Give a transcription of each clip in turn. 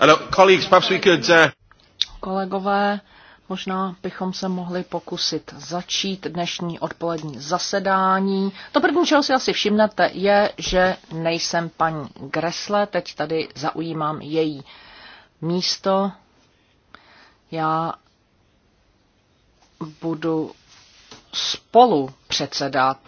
Uh, Kolegové, možná bychom se mohli pokusit začít dnešní odpolední zasedání. To první, čeho si asi všimnete, je, že nejsem paní Gresle, teď tady zaujímám její místo. Já budu spolu předsedat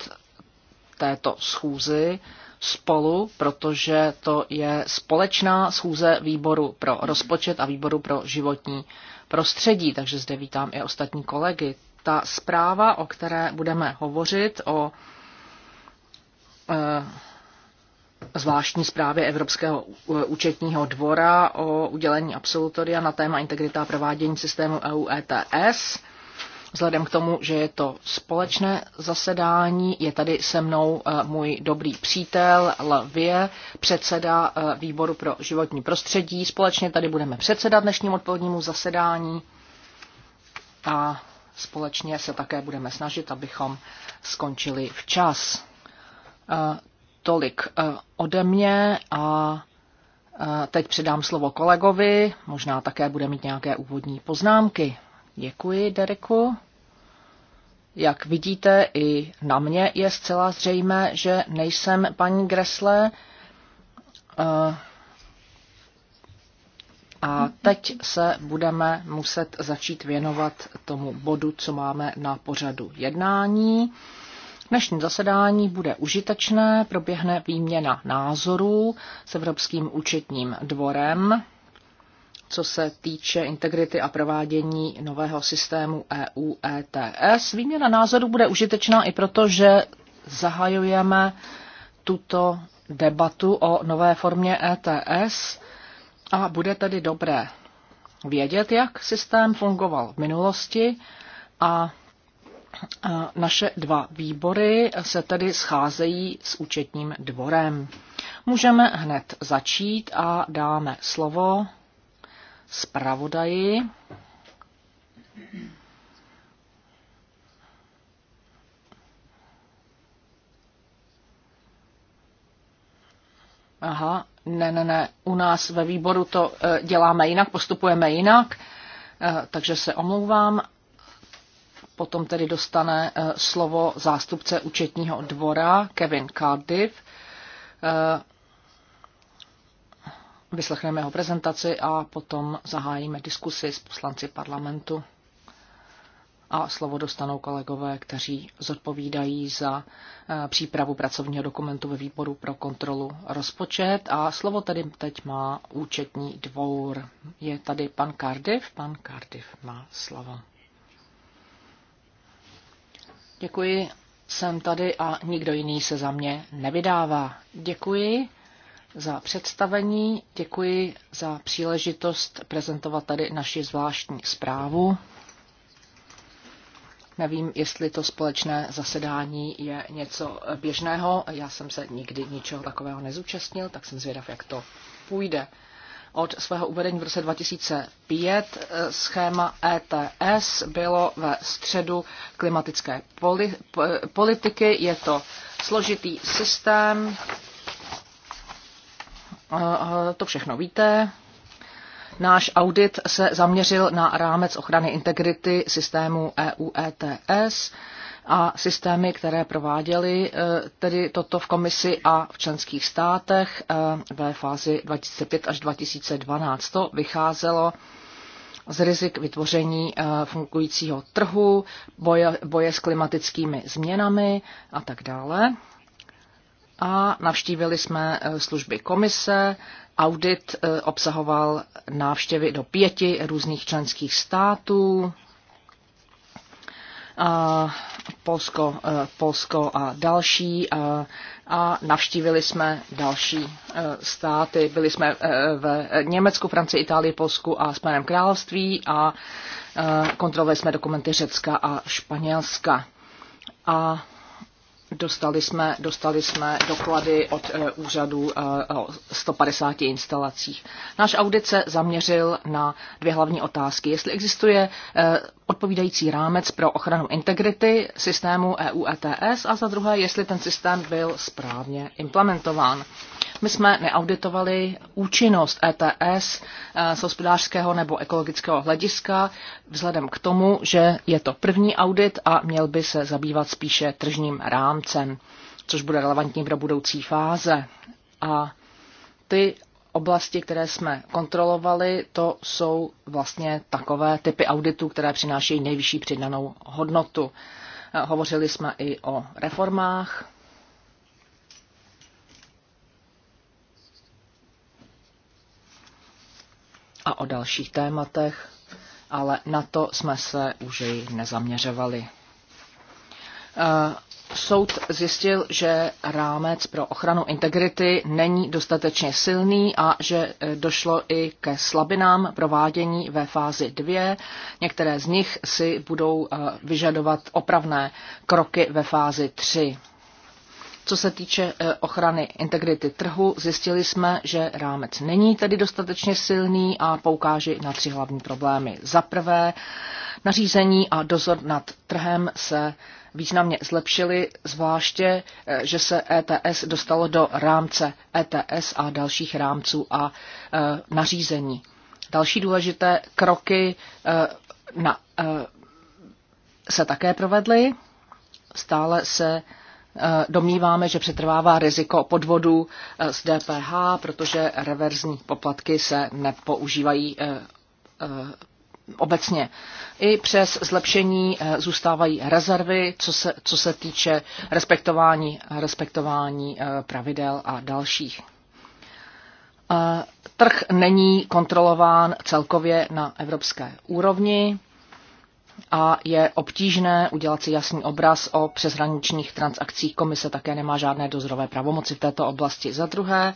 této schůzi spolu, protože to je společná schůze výboru pro rozpočet a výboru pro životní prostředí, takže zde vítám i ostatní kolegy. Ta zpráva, o které budeme hovořit, o eh, zvláštní zprávě Evropského eh, účetního dvora o udělení absolutoria na téma integrita a provádění systému EU ETS. Vzhledem k tomu, že je to společné zasedání, je tady se mnou eh, můj dobrý přítel Lavie, předseda eh, výboru pro životní prostředí. Společně tady budeme předsedat dnešnímu odpolednímu zasedání a společně se také budeme snažit, abychom skončili včas. Eh, tolik ode mě a Teď předám slovo kolegovi, možná také bude mít nějaké úvodní poznámky. Děkuji, Dereku. Jak vidíte, i na mě je zcela zřejmé, že nejsem paní Gresle. Eh, a teď se budeme muset začít věnovat tomu bodu, co máme na pořadu jednání. Dnešní zasedání bude užitečné, proběhne výměna názorů s Evropským účetním dvorem co se týče integrity a provádění nového systému EU ETS. Výměna názoru bude užitečná i proto, že zahajujeme tuto debatu o nové formě ETS a bude tedy dobré vědět, jak systém fungoval v minulosti a naše dva výbory se tedy scházejí s účetním dvorem. Můžeme hned začít a dáme slovo zpravodaji. Aha, ne, ne, ne, u nás ve výboru to eh, děláme jinak, postupujeme jinak, eh, takže se omlouvám. Potom tedy dostane eh, slovo zástupce účetního dvora Kevin Cardiff Vyslechneme jeho prezentaci a potom zahájíme diskusi s poslanci parlamentu. A slovo dostanou kolegové, kteří zodpovídají za eh, přípravu pracovního dokumentu ve výboru pro kontrolu rozpočet. A slovo tedy teď má účetní dvour. Je tady pan Cardiff. Pan Cardiff má slovo. Děkuji, jsem tady a nikdo jiný se za mě nevydává. Děkuji za představení, děkuji za příležitost prezentovat tady naši zvláštní zprávu. Nevím, jestli to společné zasedání je něco běžného. Já jsem se nikdy ničeho takového nezúčastnil, tak jsem zvědav, jak to půjde. Od svého uvedení v roce 2005 eh, schéma ETS bylo ve středu klimatické politiky. Je to složitý systém, to všechno víte. Náš audit se zaměřil na rámec ochrany integrity systému EU ETS a systémy, které prováděly e, tedy toto v komisi a v členských státech e, ve fázi 2005 až 2012. To vycházelo z rizik vytvoření e, fungujícího trhu, boje, boje s klimatickými změnami a tak dále a navštívili jsme eh, služby komise. Audit eh, obsahoval návštěvy do pěti různých členských států, Polsko, eh, Polsko a další a navštívili jsme další státy. Byli jsme v Německu, Francii, Itálii, Polsku a Spojeném království a kontrolovali jsme dokumenty Řecka a Španělska. A Dostali jsme, dostali jsme doklady od eh, úřadu eh, o 150 instalacích. Náš audit se zaměřil na dvě hlavní otázky. Jestli existuje eh, odpovídající rámec pro ochranu integrity systému EU ETS a za druhé, jestli ten systém byl správně implementován. My jsme neauditovali účinnost ETS z hospodářského nebo ekologického hlediska vzhledem k tomu, že je to první audit a měl by se zabývat spíše tržním rámcem cen, což bude relevantní pro budoucí fáze. A ty oblasti, které jsme kontrolovali, to jsou vlastně takové typy auditů, které přinášejí nejvyšší přidanou hodnotu. Hovořili jsme i o reformách. A o dalších tématech, ale na to jsme se už i nezaměřovali soud zjistil, že rámec pro ochranu integrity není dostatečně silný a že e, došlo i ke slabinám provádění ve fázi 2. Některé z nich si budou e, vyžadovat opravné kroky ve fázi 3. Co se týče e, ochrany integrity trhu, zjistili jsme, že rámec není tedy dostatečně silný a poukáži na tři hlavní problémy. Za prvé, nařízení a dozor nad trhem se významně zlepšily, zvláště, eh, že se ETS dostalo do rámce ETS a dalších rámců a eh, nařízení. Další důležité kroky eh, na, se také provedly. Stále se domníváme, že přetrvává riziko podvodu z DPH, protože reverzní poplatky se nepoužívají obecně. I přes zlepšení eh, zůstávají rezervy, co se, co se týče respektování, respektování eh, pravidel a dalších. Eh, trh není kontrolován celkově na evropské úrovni a je obtížné udělat si jasný obraz o přeshraničních transakcích. Komise také nemá žádné dozorové pravomoci v této oblasti. Za druhé,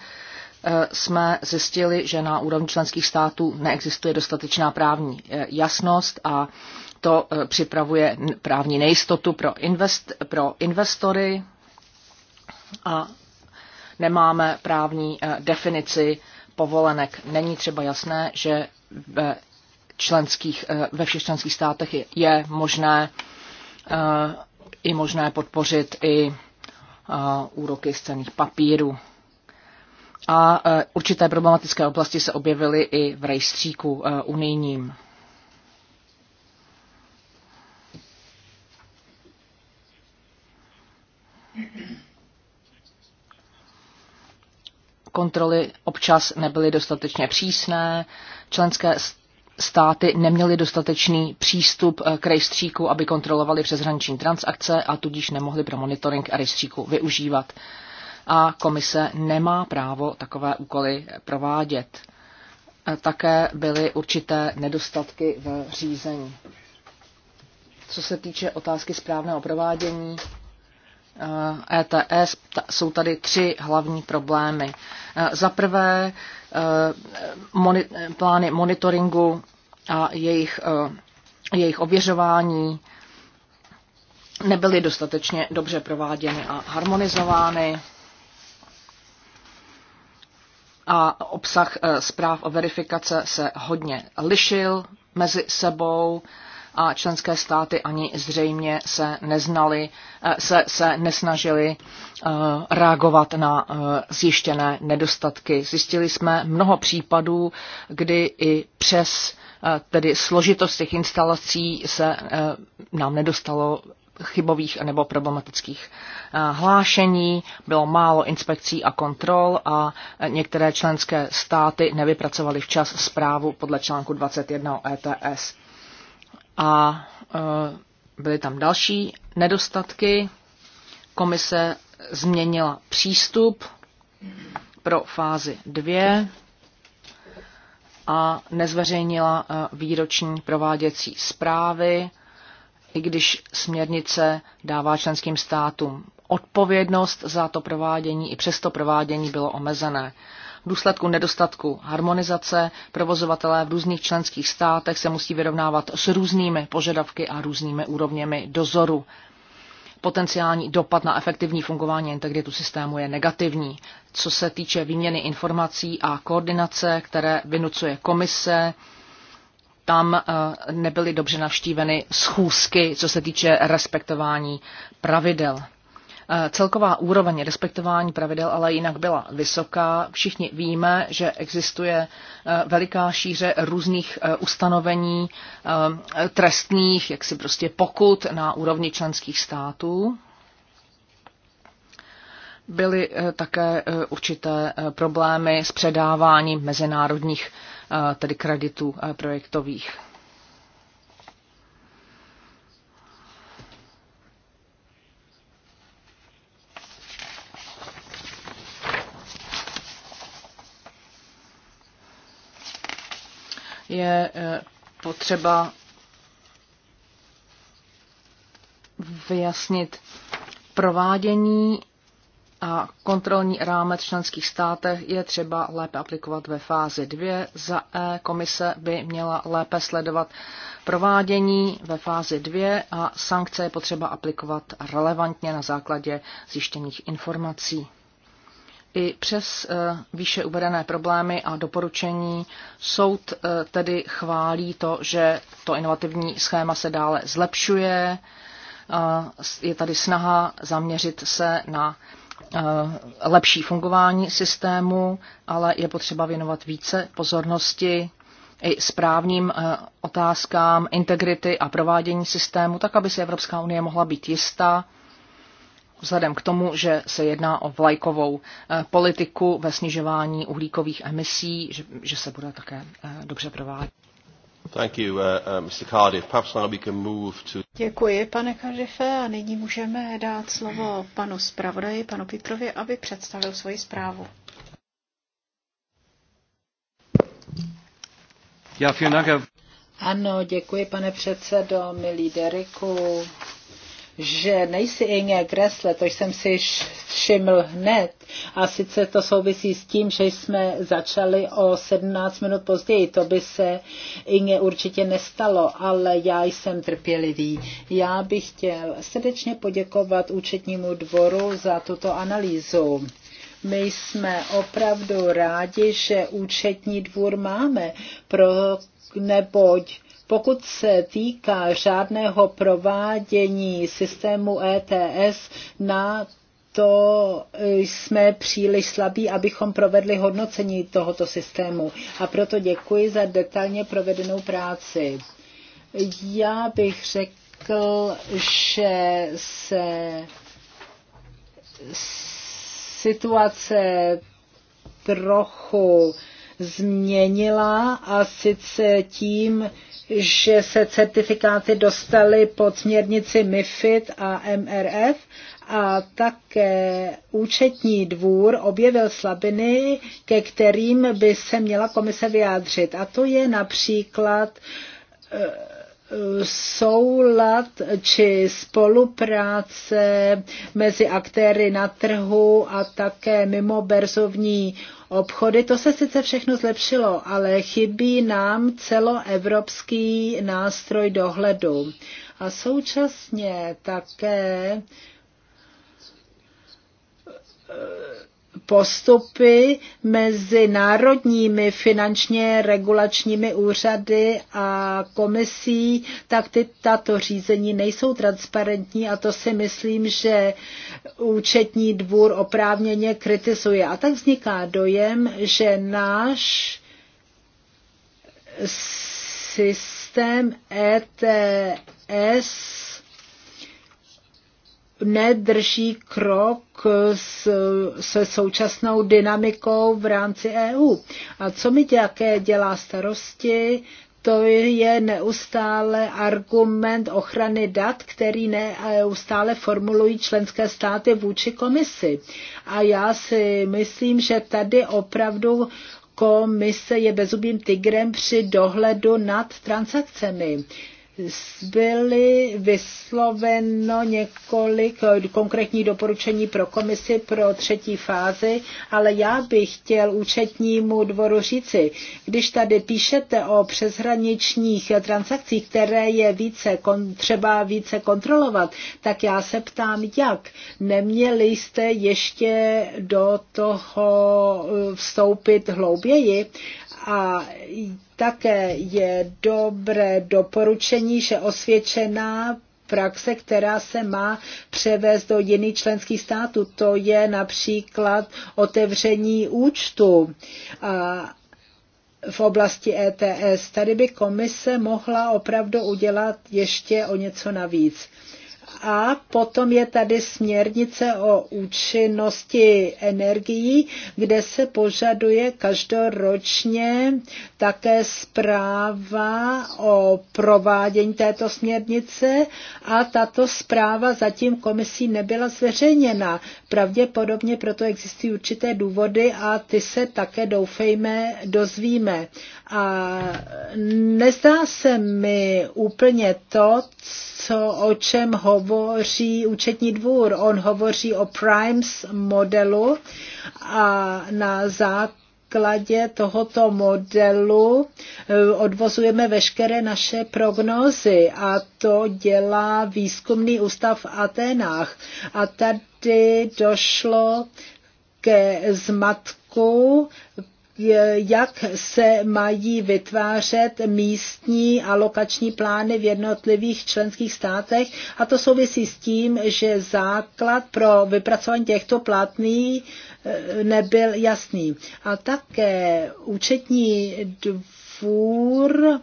Eh, jsme zjistili, že na úrovni členských států neexistuje dostatečná právní eh, jasnost a to eh, připravuje právní nejistotu pro, invest, pro investory a nemáme právní definici povolenek. Není třeba jasné, že ve, členských, ve všech členských státech je, možné i možné podpořit i úroky z cených papírů a e, určité problematické oblasti se objevily i v rejstříku e, unijním. Kontroly občas nebyly dostatečně přísné, členské státy neměly dostatečný přístup e, k rejstříku, aby kontrolovali přeshraniční transakce a tudíž nemohli pro monitoring rejstříku využívat a komise nemá právo takové úkoly provádět. E, také byly určité nedostatky v řízení. Co se týče otázky správného provádění, ETS e jsou tady tři hlavní problémy. E, za prvé plány monitoringu a jejich, jejich ověřování nebyly dostatečně dobře prováděny a harmonizovány a obsah eh, zpráv o verifikace se hodně lišil mezi sebou a členské státy ani zřejmě se neznali, eh, se, se nesnažili eh, reagovat na zjištěné nedostatky. Zjistili jsme mnoho případů, kdy i přes tedy složitost těch instalací se nám nedostalo chybových nebo problematických eh, hlášení, bylo málo inspekcí a kontrol a eh, některé členské státy nevypracovaly včas zprávu podle článku 21 ETS. A eh, byly tam další nedostatky. Komise změnila přístup pro fázi 2 a nezveřejnila výroční prováděcí zprávy i když směrnice dává členským státům odpovědnost za to provádění, i přesto provádění bylo omezené. V důsledku nedostatku harmonizace provozovatelé v různých členských státech se musí vyrovnávat s různými požadavky a různými úrovněmi dozoru. Potenciální dopad na efektivní fungování integritu systému je negativní. Co se týče výměny informací a koordinace, které vynucuje komise, tam eh, nebyly dobře navštíveny schůzky, co se týče respektování pravidel. Eh, celková úroveň respektování pravidel ale jinak byla vysoká. Všichni víme, že existuje eh, veliká šíře různých ustanovení trestných, jaksi prostě pokud na úrovni členských států. Byly eh, také eh, určité eh, problémy s předáváním mezinárodních tedy kreditů projektových. Je potřeba vyjasnit provádění a kontrolní rámec v členských státech je třeba lépe aplikovat ve fázi 2. Za E komise by měla lépe sledovat provádění ve fázi 2 a sankce je potřeba aplikovat relevantně na základě zjištěných informací. I přes e, výše uvedené problémy a doporučení soud e, tedy chválí to, že to inovativní schéma se dále zlepšuje. Je tady snaha zaměřit se na Eh, lepší fungování systému, ale je potřeba věnovat více pozornosti i správným eh, otázkám integrity a provádění systému, tak aby si Evropská unie mohla být jistá, vzhledem k tomu, že se jedná o vlajkovou eh, politiku ve snižování uhlíkových emisí, že, že se bude také dobře provádět. Děkuji, pane Kardife, a nyní můžeme dát slovo panu zpravodaji, panu Pitrovi, aby představil svoji zprávu. Ano, děkuji, pane předsedo, milý Deriku, že nejsi Inge Kresle, to jsem si všiml hned. A sice to souvisí s tím, že jsme začali o 17 minut později. To by se Inge určitě nestalo, ale já jsem trpělivý. Já bych chtěl srdečně poděkovat účetnímu dvoru za tuto analýzu. My jsme opravdu rádi, že účetní dvůr máme, pro, neboť pokud se týká řádného provádění systému ETS, na to jsme příliš slabí, abychom provedli hodnocení tohoto systému. A proto děkuji za detailně provedenou práci. Já bych řekl, že se situace trochu změnila a sice tím, že se certifikáty dostaly pod směrnici MIFID a MRF a také účetní dvůr objevil slabiny, ke kterým by se měla komise vyjádřit. A to je například uh, soulad či spolupráce mezi aktéry na trhu a také mimo berzovní obchody. To se sice všechno zlepšilo, ale chybí nám celoevropský nástroj dohledu. A současně také postupy mezi národními finančně regulačními úřady a komisí, tak ty, tato řízení nejsou transparentní a to si myslím, že účetní dvůr oprávněně kritizuje. A tak vzniká dojem, že náš systém ETS nedrží krok s, se současnou dynamikou v rámci EU. A co mi také dělá starosti, to je neustále argument ochrany dat, který neustále formulují členské státy vůči komisi. A já si myslím, že tady opravdu komise je bezubým tigrem při dohledu nad transakcemi byly vysloveno několik konkrétních doporučení pro komisi pro třetí fázi, ale já bych chtěl účetnímu dvoru říci, když tady píšete o přeshraničních transakcích, které je více, třeba více kontrolovat, tak já se ptám, jak. Neměli jste ještě do toho vstoupit hlouběji a také je dobré doporučení, že osvědčená praxe, která se má převést do jiných členských států. To je například otevření účtu a v oblasti ETS. Tady by komise mohla opravdu udělat ještě o něco navíc. A potom je tady směrnice o účinnosti energií, kde se požaduje každoročně také zpráva o provádění této směrnice a tato zpráva zatím komisí nebyla zveřejněna. Pravděpodobně proto existují určité důvody a ty se také doufejme dozvíme. A nezdá se mi úplně to, co, o čem hovoří účetní dvůr. On hovoří o primes modelu a na základě tohoto modelu eh, odvozujeme veškeré naše prognózy a to dělá výzkumný ústav v Atenách. A tady došlo ke zmatku, jak se mají vytvářet místní alokační plány v jednotlivých členských státech. A to souvisí s tím, že základ pro vypracování těchto plátný eh, nebyl jasný. A také účetní dvůr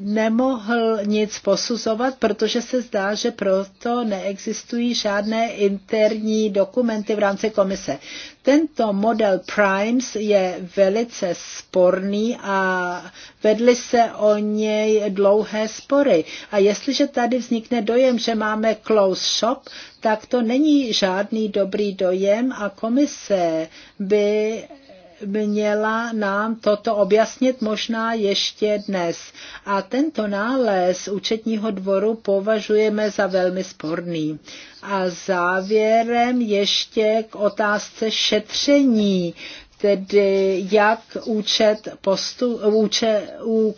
nemohl nic posuzovat, protože se zdá, že proto neexistují žádné interní dokumenty v rámci komise. Tento model Primes je velice sporný a vedly se o něj dlouhé spory. A jestliže tady vznikne dojem, že máme close shop, tak to není žádný dobrý dojem a komise by měla nám toto objasnit možná ještě dnes. A tento nález účetního dvoru považujeme za velmi sporný. A závěrem ještě k otázce šetření, tedy jak účet postu, úče, ú,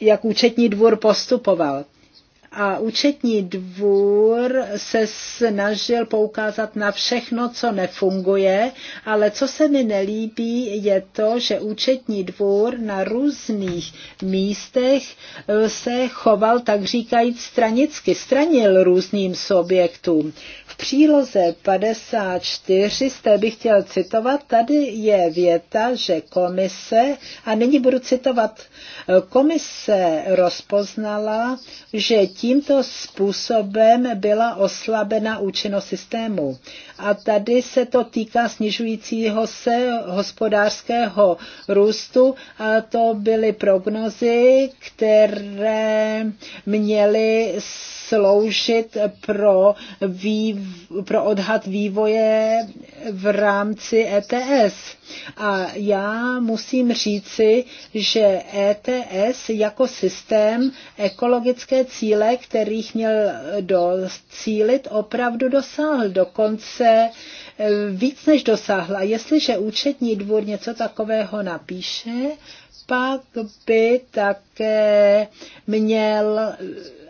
jak účetní dvůr postupoval. A účetní dvůr se snažil poukázat na všechno, co nefunguje, ale co se mi nelíbí, je to, že účetní dvůr na různých místech eh, se choval, tak říkajíc, stranicky, stranil různým subjektům. V příloze 54 jste bych chtěl citovat, tady je věta, že komise, a nyní budu citovat, eh, komise rozpoznala, že tím, tímto způsobem byla oslabena účinnost systému. A tady se to týká snižujícího se hospodářského růstu a to byly prognozy, které měly sloužit pro, vývo- pro odhad vývoje v rámci ETS. A já musím říci, že ETS jako systém ekologické cíle kterých měl docílit, opravdu dosáhl. Dokonce eh, víc než dosáhl. A jestliže účetní dvůr něco takového napíše, pak by také měl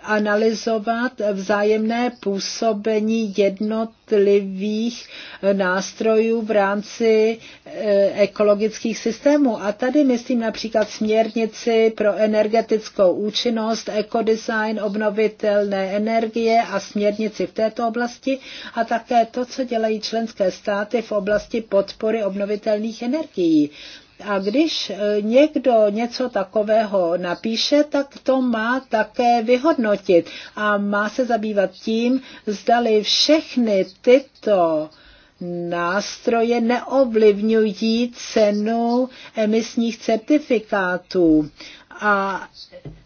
analyzovat vzájemné působení jednotlivých nástrojů v rámci eh, ekologických systémů. A tady myslím například směrnici pro energetickou účinnost, ekodesign, obnovitelné energie a směrnici v této oblasti a také to, co dělají členské státy v oblasti podpory obnovitelných energií. A když e, někdo něco takového napíše, tak to má také vyhodnotit a má se zabývat tím, zdali všechny tyto nástroje neovlivňují cenu emisních certifikátů a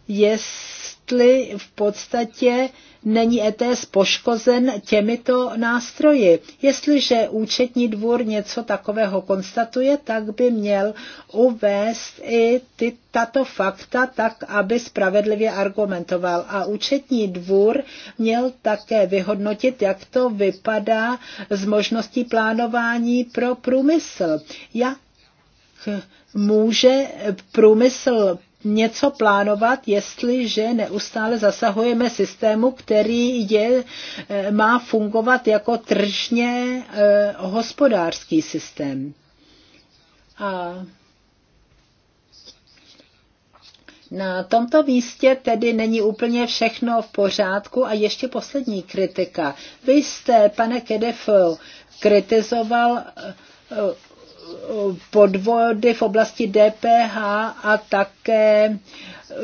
jestli v podstatě není ETS poškozen těmito nástroji. Jestliže účetní dvůr něco takového konstatuje, tak by měl uvést i ty, tato fakta tak, aby spravedlivě argumentoval. A účetní dvůr měl také vyhodnotit, jak to vypadá z možností plánování pro průmysl. Jak může průmysl něco plánovat, jestliže neustále zasahujeme systému, který je, eh, má fungovat jako tržně eh, hospodářský systém. A na tomto místě tedy není úplně všechno v pořádku a ještě poslední kritika. Vy jste, pane Kedefo, kritizoval eh, podvody v oblasti DPH a také eh,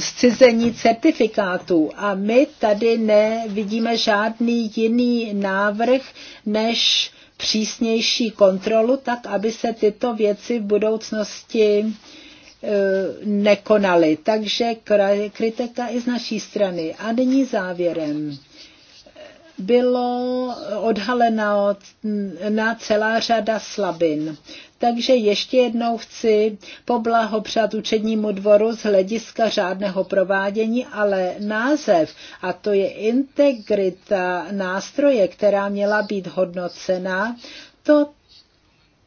zcizení certifikátů. A my tady nevidíme žádný jiný návrh, než přísnější kontrolu, tak aby se tyto věci v budoucnosti eh, nekonaly. Takže kritika i z naší strany. A nyní závěrem bylo odhalena na celá řada slabin. Takže ještě jednou chci poblahopřát učednímu dvoru z hlediska řádného provádění, ale název, a to je integrita nástroje, která měla být hodnocena, to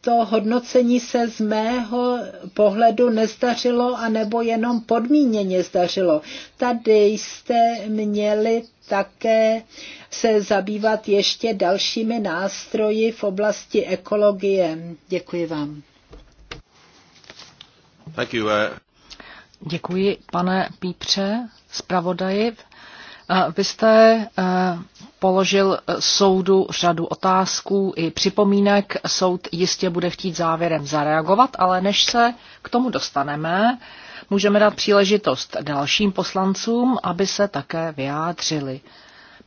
to hodnocení se z mého pohledu nezdařilo, nebo jenom podmíněně zdařilo. Tady jste měli také se zabývat ještě dalšími nástroji v oblasti ekologie. Děkuji vám. Thank you, uh... Děkuji, pane Pípře, zpravodaji. Uh, vy jste uh, položil eh, soudu řadu otázků i připomínek. Soud jistě bude chtít závěrem zareagovat, ale než se k tomu dostaneme, můžeme dát příležitost dalším poslancům, aby se také vyjádřili.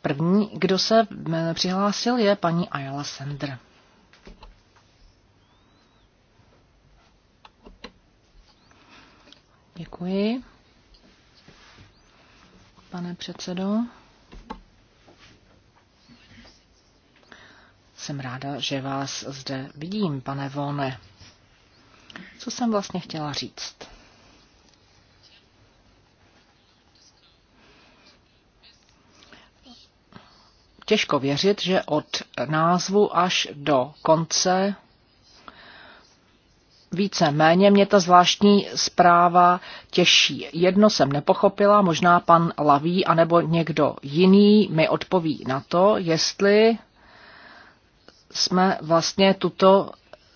První, kdo se eh, přihlásil, je paní Ayala Sender. Děkuji. Pane předsedo. Jsem ráda, že vás zde vidím, pane Vone. Co jsem vlastně chtěla říct? Těžko věřit, že od názvu až do konce více méně mě ta zvláštní zpráva těší. Jedno jsem nepochopila, možná pan Laví anebo někdo jiný mi odpoví na to, jestli jsme vlastně tuto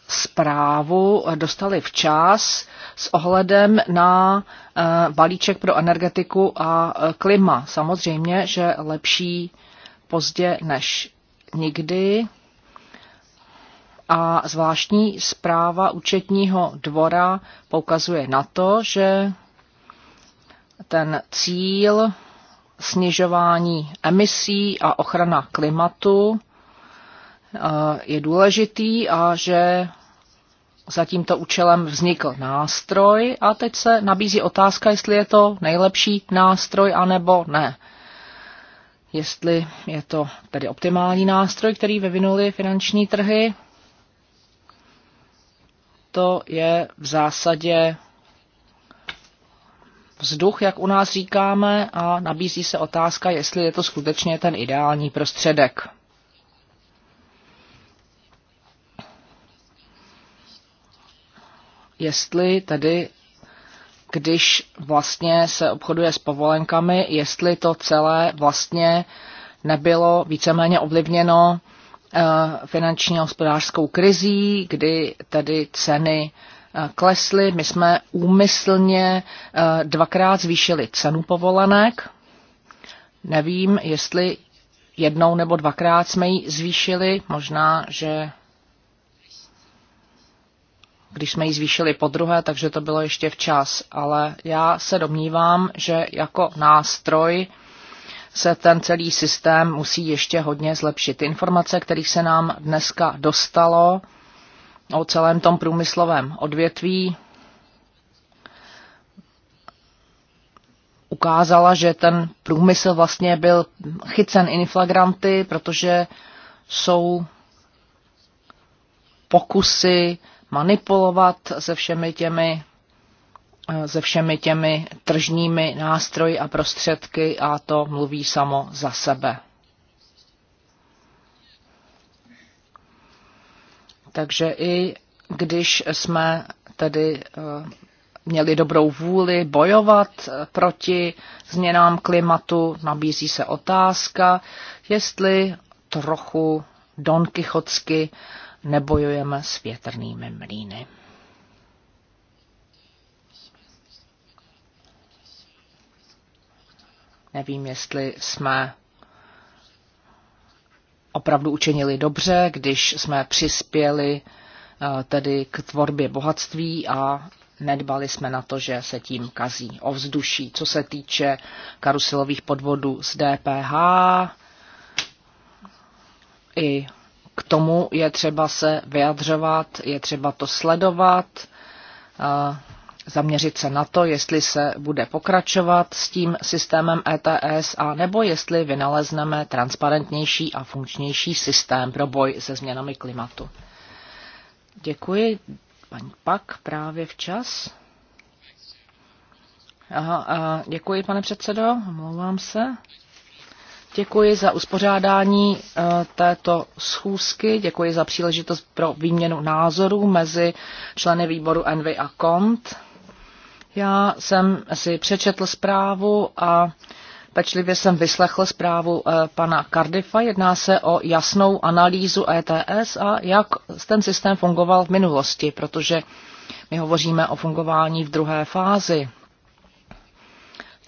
zprávu dostali včas s ohledem na eh, balíček pro energetiku a eh, klima. Samozřejmě, že lepší pozdě než nikdy. A zvláštní zpráva účetního dvora poukazuje na to, že ten cíl snižování emisí a ochrana klimatu Eh, je důležitý a že za tímto účelem vznikl nástroj a teď se nabízí otázka, jestli je to nejlepší nástroj anebo ne. Jestli je to tedy optimální nástroj, který vyvinuli finanční trhy, to je v zásadě vzduch, jak u nás říkáme, a nabízí se otázka, jestli je to skutečně ten ideální prostředek. jestli tedy, když vlastně se obchoduje s povolenkami, jestli to celé vlastně nebylo víceméně ovlivněno eh, finanční a hospodářskou krizí, kdy tedy ceny eh, klesly. My jsme úmyslně eh, dvakrát zvýšili cenu povolenek. Nevím, jestli jednou nebo dvakrát jsme ji zvýšili, možná, že když jsme ji zvýšili po druhé, takže to bylo ještě včas. Ale já se domnívám, že jako nástroj se ten celý systém musí ještě hodně zlepšit. informace, kterých se nám dneska dostalo o celém tom průmyslovém odvětví, ukázala, že ten průmysl vlastně byl chycen inflagranty, protože jsou pokusy manipulovat se všemi těmi se všemi těmi tržními nástroji a prostředky a to mluví samo za sebe. Takže i když jsme tedy eh, měli dobrou vůli bojovat eh, proti změnám klimatu, nabízí se otázka, jestli trochu donkychotsky nebojujeme s větrnými mlýny. Nevím, jestli jsme opravdu učinili dobře, když jsme přispěli eh, tedy k tvorbě bohatství a nedbali jsme na to, že se tím kazí ovzduší. Co se týče karusilových podvodů z DPH, i k tomu je třeba se vyjadřovat, je třeba to sledovat, eh, zaměřit se na to, jestli se bude pokračovat s tím systémem ETS a nebo jestli vynalezneme transparentnější a funkčnější systém pro boj se změnami klimatu. Děkuji. Paní Pak právě včas. Aha, a eh, děkuji, pane předsedo, omlouvám se. Děkuji za uspořádání eh, této schůzky, děkuji za příležitost pro výměnu názorů mezi členy výboru Envy a KONT. Já jsem si přečetl zprávu a pečlivě jsem vyslechl zprávu eh, pana Cardiffa. Jedná se o jasnou analýzu ETS a jak ten systém fungoval v minulosti, protože my hovoříme o fungování v druhé fázi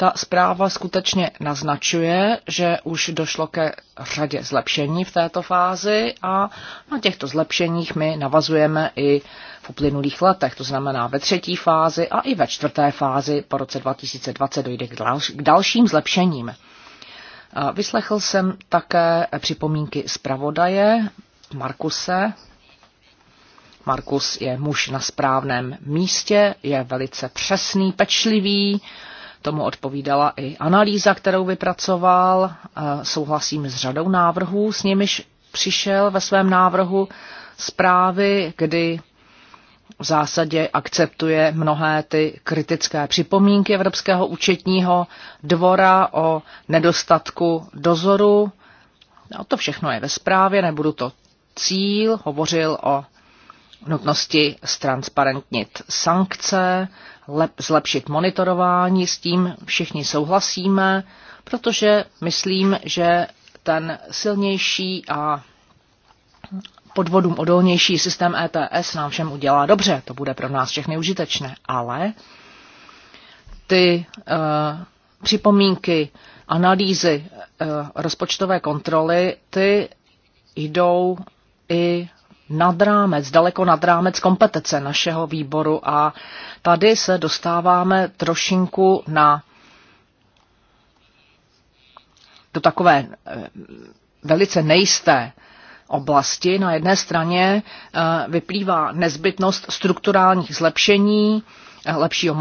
ta zpráva skutečně naznačuje, že už došlo ke řadě zlepšení v této fázi a na těchto zlepšeních my navazujeme i v uplynulých letech, to znamená ve třetí fázi a i ve čtvrté fázi po roce 2020 dojde k dalším zlepšením. Vyslechl jsem také připomínky zpravodaje Markuse. Markus je muž na správném místě, je velice přesný, pečlivý, Tomu odpovídala i analýza, kterou vypracoval. E, souhlasím s řadou návrhů, s nimiž přišel ve svém návrhu zprávy, kdy v zásadě akceptuje mnohé ty kritické připomínky Evropského účetního dvora o nedostatku dozoru. No, to všechno je ve zprávě, nebudu to cíl, hovořil o nutnosti ztransparentnit sankce, lep, zlepšit monitorování, s tím všichni souhlasíme, protože myslím, že ten silnější a podvodům odolnější systém ETS nám všem udělá dobře, to bude pro nás všechny užitečné, ale ty uh, připomínky, analýzy uh, rozpočtové kontroly, ty jdou i nad rámec, daleko nad rámec kompetence našeho výboru a tady se dostáváme trošinku na do takové eh, velice nejisté oblasti. Na jedné straně eh, vyplývá nezbytnost strukturálních zlepšení, lepšího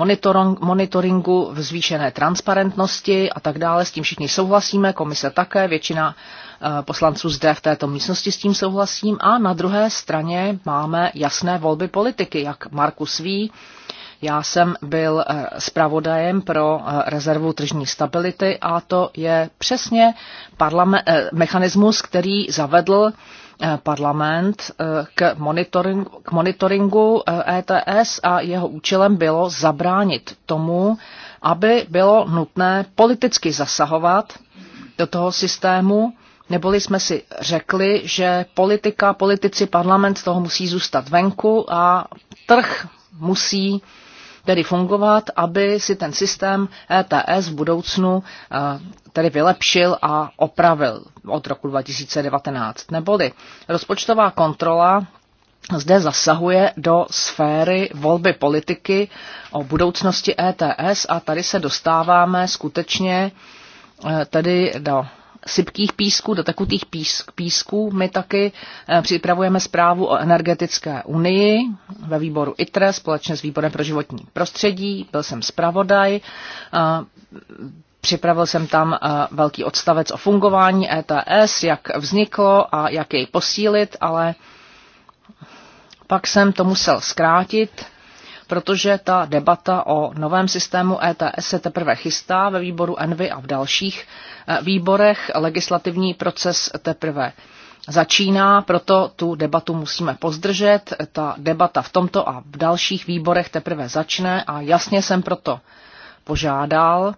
monitoringu, zvýšené transparentnosti a tak dále. S tím všichni souhlasíme, komise také, většina eh, poslanců zde v této místnosti s tím souhlasím. A na druhé straně máme jasné volby politiky, jak Markus ví, já jsem byl eh, zpravodajem pro eh, rezervu tržní stability a to je přesně mechanismus, který zavedl parlament eh, k, monitoringu, k monitoringu eh, ETS a jeho účelem bylo zabránit tomu, aby bylo nutné politicky zasahovat do toho systému, neboli jsme si řekli, že politika, politici, parlament z toho musí zůstat venku a trh musí tedy fungovat, aby si ten systém ETS v budoucnu eh, tedy vylepšil a opravil od roku 2019. Neboli rozpočtová kontrola zde zasahuje do sféry volby politiky o budoucnosti ETS a tady se dostáváme skutečně eh, tedy do sypkých písků do tekutých písk, písků. My taky eh, připravujeme zprávu o energetické unii ve výboru ITRE společně s výborem pro životní prostředí. Byl jsem zpravodaj. Eh, připravil jsem tam eh, velký odstavec o fungování ETS, jak vzniklo a jak jej posílit, ale pak jsem to musel zkrátit protože ta debata o novém systému ETS se teprve chystá ve výboru ENVY a v dalších eh, výborech. Legislativní proces teprve začíná, proto tu debatu musíme pozdržet. Ta debata v tomto a v dalších výborech teprve začne a jasně jsem proto požádal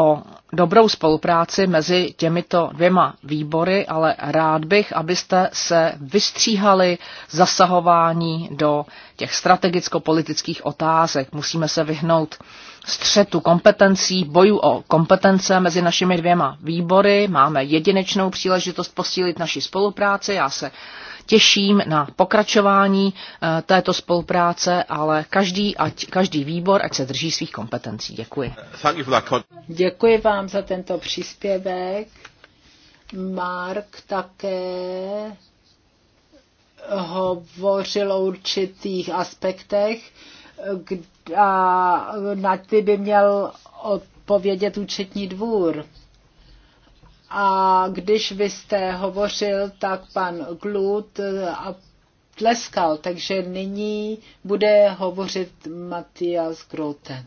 o dobrou spolupráci mezi těmito dvěma výbory, ale rád bych, abyste se vystříhali zasahování do těch strategicko-politických otázek. Musíme se vyhnout střetu kompetencí, boju o kompetence mezi našimi dvěma výbory. Máme jedinečnou příležitost posílit naši spolupráci. Já se těším na pokračování eh, této spolupráce, ale každý, ať, každý výbor, ať se drží svých kompetencí. Děkuji. Děkuji vám za tento příspěvek. Mark také hovořil o určitých aspektech a na ty by měl odpovědět účetní dvůr. A když vy jste hovořil, tak pan Glut eh, a tleskal, takže nyní bude hovořit Matias Groten.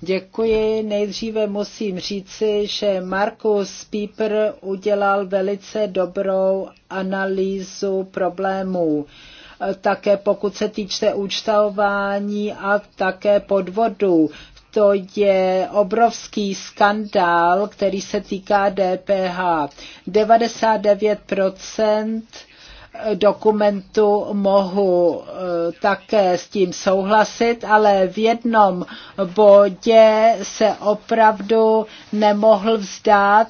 Děkuji. Nejdříve musím říci, že Markus Pieper udělal velice dobrou analýzu problémů. Eh, také pokud se týče účtování a také podvodu to je obrovský skandál, který se týká DPH. 99% dokumentu mohu eh, také s tím souhlasit, ale v jednom bodě se opravdu nemohl vzdát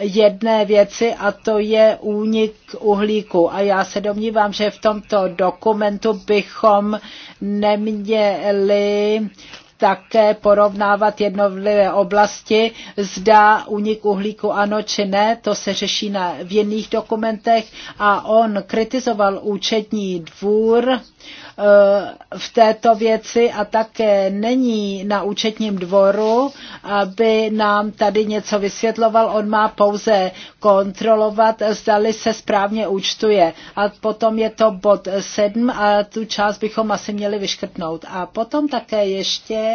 jedné věci a to je únik uhlíku. A já se domnívám, že v tomto dokumentu bychom neměli také porovnávat jednotlivé oblasti, zda unik uhlíku ano či ne, to se řeší na, v jiných dokumentech a on kritizoval účetní dvůr Eh, v této věci a také není na účetním dvoru, aby nám tady něco vysvětloval. On má pouze kontrolovat, zdali se správně účtuje. A potom je to bod 7 a tu část bychom asi měli vyškrtnout. A potom také ještě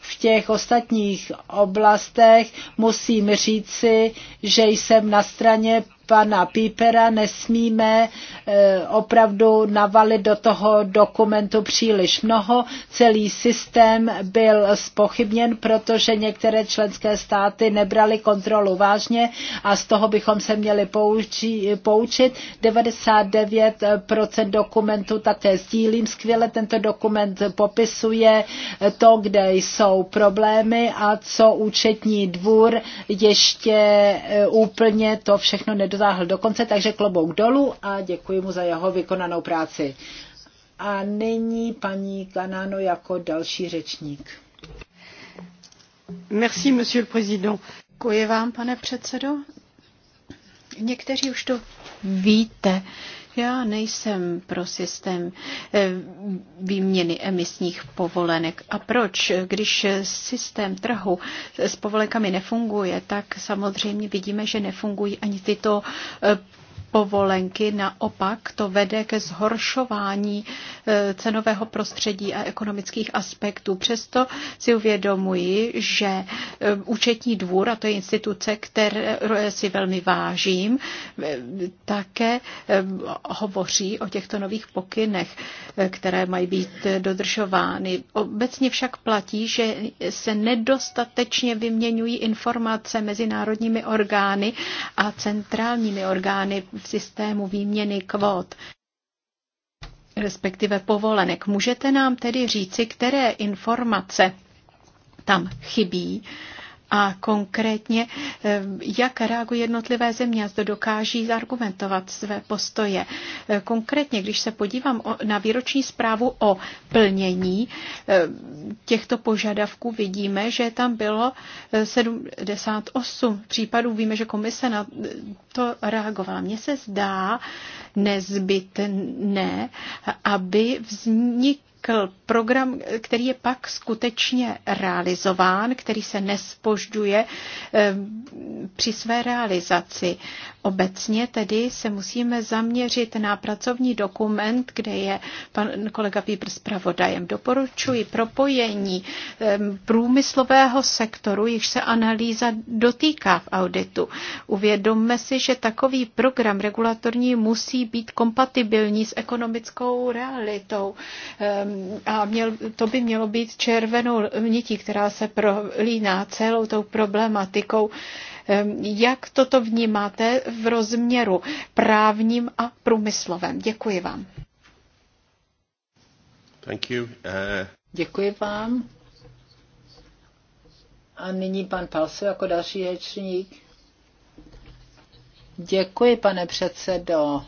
v těch ostatních oblastech musím říci, že jsem na straně pana Pípera nesmíme eh, opravdu navalit do toho dokumentu příliš mnoho. Celý systém byl spochybněn, protože některé členské státy nebrali kontrolu vážně a z toho bychom se měli poučit. 99% eh, dokumentu také sdílím. Skvěle tento dokument popisuje eh, to, kde jsou problémy a co účetní dvůr ještě úplně to všechno nedostává dosáhl do konce, takže klobouk dolů a děkuji mu za jeho vykonanou práci. A nyní paní Kanáno jako další řečník. Merci, monsieur le président. Děkuji vám, pane předsedo. Někteří už to víte. Uh, já nejsem pro systém eh, výměny emisních povolenek. A proč? Když systém trhu s povolenkami nefunguje, tak samozřejmě vidíme, že nefungují ani tyto eh, povolenky. Naopak to vede ke zhoršování eh, cenového prostředí a ekonomických aspektů. Přesto si uvědomuji, že eh, účetní dvůr, a to je instituce, které si velmi vážím, eh, také hovoří o těchto nových pokynech, které mají být dodržovány. Obecně však platí, že se nedostatečně vyměňují informace mezi národními orgány a centrálními orgány v systému výměny kvót respektive povolenek. Můžete nám tedy říci, které informace tam chybí a konkrétně, eh, jak reagují jednotlivé země a zda dokáží zargumentovat své postoje. Eh, konkrétně, když se podívám na výroční zprávu o plnění eh, těchto požadavků, vidíme, že tam bylo 78 případů. Víme, že komise na to reagovala. Mně se zdá nezbytné, aby vznik vznikl eh, program, eh, který je pak skutečně realizován, který se nespožďuje eh, při své realizaci. Obecně tedy se musíme zaměřit na pracovní dokument, kde je pan kolega s pravodajem. Doporučuji propojení průmyslového sektoru, již se analýza dotýká v auditu. Uvědomme si, že takový program regulatorní musí být kompatibilní s ekonomickou realitou. Ehm, a měl, to by mělo být červenou nití, která se prolíná celou tou problematikou. Jak toto vnímáte v rozměru právním a průmyslovém? Děkuji vám. Thank you. Uh... Děkuji vám. A nyní pan Palso jako další řečník. Děkuji, pane předsedo.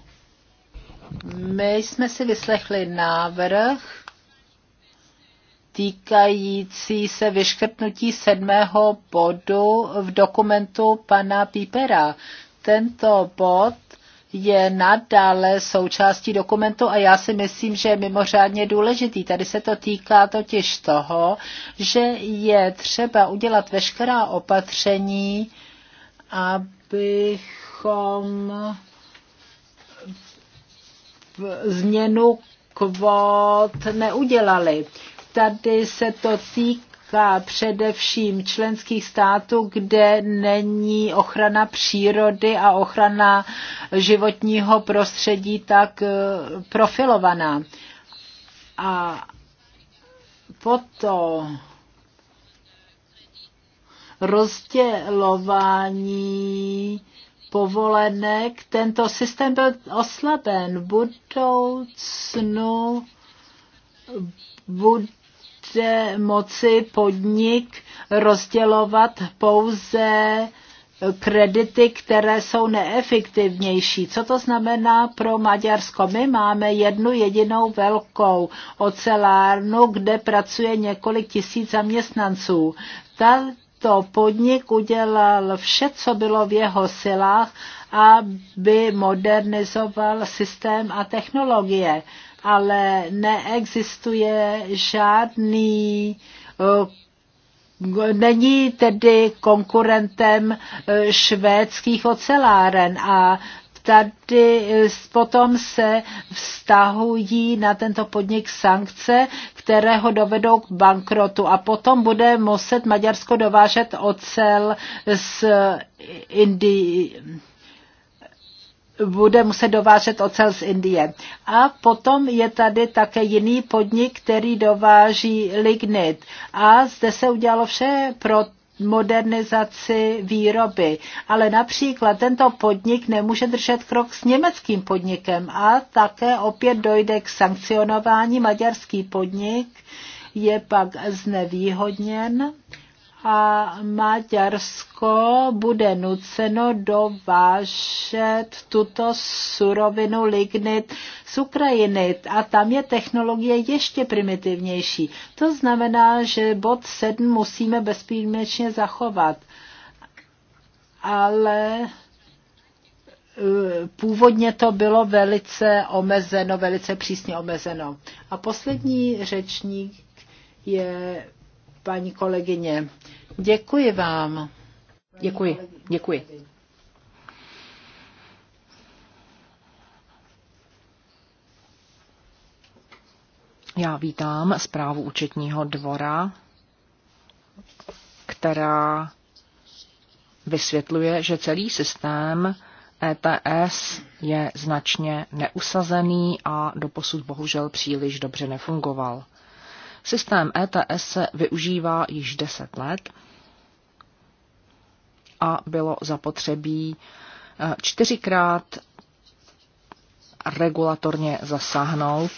My jsme si vyslechli návrh týkající se vyškrtnutí sedmého bodu v dokumentu pana Pípera. Tento bod je nadále součástí dokumentu a já si myslím, že je mimořádně důležitý. Tady se to týká totiž toho, že je třeba udělat veškerá opatření, abychom změnu kvót neudělali tady se to týká především členských států, kde není ochrana přírody a ochrana životního prostředí tak eh, profilovaná. A potom rozdělování povolenek. Tento systém byl oslaben. V budoucnu bud, bude moci podnik rozdělovat pouze kredity, které jsou neefektivnější. Co to znamená pro Maďarsko? My máme jednu jedinou velkou ocelárnu, kde pracuje několik tisíc zaměstnanců. Tato podnik udělal vše, co bylo v jeho silách, aby modernizoval systém a technologie ale neexistuje žádný eh, není tedy konkurentem eh, švédských oceláren a tady eh, potom se vztahují na tento podnik sankce, které ho dovedou k bankrotu a potom bude muset Maďarsko dovážet ocel z Indie bude muset dovážet ocel z Indie. A potom je tady také jiný podnik, který dováží lignit. A zde se udělalo vše pro modernizaci výroby. Ale například tento podnik nemůže držet krok s německým podnikem a také opět dojde k sankcionování. Maďarský podnik je pak znevýhodněn a Maďarsko bude nuceno dovážet tuto surovinu lignit z Ukrajiny a tam je technologie ještě primitivnější. To znamená, že bod 7 musíme bezpodmínečně zachovat. Ale eh, původně to bylo velice omezeno, velice přísně omezeno. A poslední řečník je paní kolegyně. Děkuji vám. Děkuji, děkuji. Já vítám zprávu účetního dvora, která vysvětluje, že celý systém ETS je značně neusazený a doposud bohužel příliš dobře nefungoval. Systém ETS se využívá již 10 let a bylo zapotřebí eh, čtyřikrát regulatorně zasáhnout,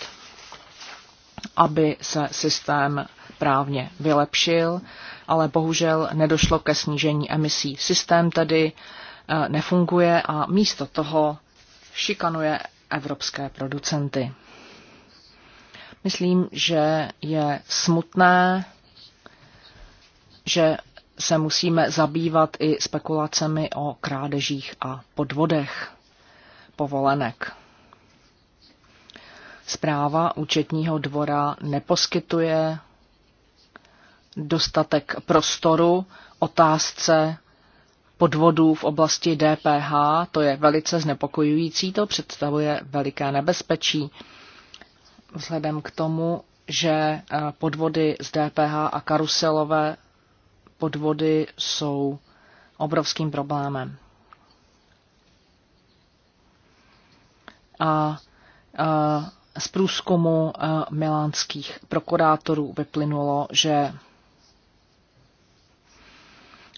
aby se systém právně vylepšil, ale bohužel nedošlo ke snížení emisí. Systém tedy eh, nefunguje a místo toho šikanuje evropské producenty. Myslím, že je smutné, že se musíme zabývat i spekulacemi o krádežích a podvodech povolenek. Zpráva účetního dvora neposkytuje dostatek prostoru otázce podvodů v oblasti DPH, to je velice znepokojující, to představuje veliké nebezpečí vzhledem k tomu, že eh, podvody z DPH a karuselové podvody jsou obrovským problémem. A, a eh, z průzkumu eh, milánských prokurátorů vyplynulo, že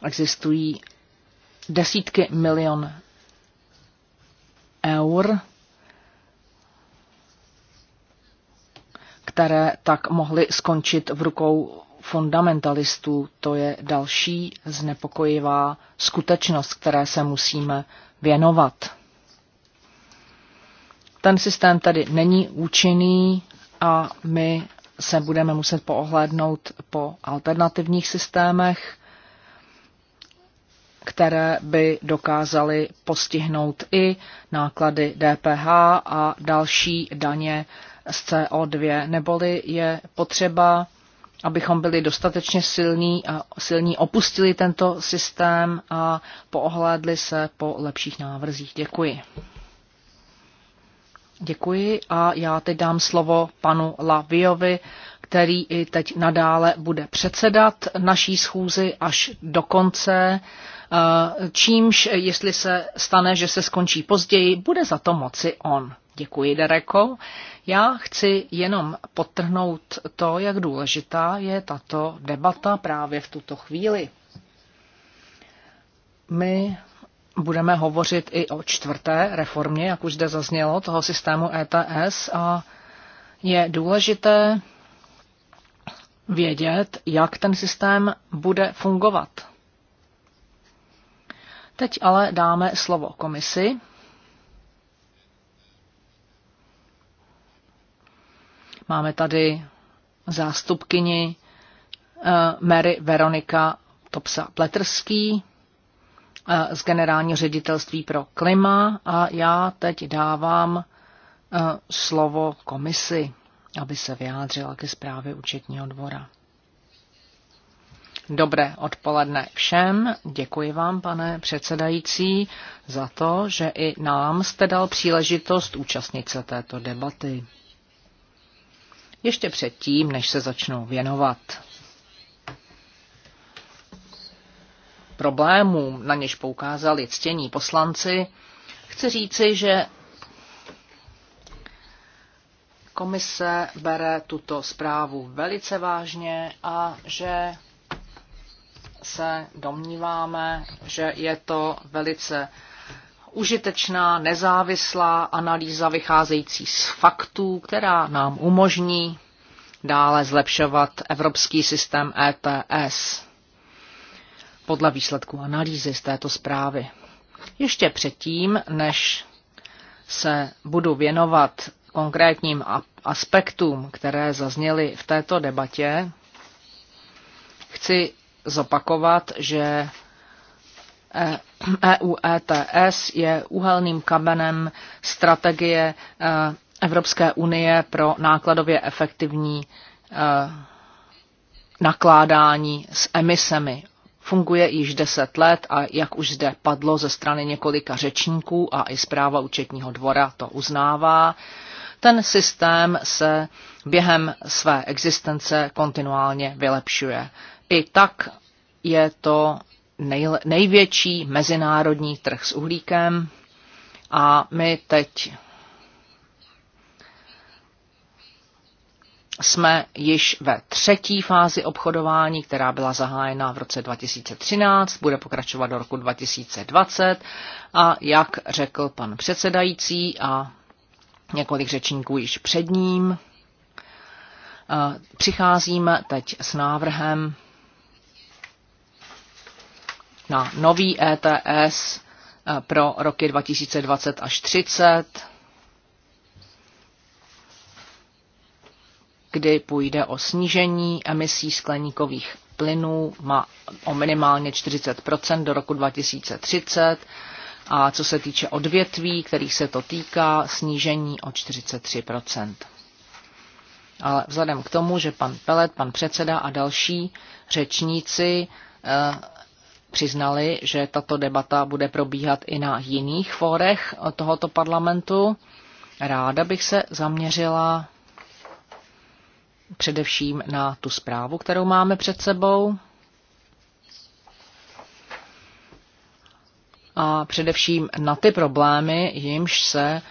existují desítky milion eur které tak mohly skončit v rukou fundamentalistů. To je další znepokojivá skutečnost, které se musíme věnovat. Ten systém tedy není účinný a my se budeme muset poohlédnout po alternativních systémech, které by dokázaly postihnout i náklady DPH a další daně z CO2, neboli je potřeba, abychom byli dostatečně silní a silní opustili tento systém a poohlédli se po lepších návrzích. Děkuji. Děkuji a já teď dám slovo panu Laviovi, který i teď nadále bude předsedat naší schůzi až do konce, eh, čímž, jestli se stane, že se skončí později, bude za to moci on. Děkuji, Dereko. Já chci jenom potrhnout to, jak důležitá je tato debata právě v tuto chvíli. My budeme hovořit i o čtvrté reformě, jak už zde zaznělo, toho systému ETS a je důležité vědět, jak ten systém bude fungovat. Teď ale dáme slovo komisi Máme tady zástupkyni eh, Mary Veronika Topsa Pletrský eh, z generálního ředitelství pro klima a já teď dávám eh, slovo komisi, aby se vyjádřila ke zprávě účetního dvora. Dobré odpoledne všem. Děkuji vám, pane předsedající, za to, že i nám jste dal příležitost účastnit se této debaty ještě předtím, než se začnou věnovat problémům, na něž poukázali ctění poslanci, chci říci, že komise bere tuto zprávu velice vážně a že se domníváme, že je to velice užitečná, nezávislá analýza vycházející z faktů, která nám umožní dále zlepšovat evropský systém ETS podle výsledků analýzy z této zprávy. Ještě předtím, než se budu věnovat konkrétním aspektům, které zazněly v této debatě, chci zopakovat, že EU e ETS je uhelným kamenem strategie e, Evropské unie pro nákladově efektivní e, nakládání s emisemi. Funguje již deset let a jak už zde padlo ze strany několika řečníků a i zpráva účetního dvora to uznává, ten systém se během své existence kontinuálně vylepšuje. I tak je to největší mezinárodní trh s uhlíkem a my teď jsme již ve třetí fázi obchodování, která byla zahájena v roce 2013, bude pokračovat do roku 2020 a jak řekl pan předsedající a několik řečníků již před ním, eh, přicházíme teď s návrhem na nový ETS eh, pro roky 2020 až 30, kdy půjde o snížení emisí skleníkových plynů má o minimálně 40 do roku 2030 a co se týče odvětví, kterých se to týká, snížení o 43 Ale vzhledem k tomu, že pan Pelet, pan předseda a další řečníci eh, přiznali, že tato debata bude probíhat i na jiných fórech tohoto parlamentu. Ráda bych se zaměřila především na tu zprávu, kterou máme před sebou. A především na ty problémy, jimž se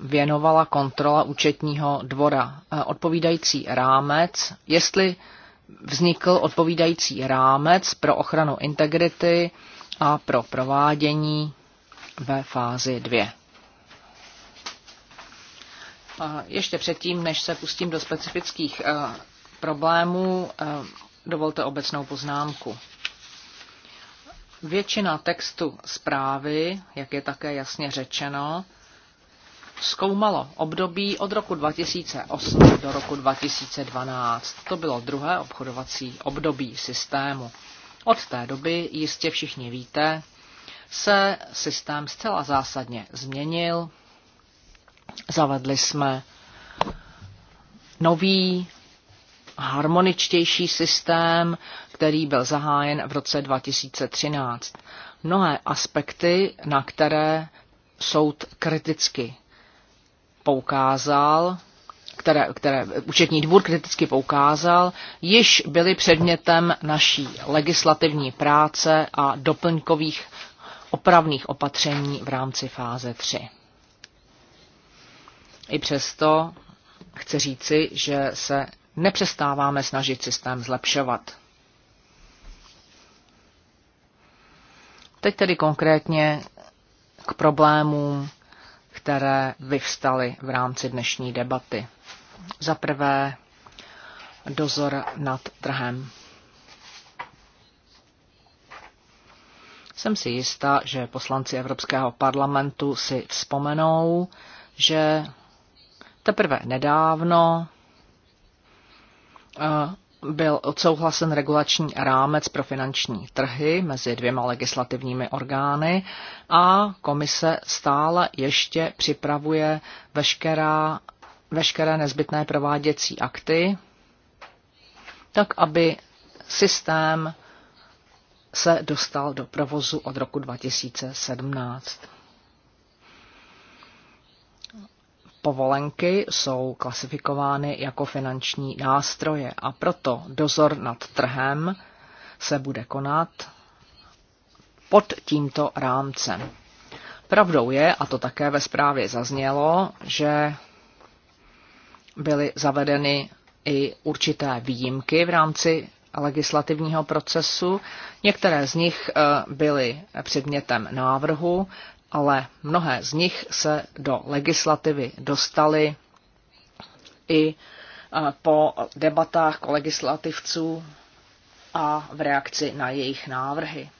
věnovala kontrola účetního dvora. Odpovídající rámec, jestli vznikl odpovídající rámec pro ochranu integrity a pro provádění ve fázi 2. A ještě předtím, než se pustím do specifických eh, problémů, eh, dovolte obecnou poznámku. Většina textu zprávy, jak je také jasně řečeno, zkoumalo období od roku 2008 do roku 2012. To bylo druhé obchodovací období systému. Od té doby, jistě všichni víte, se systém zcela zásadně změnil. Zavedli jsme nový, harmoničtější systém, který byl zahájen v roce 2013. Mnohé aspekty, na které soud kriticky poukázal, které, které účetní dvůr kriticky poukázal, již byly předmětem naší legislativní práce a doplňkových opravných opatření v rámci fáze 3. I přesto chci říci, že se nepřestáváme snažit systém zlepšovat. Teď tedy konkrétně k problémům které vyvstaly v rámci dnešní debaty. Za prvé, dozor nad trhem. Jsem si jistá, že poslanci Evropského parlamentu si vzpomenou, že teprve nedávno eh, byl odsouhlasen regulační rámec pro finanční trhy mezi dvěma legislativními orgány a komise stále ještě připravuje veškerá, veškeré nezbytné prováděcí akty, tak aby systém se dostal do provozu od roku 2017. povolenky jsou klasifikovány jako finanční nástroje a proto dozor nad trhem se bude konat pod tímto rámcem. Pravdou je, a to také ve zprávě zaznělo, že byly zavedeny i určité výjimky v rámci legislativního procesu. Některé z nich eh, byly předmětem návrhu, ale mnohé z nich se do legislativy dostaly i eh, po debatách legislativců a v reakci na jejich návrhy.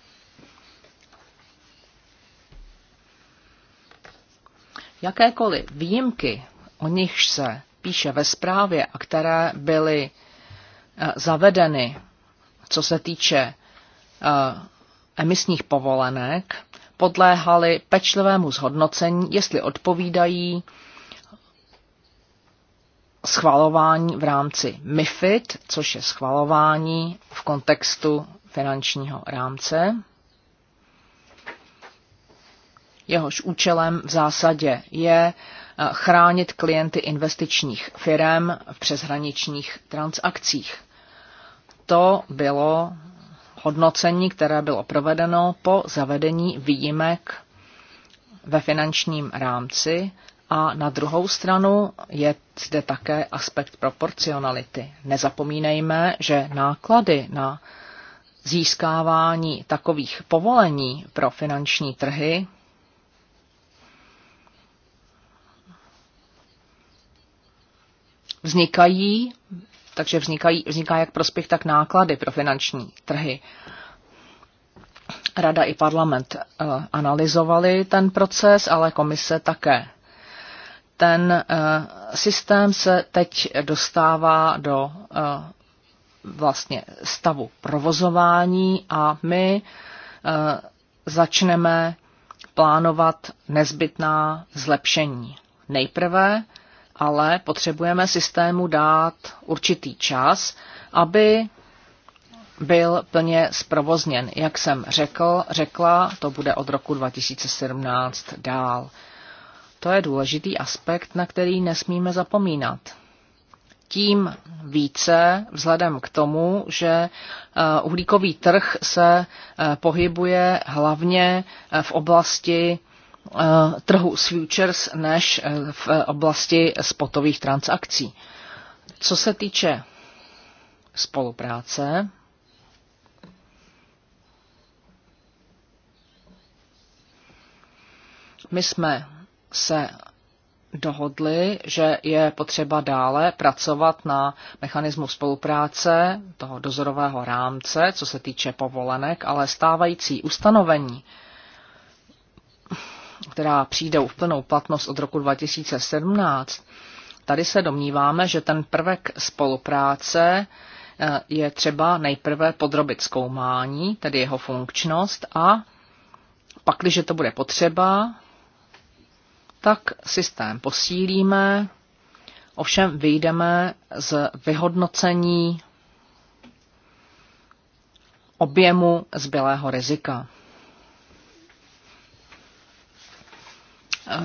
Jakékoliv výjimky, o nichž se píše ve zprávě a které byly eh, zavedeny, co se týče eh, emisních povolenek, podléhaly pečlivému zhodnocení, jestli odpovídají schvalování v rámci MIFID, což je schvalování v kontextu finančního rámce. Jehož účelem v zásadě je eh, chránit klienty investičních firm v přeshraničních transakcích. To bylo hodnocení, které bylo provedeno po zavedení výjimek ve finančním rámci a na druhou stranu je zde také aspekt proporcionality. Nezapomínejme, že náklady na získávání takových povolení pro finanční trhy vznikají takže vznikají, vzniká jak prospěch, tak náklady pro finanční trhy. Rada i parlament eh, analyzovali ten proces, ale komise také. Ten eh, systém se teď dostává do eh, vlastně stavu provozování a my začneme plánovat nezbytná zlepšení. Nejprve ale potřebujeme systému dát určitý čas, aby byl plně zprovozněn. Jak jsem řekl, řekla, to bude od roku 2017 dál. To je důležitý aspekt, na který nesmíme zapomínat. Tím více vzhledem k tomu, že eh, uhlíkový trh se eh, pohybuje hlavně eh, v oblasti Eh, trhu s futures než eh, v oblasti spotových transakcí. Co se týče spolupráce, my jsme se dohodli, že je potřeba dále pracovat na mechanismu spolupráce toho dozorového rámce, co se týče povolenek, ale stávající ustanovení která přijdou v plnou platnost od roku 2017, tady se domníváme, že ten prvek spolupráce eh, je třeba nejprve podrobit zkoumání, tedy jeho funkčnost a pak, když to bude potřeba, tak systém posílíme, ovšem vyjdeme z vyhodnocení objemu zbylého rizika.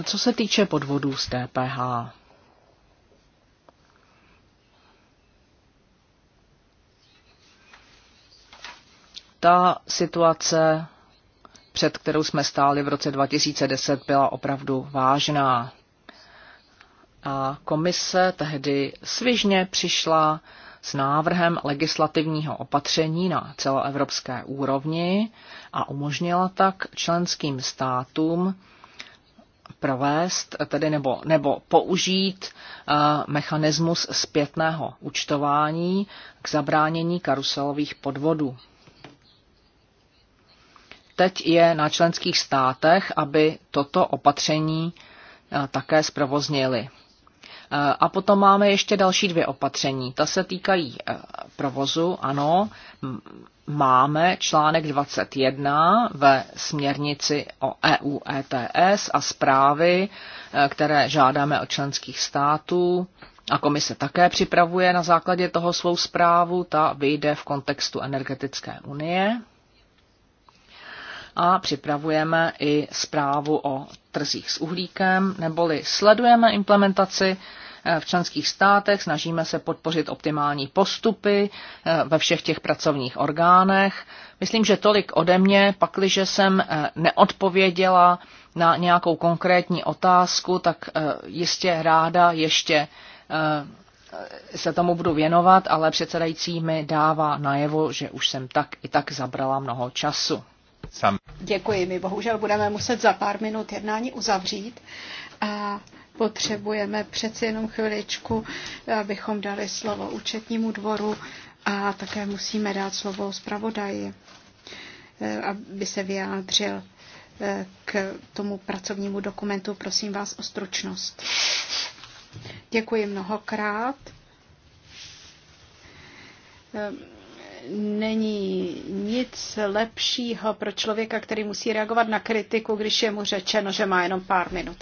Co se týče podvodů z DPH, ta situace, před kterou jsme stáli v roce 2010, byla opravdu vážná. A komise tehdy svižně přišla s návrhem legislativního opatření na celoevropské úrovni a umožnila tak členským státům provést, tedy nebo, nebo použít eh, mechanismus zpětného účtování k zabránění karuselových podvodů. Teď je na členských státech, aby toto opatření eh, také zprovoznili. A potom máme ještě další dvě opatření. Ta se týkají eh, provozu, ano. Máme článek 21 ve směrnici o EU ETS a zprávy, eh, které žádáme od členských států. A komise také připravuje na základě toho svou zprávu, ta vyjde v kontextu energetické unie. A připravujeme i zprávu o trzích s uhlíkem, neboli sledujeme implementaci v členských státech, snažíme se podpořit optimální postupy eh, ve všech těch pracovních orgánech. Myslím, že tolik ode mě, pakliže jsem eh, neodpověděla na nějakou konkrétní otázku, tak eh, jistě ráda ještě se tomu budu věnovat, ale předsedající mi dává najevo, že už jsem tak i tak zabrala mnoho času. Sam. Děkuji, my bohužel budeme muset za pár minut jednání uzavřít. A potřebujeme přeci jenom chviličku, abychom dali slovo účetnímu dvoru a také musíme dát slovo zpravodaji, eh, aby se vyjádřil eh, k tomu pracovnímu dokumentu. Prosím vás o stručnost. Děkuji mnohokrát eh, není nic lepšího pro člověka, který musí reagovat na kritiku, když je mu řečeno, že má jenom pár minut.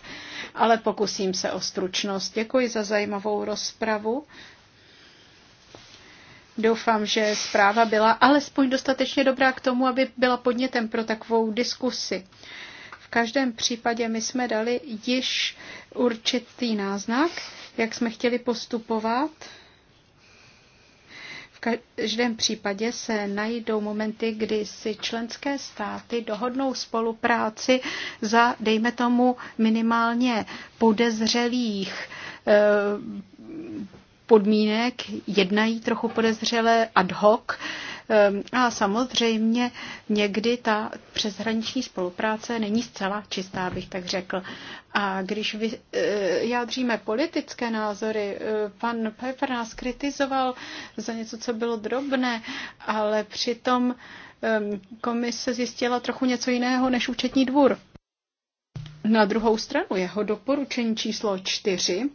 Ale pokusím se o stručnost. Děkuji za zajímavou rozpravu. Doufám, že zpráva byla alespoň dostatečně dobrá k tomu, aby byla podnětem pro takovou diskusi. V každém případě my jsme dali již určitý náznak, jak jsme chtěli postupovat každém případě se najdou momenty, kdy si členské státy dohodnou spolupráci za, dejme tomu, minimálně podezřelých eh, podmínek, jednají trochu podezřele ad hoc Ehm, a samozřejmě někdy ta přeshraniční spolupráce není zcela čistá, bych tak řekl. A když vyjádříme eh, politické názory, eh, pan Pfeiffer nás kritizoval za něco, co bylo drobné, ale přitom ehm, komise zjistila trochu něco jiného než účetní dvůr. Na druhou stranu jeho doporučení číslo čtyři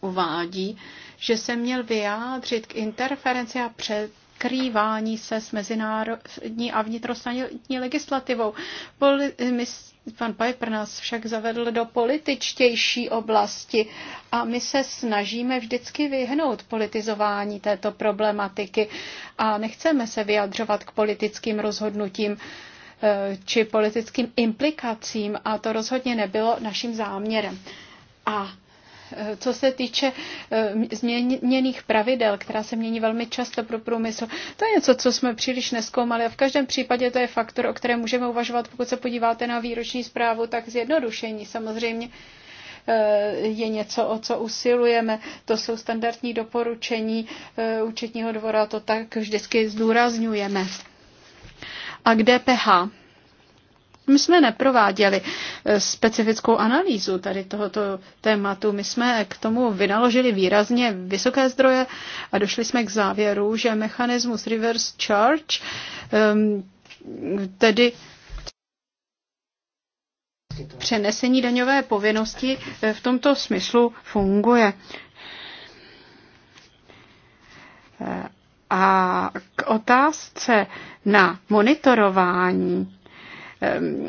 uvádí, že se měl vyjádřit k interferenci a před překrývání se s mezinárodní a vnitrostátní legislativou. Poli- my, pan Piper nás však zavedl do političtější oblasti a my se snažíme vždycky vyhnout politizování této problematiky a nechceme se vyjadřovat k politickým rozhodnutím eh, či politickým implikacím a to rozhodně nebylo naším záměrem. A Eh, co se týče eh, změněných pravidel, která se mění velmi často pro průmysl, to je něco, co jsme příliš neskoumali a v každém případě to je faktor, o kterém můžeme uvažovat. Pokud se podíváte na výroční zprávu, tak zjednodušení samozřejmě eh, je něco, o co usilujeme. To jsou standardní doporučení účetního dvora, to tak vždycky zdůrazňujeme. A k DPH my jsme neprováděli eh, specifickou analýzu tady tohoto tématu. My jsme k tomu vynaložili výrazně vysoké zdroje a došli jsme k závěru, že mechanismus reverse charge, ehm, tedy přenesení daňové povinnosti eh, v tomto smyslu funguje. Eh, a k otázce na monitorování Ehm,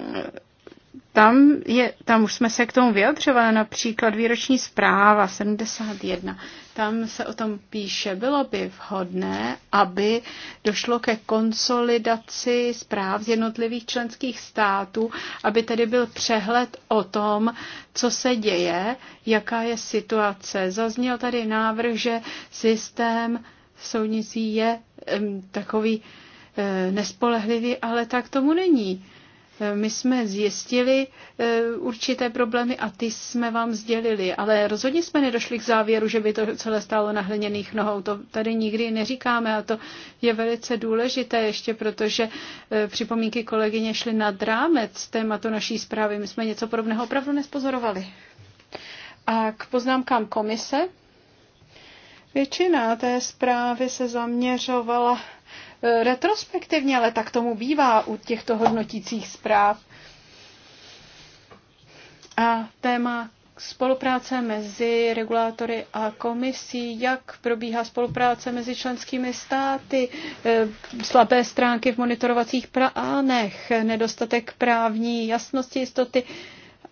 tam, je, tam už jsme se k tomu vyjadřovali, například výroční zpráva 71. Tam se o tom píše, bylo by vhodné, aby došlo ke konsolidaci zpráv z jednotlivých členských států, aby tedy byl přehled o tom, co se děje, jaká je situace. Zazněl tady návrh, že systém soudnicí je um, takový ehm, nespolehlivý, ale tak tomu není. My jsme zjistili eh, určité problémy a ty jsme vám sdělili, ale rozhodně jsme nedošli k závěru, že by to celé stálo na hliněných nohou. To tady nikdy neříkáme a to je velice důležité ještě, protože eh, připomínky kolegyně šly nad rámec tématu naší zprávy. My jsme něco podobného opravdu nespozorovali. A k poznámkám komise. Většina té zprávy se zaměřovala Eh, retrospektivně, ale tak tomu bývá u těchto hodnotících zpráv. A téma spolupráce mezi regulátory a komisí, jak probíhá spolupráce mezi členskými státy, eh, slabé stránky v monitorovacích plánech, nedostatek právní jasnosti, jistoty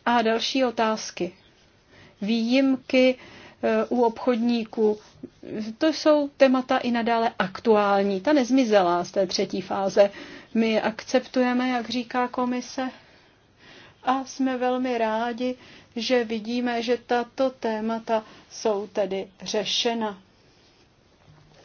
a další otázky. Výjimky u obchodníků. To jsou témata i nadále aktuální. Ta nezmizela z té třetí fáze. My akceptujeme, jak říká komise, a jsme velmi rádi, že vidíme, že tato témata jsou tedy řešena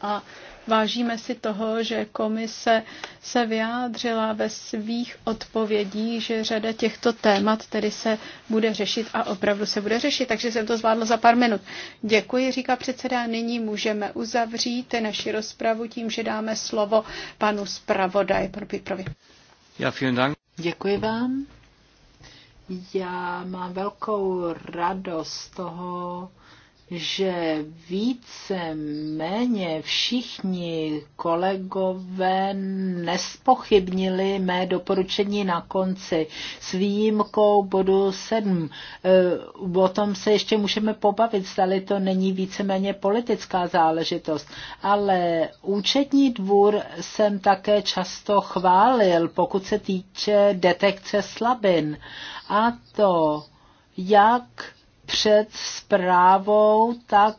a vážíme si toho, že komise se vyjádřila ve svých odpovědích, že řada těchto témat tedy se bude řešit a opravdu se bude řešit, takže jsem to zvládla za pár minut. Děkuji, říká předseda. Nyní můžeme uzavřít naši rozpravu tím, že dáme slovo panu zpravodaj, Pro Píprovi. Děkuji vám. Já mám velkou radost z toho, že více méně všichni kolegové nespochybnili mé doporučení na konci s výjimkou bodu 7. Eh, o tom se ještě můžeme pobavit, zdali to není víceméně politická záležitost. Ale účetní dvůr jsem také často chválil, pokud se týče detekce slabin. A to, jak před zprávou, tak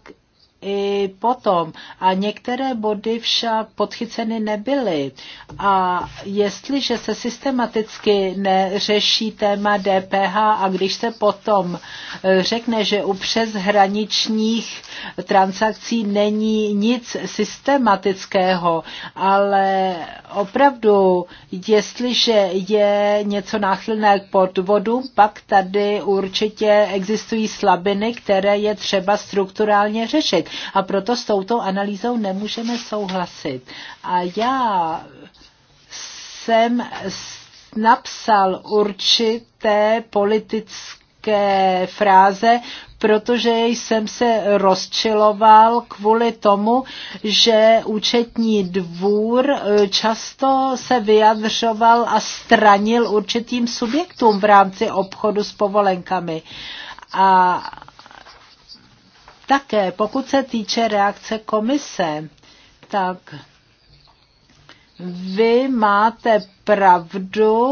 i potom. A některé body však podchyceny nebyly. A jestliže se systematicky neřeší téma DPH a když se potom e, řekne, že u přeshraničních transakcí není nic systematického, ale opravdu, jestliže je něco náchylné k podvodu, pak tady určitě existují slabiny, které je třeba strukturálně řešit a proto s touto analýzou nemůžeme souhlasit. A já jsem napsal určité politické fráze, protože jsem se rozčiloval kvůli tomu, že účetní dvůr eh, často se vyjadřoval a stranil určitým subjektům v rámci obchodu s povolenkami. A také pokud se týče reakce komise, tak vy máte pravdu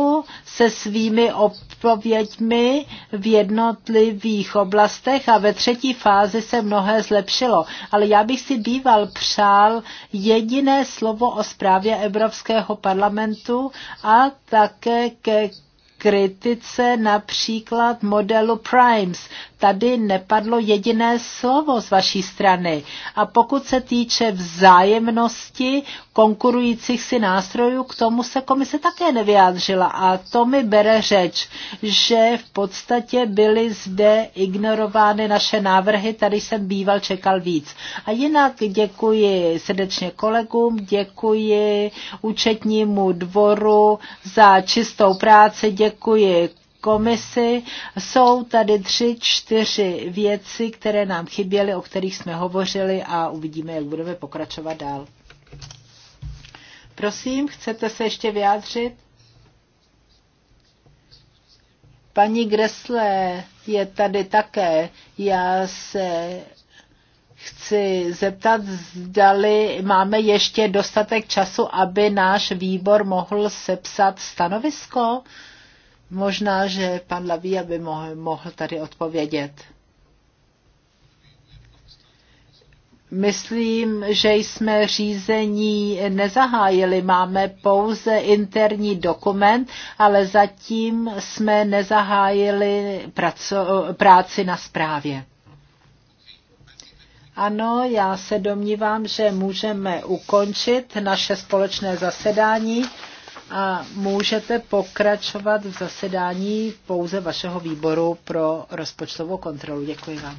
se svými odpověďmi v jednotlivých oblastech a ve třetí fázi se mnohé zlepšilo. Ale já bych si býval přál jediné slovo o zprávě Evropského parlamentu a také ke kritice například modelu Primes. Tady nepadlo jediné slovo z vaší strany. A pokud se týče vzájemnosti, konkurujících si nástrojů, k tomu se komise také nevyjádřila. A to mi bere řeč, že v podstatě byly zde ignorovány naše návrhy, tady jsem býval čekal víc. A jinak děkuji srdečně kolegům, děkuji účetnímu dvoru za čistou práci, děkuji komisi. Jsou tady tři, čtyři věci, které nám chyběly, o kterých jsme hovořili a uvidíme, jak budeme pokračovat dál. Prosím, chcete se ještě vyjádřit? Paní Gresle je tady také. Já se chci zeptat, zdali máme ještě dostatek času, aby náš výbor mohl sepsat stanovisko. Možná, že pan Laví by mohl, mohl tady odpovědět. Myslím, že jsme řízení nezahájili. Máme pouze interní dokument, ale zatím jsme nezahájili práci na zprávě. Ano, já se domnívám, že můžeme ukončit naše společné zasedání a můžete pokračovat v zasedání pouze vašeho výboru pro rozpočtovou kontrolu. Děkuji vám.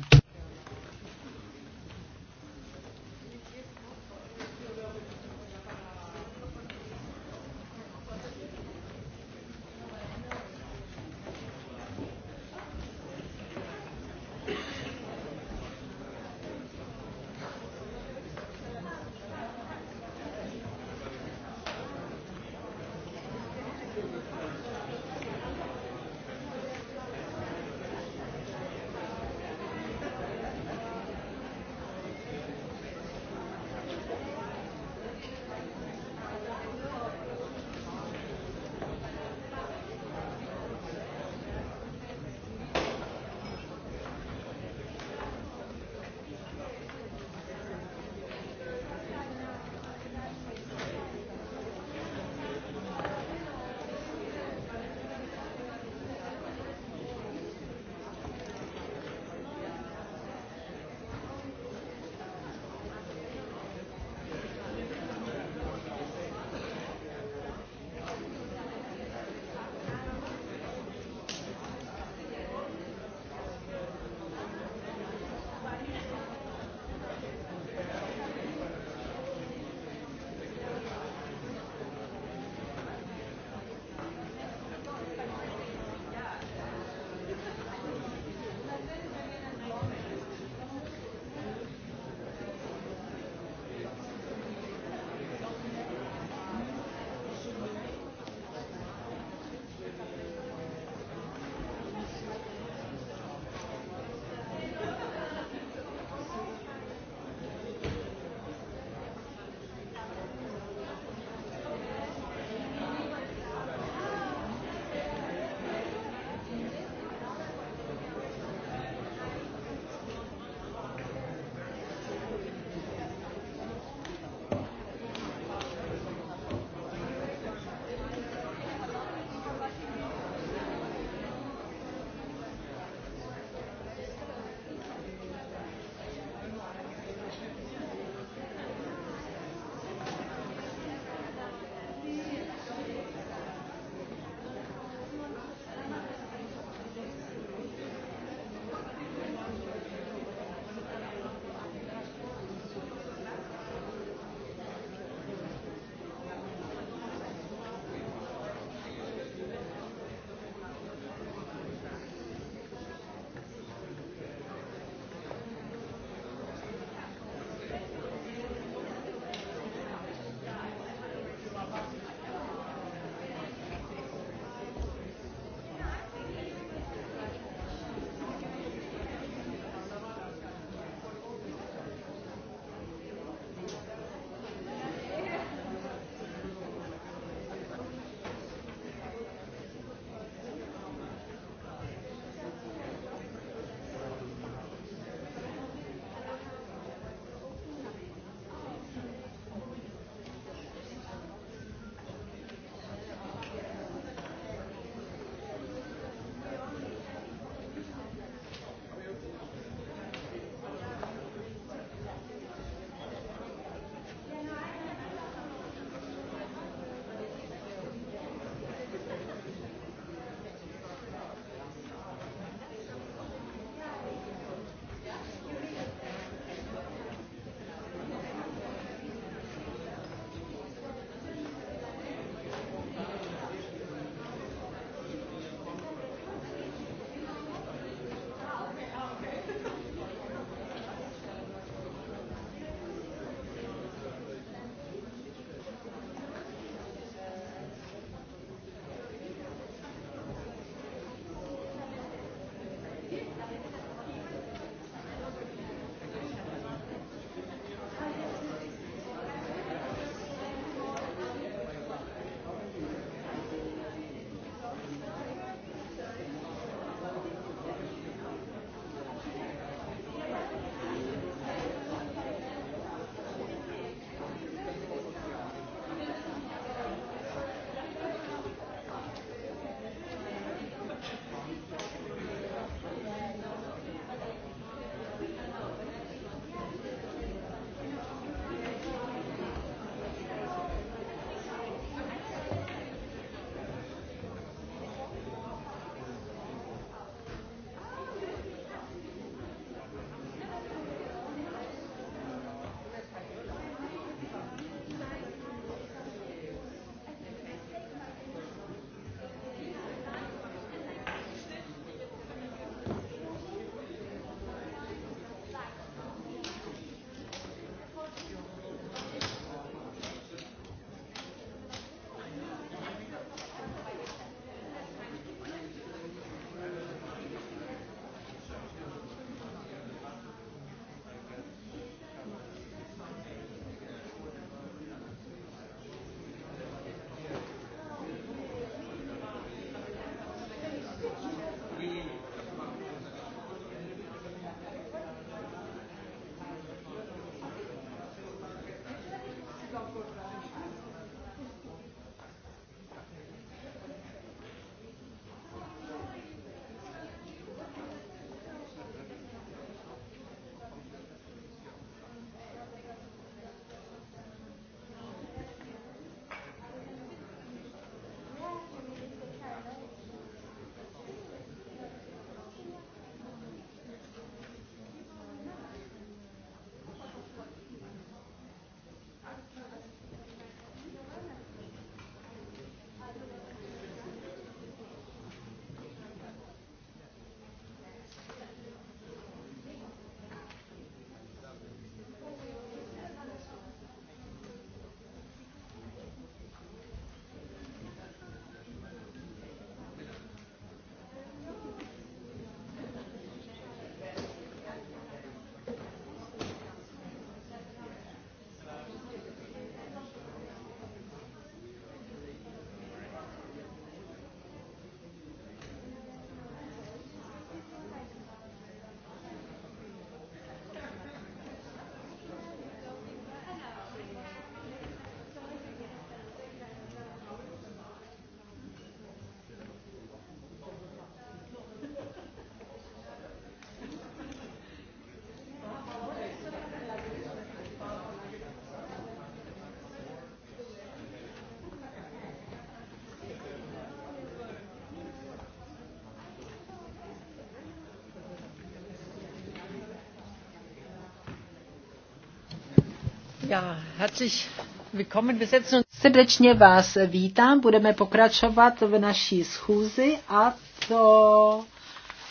Srdečně vás vítám. Budeme pokračovat v naší schůzi a to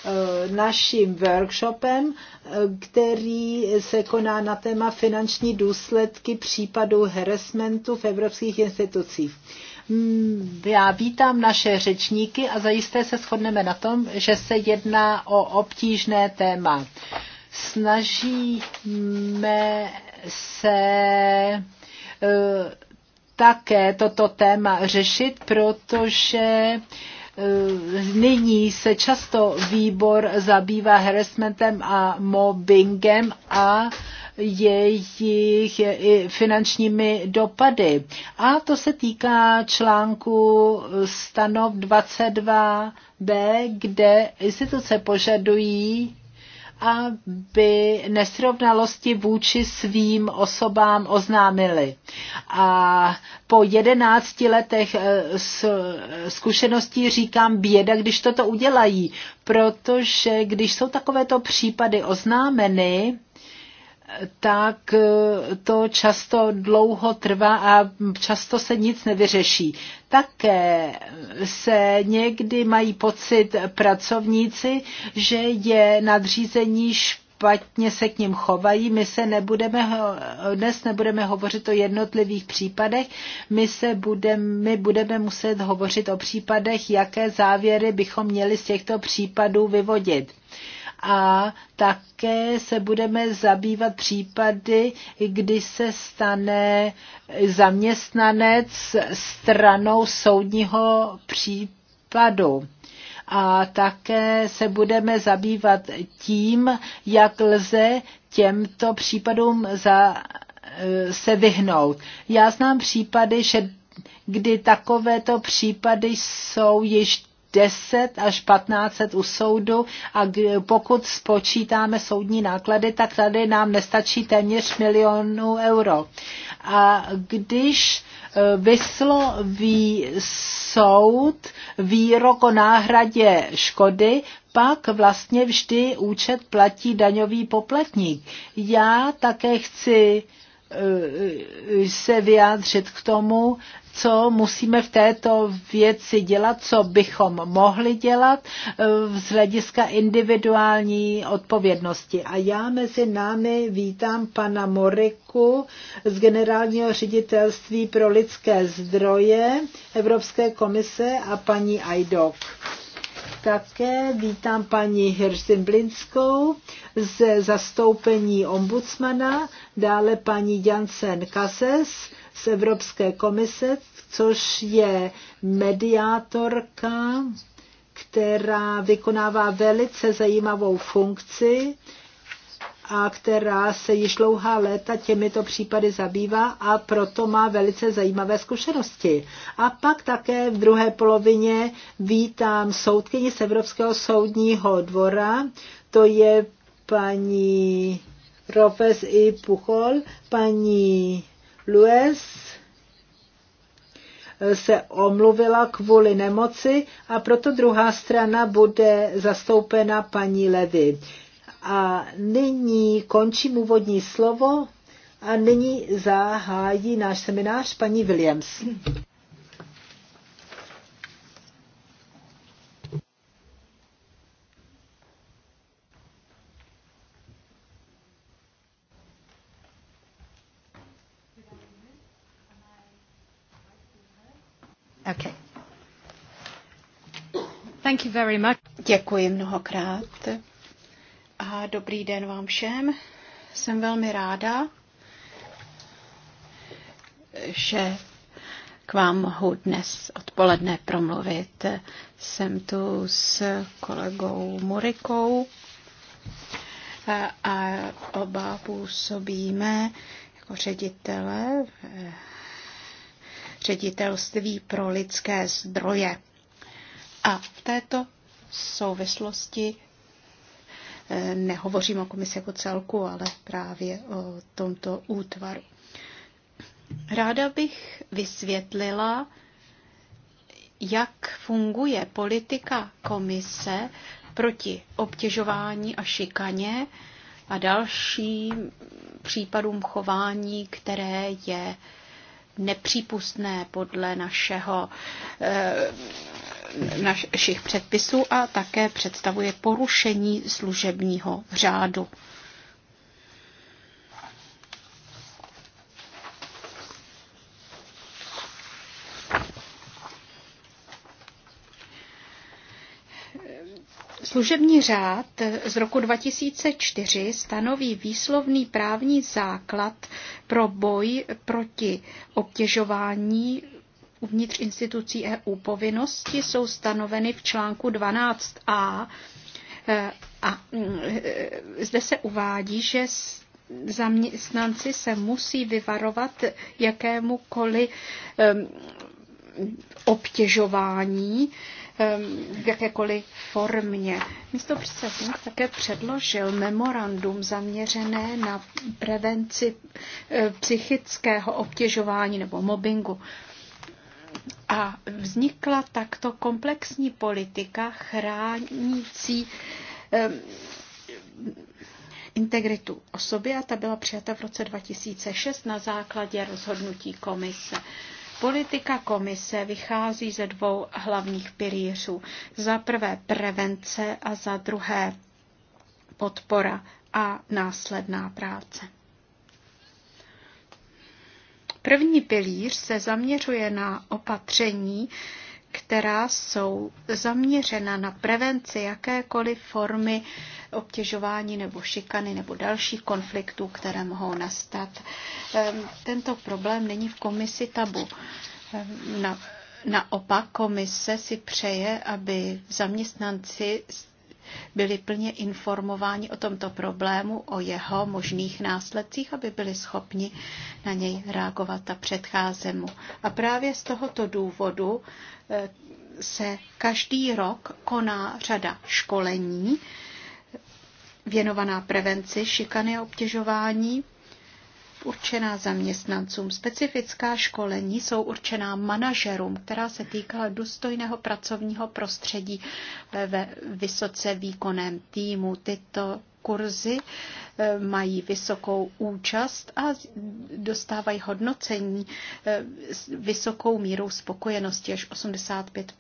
eh, naším workshopem, eh, který se koná na téma finanční důsledky případů harassmentu v evropských institucích. Mm, já vítám naše řečníky a zajisté se shodneme na tom, že se jedná o obtížné téma. Snažíme se e, také toto téma řešit, protože e, nyní se často výbor zabývá harassmentem a mobbingem a jejich finančními dopady. A to se týká článku stanov 22b, kde instituce požadují aby nesrovnalosti vůči svým osobám oznámili. A po jedenácti letech eh, zkušeností říkám běda, když toto udělají, protože když jsou takovéto případy oznámeny, tak eh, to často dlouho trvá a často se nic nevyřeší. Také se někdy mají pocit pracovníci, že je nadřízení špatně se k ním chovají. My se nebudeme, dnes nebudeme hovořit o jednotlivých případech, my, se budeme, my budeme muset hovořit o případech, jaké závěry bychom měli z těchto případů vyvodit a také se budeme zabývat případy, kdy se stane zaměstnanec stranou soudního případu a také se budeme zabývat tím, jak lze těmto případům za, eh, se vyhnout. Já znám případy, že kdy takovéto případy jsou již 10 až 1500 u soudu a pokud spočítáme soudní náklady, tak tady nám nestačí téměř milionů euro. A když e, vysloví soud výrok o náhradě škody, pak vlastně vždy účet platí daňový poplatník. Já také chci Eh, se vyjádřit k tomu, co musíme v této věci dělat, co bychom mohli dělat eh, z hlediska individuální odpovědnosti. A já mezi námi vítám pana Moriku z Generálního ředitelství pro lidské zdroje Evropské komise a paní Ajdok. Také vítám paní Blinskou z zastoupení ombudsmana, dále paní Jansen Kases z Evropské komise, což je mediátorka, která vykonává velice zajímavou funkci a která se již dlouhá léta těmito případy zabývá a proto má velice zajímavé zkušenosti. A pak také v druhé polovině vítám soudkyni z Evropského soudního dvora, to je paní Rofes i Puchol, paní Lues, se omluvila kvůli nemoci a proto druhá strana bude zastoupena paní Levy. A nyní končím úvodní slovo a nyní zahájí náš seminář paní Williams. Okay. Thank you very much. Děkuji mnohokrát dobrý den vám všem. Jsem velmi ráda, že k vám mohu dnes odpoledne promluvit. Jsem tu s kolegou Murikou a oba působíme jako ředitele v ředitelství pro lidské zdroje. A v této souvislosti Eh, nehovořím o komisi jako celku, ale právě o tomto útvaru. Ráda bych vysvětlila, jak funguje politika komise proti obtěžování a šikaně a dalším případům chování, které je nepřípustné podle našeho eh, našich předpisů a také představuje porušení služebního řádu. Služební řád z roku 2004 stanoví výslovný právní základ pro boj proti obtěžování uvnitř institucí EU. Povinnosti jsou stanoveny v článku 12a a e, e, zde se uvádí, že zaměstnanci se musí vyvarovat jakémukoliv obtěžování v jakékoliv formě. Místo předsedů také předložil memorandum zaměřené na prevenci e, psychického obtěžování nebo mobbingu. A vznikla takto komplexní politika chránící integritu osoby a ta byla přijata v roce 2006 na základě rozhodnutí komise. Politika komise vychází ze dvou hlavních pilířů. Za prvé prevence a za druhé podpora a následná práce. První pilíř se zaměřuje na opatření, která jsou zaměřena na prevenci jakékoliv formy obtěžování nebo šikany nebo dalších konfliktů, které mohou nastat. Ehm, tento problém není v komisi tabu. Ehm, na, naopak komise si přeje, aby zaměstnanci byli plně informováni o tomto problému, o jeho možných následcích, aby byli schopni na něj reagovat a předcházet mu. A právě z tohoto důvodu eh, se každý rok koná řada školení věnovaná prevenci šikany a obtěžování určená zaměstnancům. Specifická školení jsou určená manažerům, která se týkala důstojného pracovního prostředí ve vysoce výkonném týmu. Tyto kurzy eh, mají vysokou účast a dostávají hodnocení eh, s vysokou mírou spokojenosti až 85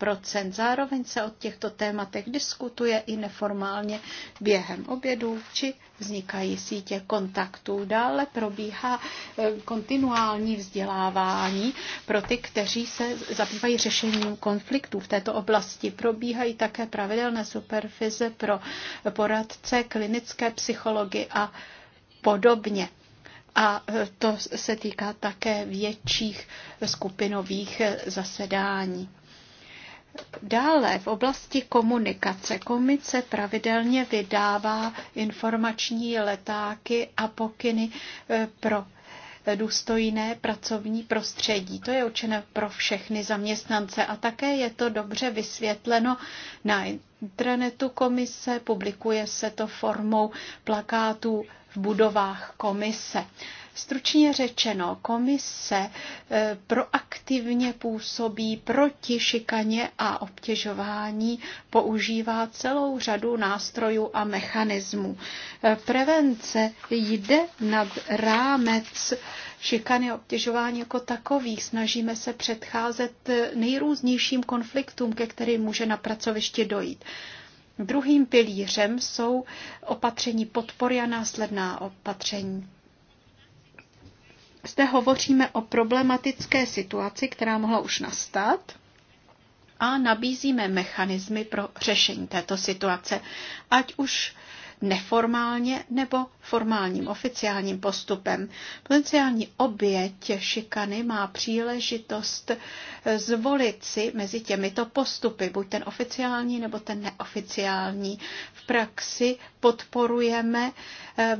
Zároveň se o těchto tématech diskutuje i neformálně během obědů či vznikají sítě kontaktů. Dále probíhá eh, kontinuální vzdělávání pro ty, kteří se zabývají řešením konfliktů v této oblasti. Probíhají také pravidelné supervize pro poradce, klinické psychology a podobně. A eh, to se týká také větších skupinových eh, zasedání. Dále v oblasti komunikace komice pravidelně vydává informační letáky a pokyny eh, pro eh, důstojné pracovní prostředí. To je určené pro všechny zaměstnance a také je to dobře vysvětleno na internetu komise, publikuje se to formou plakátů v budovách komise. Stručně řečeno, komise eh, proaktivně působí proti šikaně a obtěžování, používá celou řadu nástrojů a mechanismů. Eh, prevence jde nad rámec šikany a obtěžování jako takových. Snažíme se předcházet eh, nejrůznějším konfliktům, ke kterým může na pracovišti dojít. Druhým pilířem jsou opatření podpory a následná opatření zde hovoříme o problematické situaci, která mohla už nastat a nabízíme mechanismy pro řešení této situace, ať už neformálně nebo formálním oficiálním postupem. Potenciální oběť šikany má příležitost zvolit si mezi těmito postupy, buď ten oficiální nebo ten neoficiální. V praxi podporujeme Eh,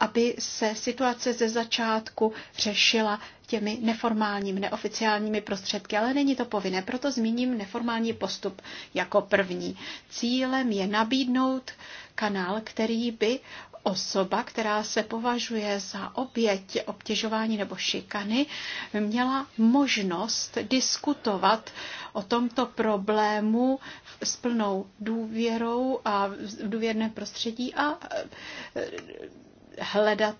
aby se situace ze začátku řešila těmi neformálními, neoficiálními prostředky, ale není to povinné. Proto zmíním neformální postup jako první. Cílem je nabídnout kanál, který by osoba, která se považuje za oběť obtěžování nebo šikany, měla možnost diskutovat o tomto problému s plnou důvěrou a v důvěrném prostředí a e, e, hledat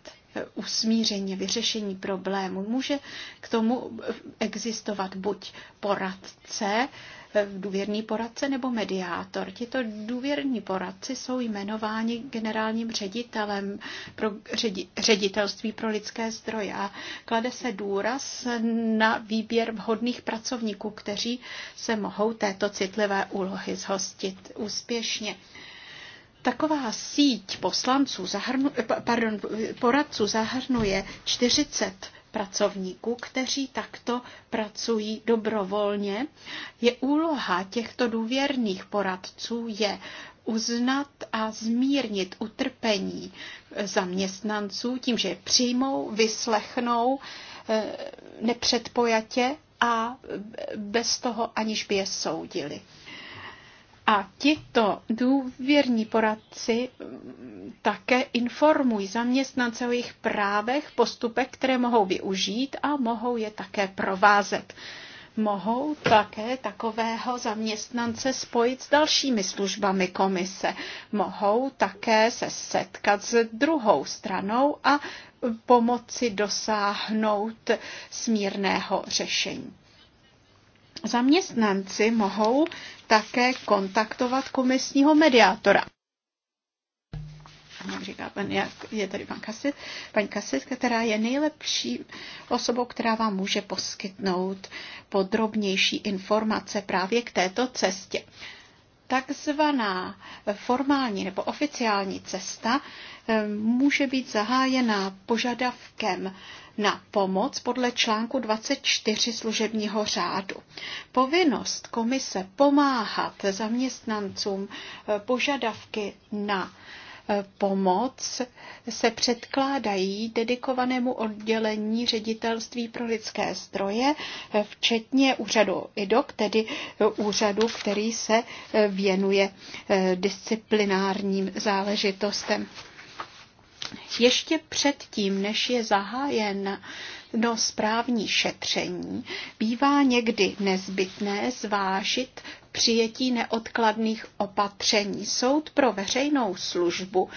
usmíření vyřešení problému. Může k tomu existovat buď poradce, eh, důvěrný poradce nebo mediátor. Tito důvěrní poradci jsou jmenováni generálním ředitelem pro ředi, ředitelství pro lidské zdroje a klade se důraz na výběr vhodných pracovníků, kteří se mohou této citlivé úlohy zhostit úspěšně. Taková síť poslanců, zahrnu, eh, pardon, poradců zahrnuje 40 pracovníků, kteří takto pracují dobrovolně. Je úloha těchto důvěrných poradců je uznat a zmírnit utrpení eh, zaměstnanců tím, že je přijmou, vyslechnou eh, nepředpojatě a bez toho, aniž by je soudili. A tito důvěrní poradci mm, také informují zaměstnance o jejich právech, postupech, které mohou využít a mohou je také provázet. Mohou také takového zaměstnance spojit s dalšími službami komise. Mohou také se setkat s druhou stranou a pomoci dosáhnout smírného řešení. Zaměstnanci mohou také kontaktovat komisního mediátora. Jak říká pan, jak je tady pan Kasit, paní Kasit, která je nejlepší osobou, která vám může poskytnout podrobnější informace právě k této cestě. Takzvaná formální nebo oficiální cesta eh, může být zahájena požadavkem na pomoc podle článku 24 služebního řádu. Povinnost komise pomáhat zaměstnancům e, požadavky na e, pomoc se předkládají dedikovanému oddělení ředitelství pro lidské stroje, e, včetně úřadu IDOC, tedy úřadu, který se věnuje disciplinárním záležitostem. Ještě předtím, než je zahájen no správní šetření, bývá někdy nezbytné zvážit přijetí neodkladných opatření. Soud pro veřejnou službu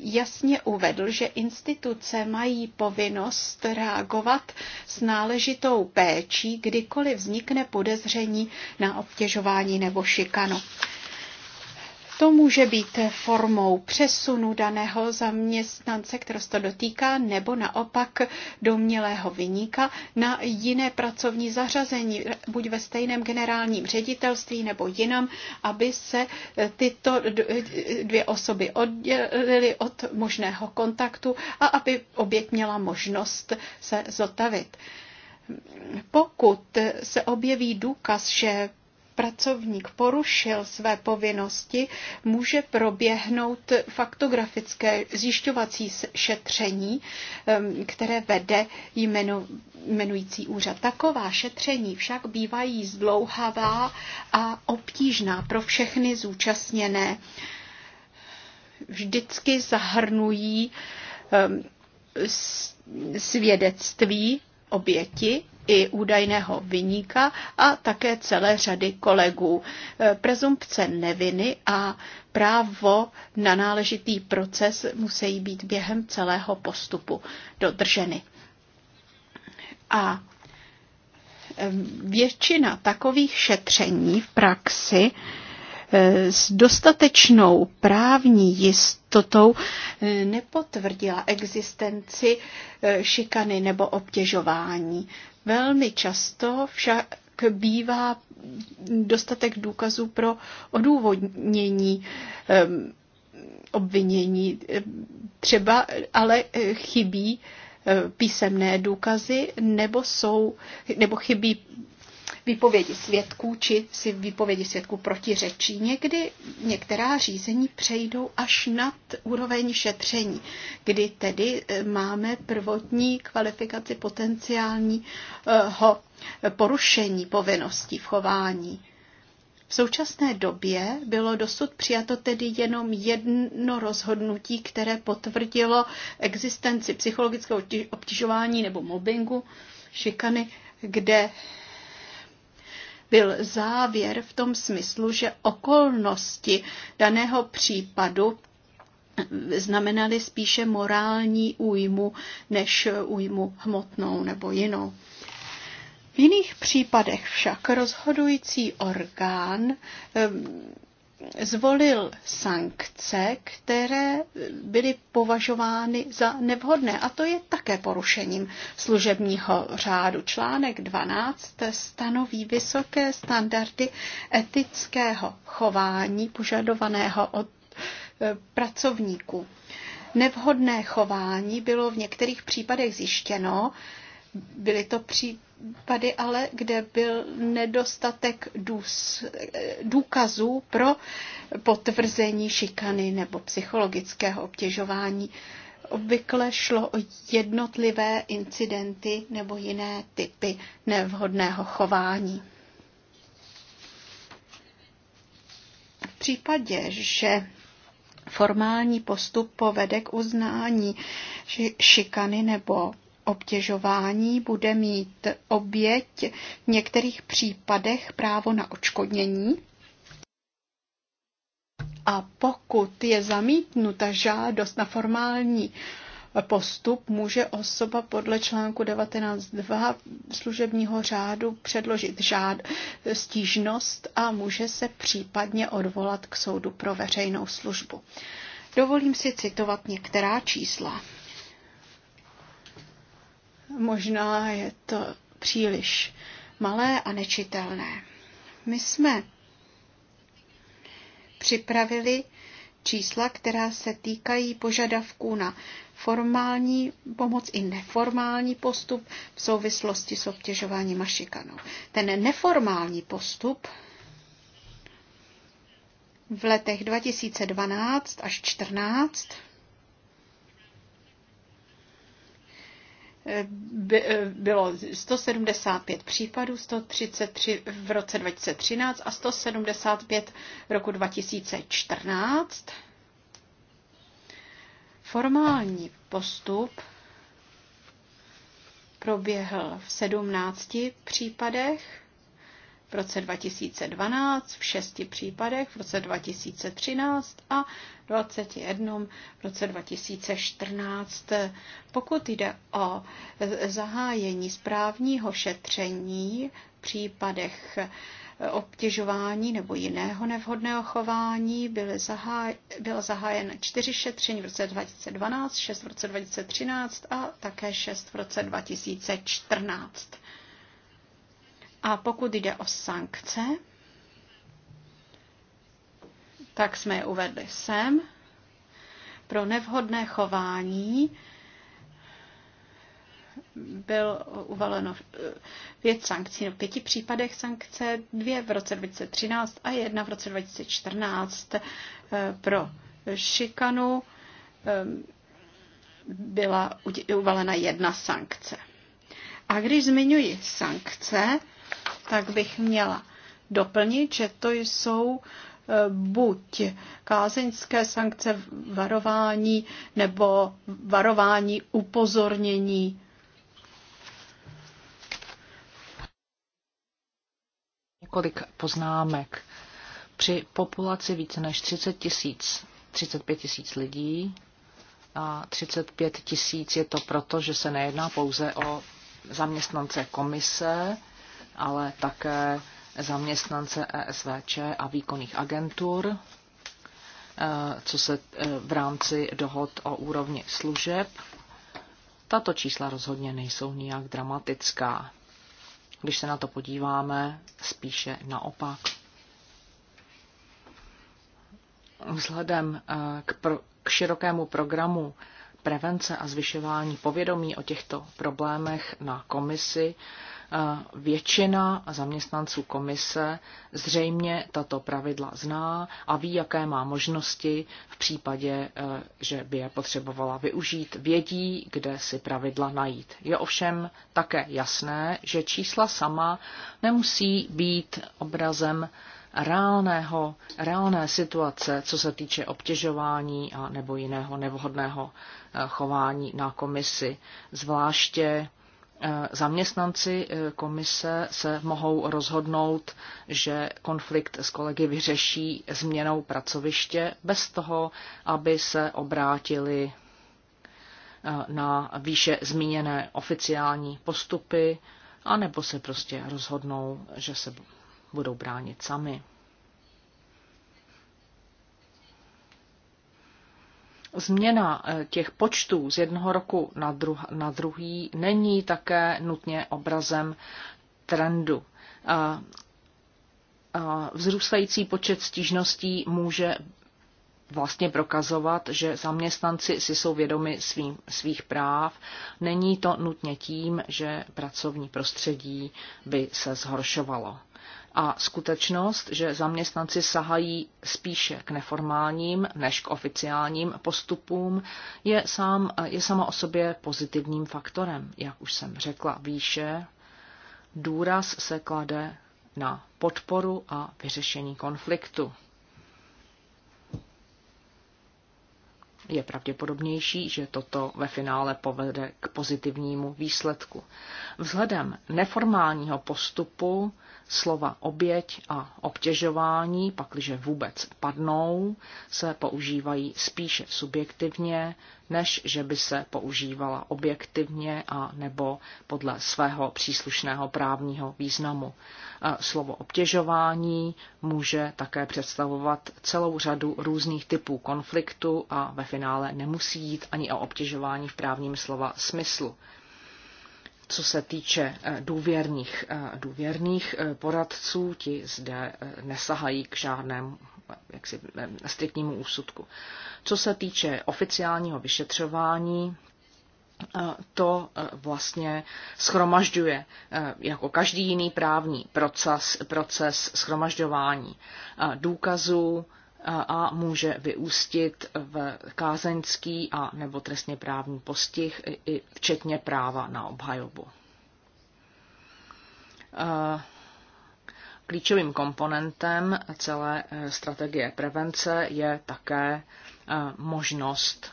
jasně uvedl, že instituce mají povinnost reagovat s náležitou péčí, kdykoliv vznikne podezření na obtěžování nebo šikanu. To může být formou přesunu daného zaměstnance, kterého se to dotýká, nebo naopak domělého vyníka na jiné pracovní zařazení, buď ve stejném generálním ředitelství nebo jinam, aby se tyto dvě osoby oddělily od možného kontaktu a aby oběť měla možnost se zotavit. Pokud se objeví důkaz, že pracovník porušil své povinnosti, může proběhnout faktografické zjišťovací šetření, které vede jmenující úřad. Taková šetření však bývají zdlouhavá a obtížná pro všechny zúčastněné. Vždycky zahrnují svědectví oběti i údajného vyníka a také celé řady kolegů. E, prezumpce neviny a právo na náležitý proces musí být během celého postupu dodrženy. A e, většina takových šetření v praxi e, s dostatečnou právní jistotou nepotvrdila existenci šikany nebo obtěžování. Velmi často však bývá dostatek důkazů pro odůvodnění obvinění. Třeba ale eh, chybí eh, písemné důkazy nebo, jsou, nebo chybí výpovědi svědků či si výpovědi svědků protiřečí. Někdy některá řízení přejdou až nad úroveň šetření, kdy tedy eh, máme prvotní kvalifikaci potenciálního eh, porušení povinností v chování. V současné době bylo dosud přijato tedy jenom jedno rozhodnutí, které potvrdilo existenci psychologického obtěžování nebo mobbingu, šikany, kde byl závěr v tom smyslu, že okolnosti daného případu znamenaly spíše morální újmu než újmu hmotnou nebo jinou. V jiných případech však rozhodující orgán zvolil sankce, které byly považovány za nevhodné. A to je také porušením služebního řádu. Článek 12 stanoví vysoké standardy etického chování požadovaného od e, pracovníků. Nevhodné chování bylo v některých případech zjištěno Byly to případy ale, kde byl nedostatek důs, důkazů pro potvrzení šikany nebo psychologického obtěžování. Obvykle šlo o jednotlivé incidenty nebo jiné typy nevhodného chování. V případě, že formální postup povede k uznání šikany nebo obtěžování bude mít oběť v některých případech právo na očkodnění. A pokud je zamítnuta žádost na formální postup, může osoba podle článku 19.2 služebního řádu předložit žád, stížnost a může se případně odvolat k soudu pro veřejnou službu. Dovolím si citovat některá čísla. Možná je to příliš malé a nečitelné. My jsme připravili čísla, která se týkají požadavků na formální pomoc i neformální postup v souvislosti s obtěžováním a šikanou. Ten neformální postup v letech 2012 až 2014 Eh, by, eh, bylo 175 případů, 133 v roce 2013 a 175 roku 2014. Formální postup proběhl v 17 případech v roce 2012 v šesti případech, v roce 2013 a 21 v roce 2014. Pokud jde o zahájení správního šetření v případech obtěžování nebo jiného nevhodného chování byly zaháj, čtyři šetření v roce 2012, šest v roce 2013 a také šest v roce 2014. A pokud jde o sankce, tak jsme je uvedli sem pro nevhodné chování byl uvaleno eh, pět sankcí, no v pěti případech sankce, dvě v roce 2013 a jedna v roce 2014 eh, pro šikanu eh, byla uvalena jedna sankce. A když zmiňuji sankce, tak bych měla doplnit, že to jsou e, buď kázeňské sankce varování nebo varování upozornění. Několik poznámek. Při populaci více než 30 tisíc, 35 tisíc lidí a 35 tisíc je to proto, že se nejedná pouze o zaměstnance komise, ale také zaměstnance ESVČ a výkonných agentur, eh, co se eh, v rámci dohod o úrovni služeb. Tato čísla rozhodně nejsou nijak dramatická. Když se na to podíváme, spíše naopak. Vzhledem eh, k, pro, k širokému programu prevence a zvyšování povědomí o těchto problémech na komisi Většina zaměstnanců komise zřejmě tato pravidla zná a ví, jaké má možnosti v případě, eh, že by je potřebovala využít. Vědí, kde si pravidla najít. Je ovšem také jasné, že čísla sama nemusí být obrazem reálného, reálné situace, co se týče obtěžování a nebo jiného nevhodného eh, chování na komisi, zvláště Eh, zaměstnanci eh, komise se mohou rozhodnout, že konflikt s kolegy vyřeší změnou pracoviště bez toho, aby se obrátili eh, na výše zmíněné oficiální postupy, anebo se prostě rozhodnou, že se budou bránit sami. změna eh, těch počtů z jednoho roku na, druh- na druhý není také nutně obrazem trendu. Eh, eh, vzrůstající počet stížností může vlastně prokazovat, že zaměstnanci si jsou vědomi svým, svých práv. Není to nutně tím, že pracovní prostředí by se zhoršovalo a skutečnost, že zaměstnanci sahají spíše k neformálním než k oficiálním postupům, je, sám, je sama o sobě pozitivním faktorem. Jak už jsem řekla výše, důraz se klade na podporu a vyřešení konfliktu. je pravděpodobnější, že toto ve finále povede k pozitivnímu výsledku. Vzhledem neformálního postupu slova oběť a obtěžování, pakliže vůbec padnou, se používají spíše subjektivně, než že by se používala objektivně a nebo podle svého příslušného právního významu. Slovo obtěžování může také představovat celou řadu různých typů konfliktu a ve finále nemusí jít ani o obtěžování v právním slova smyslu co se týče eh, důvěrných, eh, důvěrných eh, poradců, ti zde nesahají k žádnému jaksi, striktnímu úsudku. Co se týče oficiálního vyšetřování, to vlastně schromažďuje jako každý jiný právní proces, proces schromažďování důkazů, a může vyústit v kázeňský a nebo trestně právní postih, i včetně práva na obhajobu. Klíčovým komponentem celé e, strategie prevence je také e, možnost,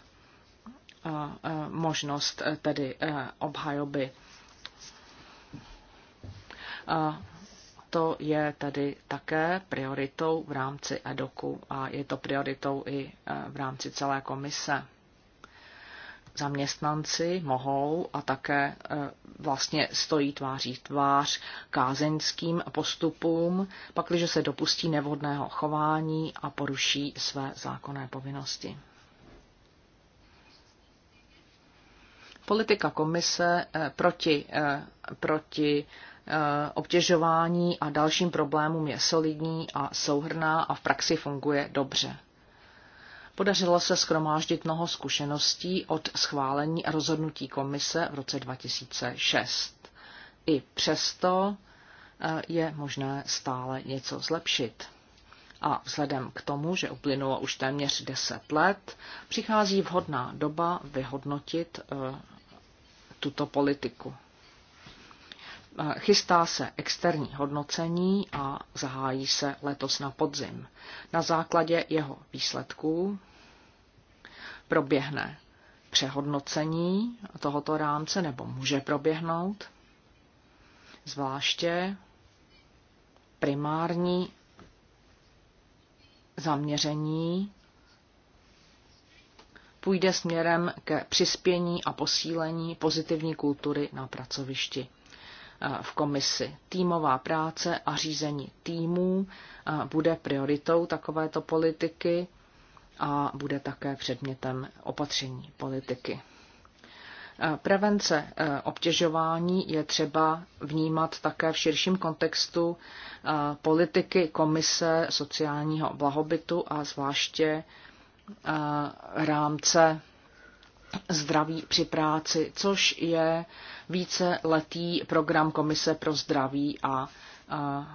e, možnost tedy obhajoby to je tedy také prioritou v rámci EDOKu a je to prioritou i e, v rámci celé komise. Zaměstnanci mohou a také e, vlastně stojí tváří tvář kázeňským postupům, pakliže se dopustí nevhodného chování a poruší své zákonné povinnosti. Politika komise e, proti, proti Eh, obtěžování a dalším problémům je solidní a souhrná a v praxi funguje dobře. Podařilo se schromáždit mnoho zkušeností od schválení a rozhodnutí komise v roce 2006. I přesto eh, je možné stále něco zlepšit. A vzhledem k tomu, že uplynulo už téměř 10 let, přichází vhodná doba vyhodnotit eh, tuto politiku. Eh, chystá se externí hodnocení a zahájí se letos na podzim. Na základě jeho výsledků proběhne přehodnocení tohoto rámce, nebo může proběhnout, zvláště primární zaměření půjde směrem ke přispění a posílení pozitivní kultury na pracovišti v komisi. Týmová práce a řízení týmů bude prioritou takovéto politiky a bude také předmětem opatření politiky. Prevence e, obtěžování je třeba vnímat také v širším kontextu e, politiky Komise sociálního blahobytu a zvláště e, rámce zdraví při práci, což je více letý program Komise pro zdraví a, a, a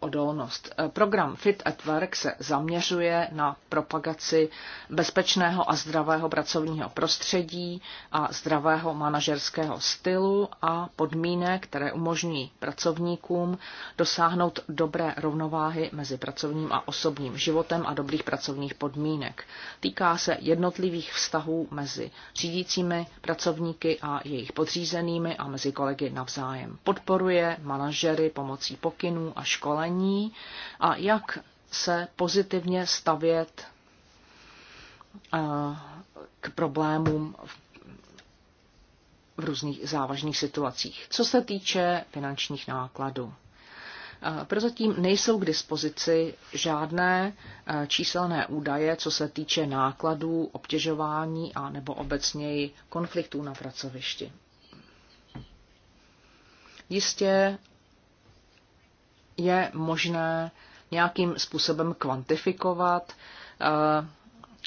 odolnost. Eh, program Fit at Work se zaměřuje na propagaci bezpečného a zdravého pracovního prostředí a zdravého manažerského stylu a podmínek, které umožní pracovníkům dosáhnout dobré rovnováhy mezi pracovním a osobním životem a dobrých pracovních podmínek. Týká se jednotlivých vztahů mezi řídícími pracovníky a jejich podřízenými a mezi kolegy navzájem. Podporuje manažery pomocí pokynů a škol školení a jak se pozitivně stavět eh, k problémům v různých závažných situacích. Co se týče finančních nákladů. Eh, prozatím nejsou k dispozici žádné eh, číselné údaje, co se týče nákladů, obtěžování a nebo obecněji konfliktů na pracovišti. Jistě je možné nějakým způsobem kvantifikovat eh,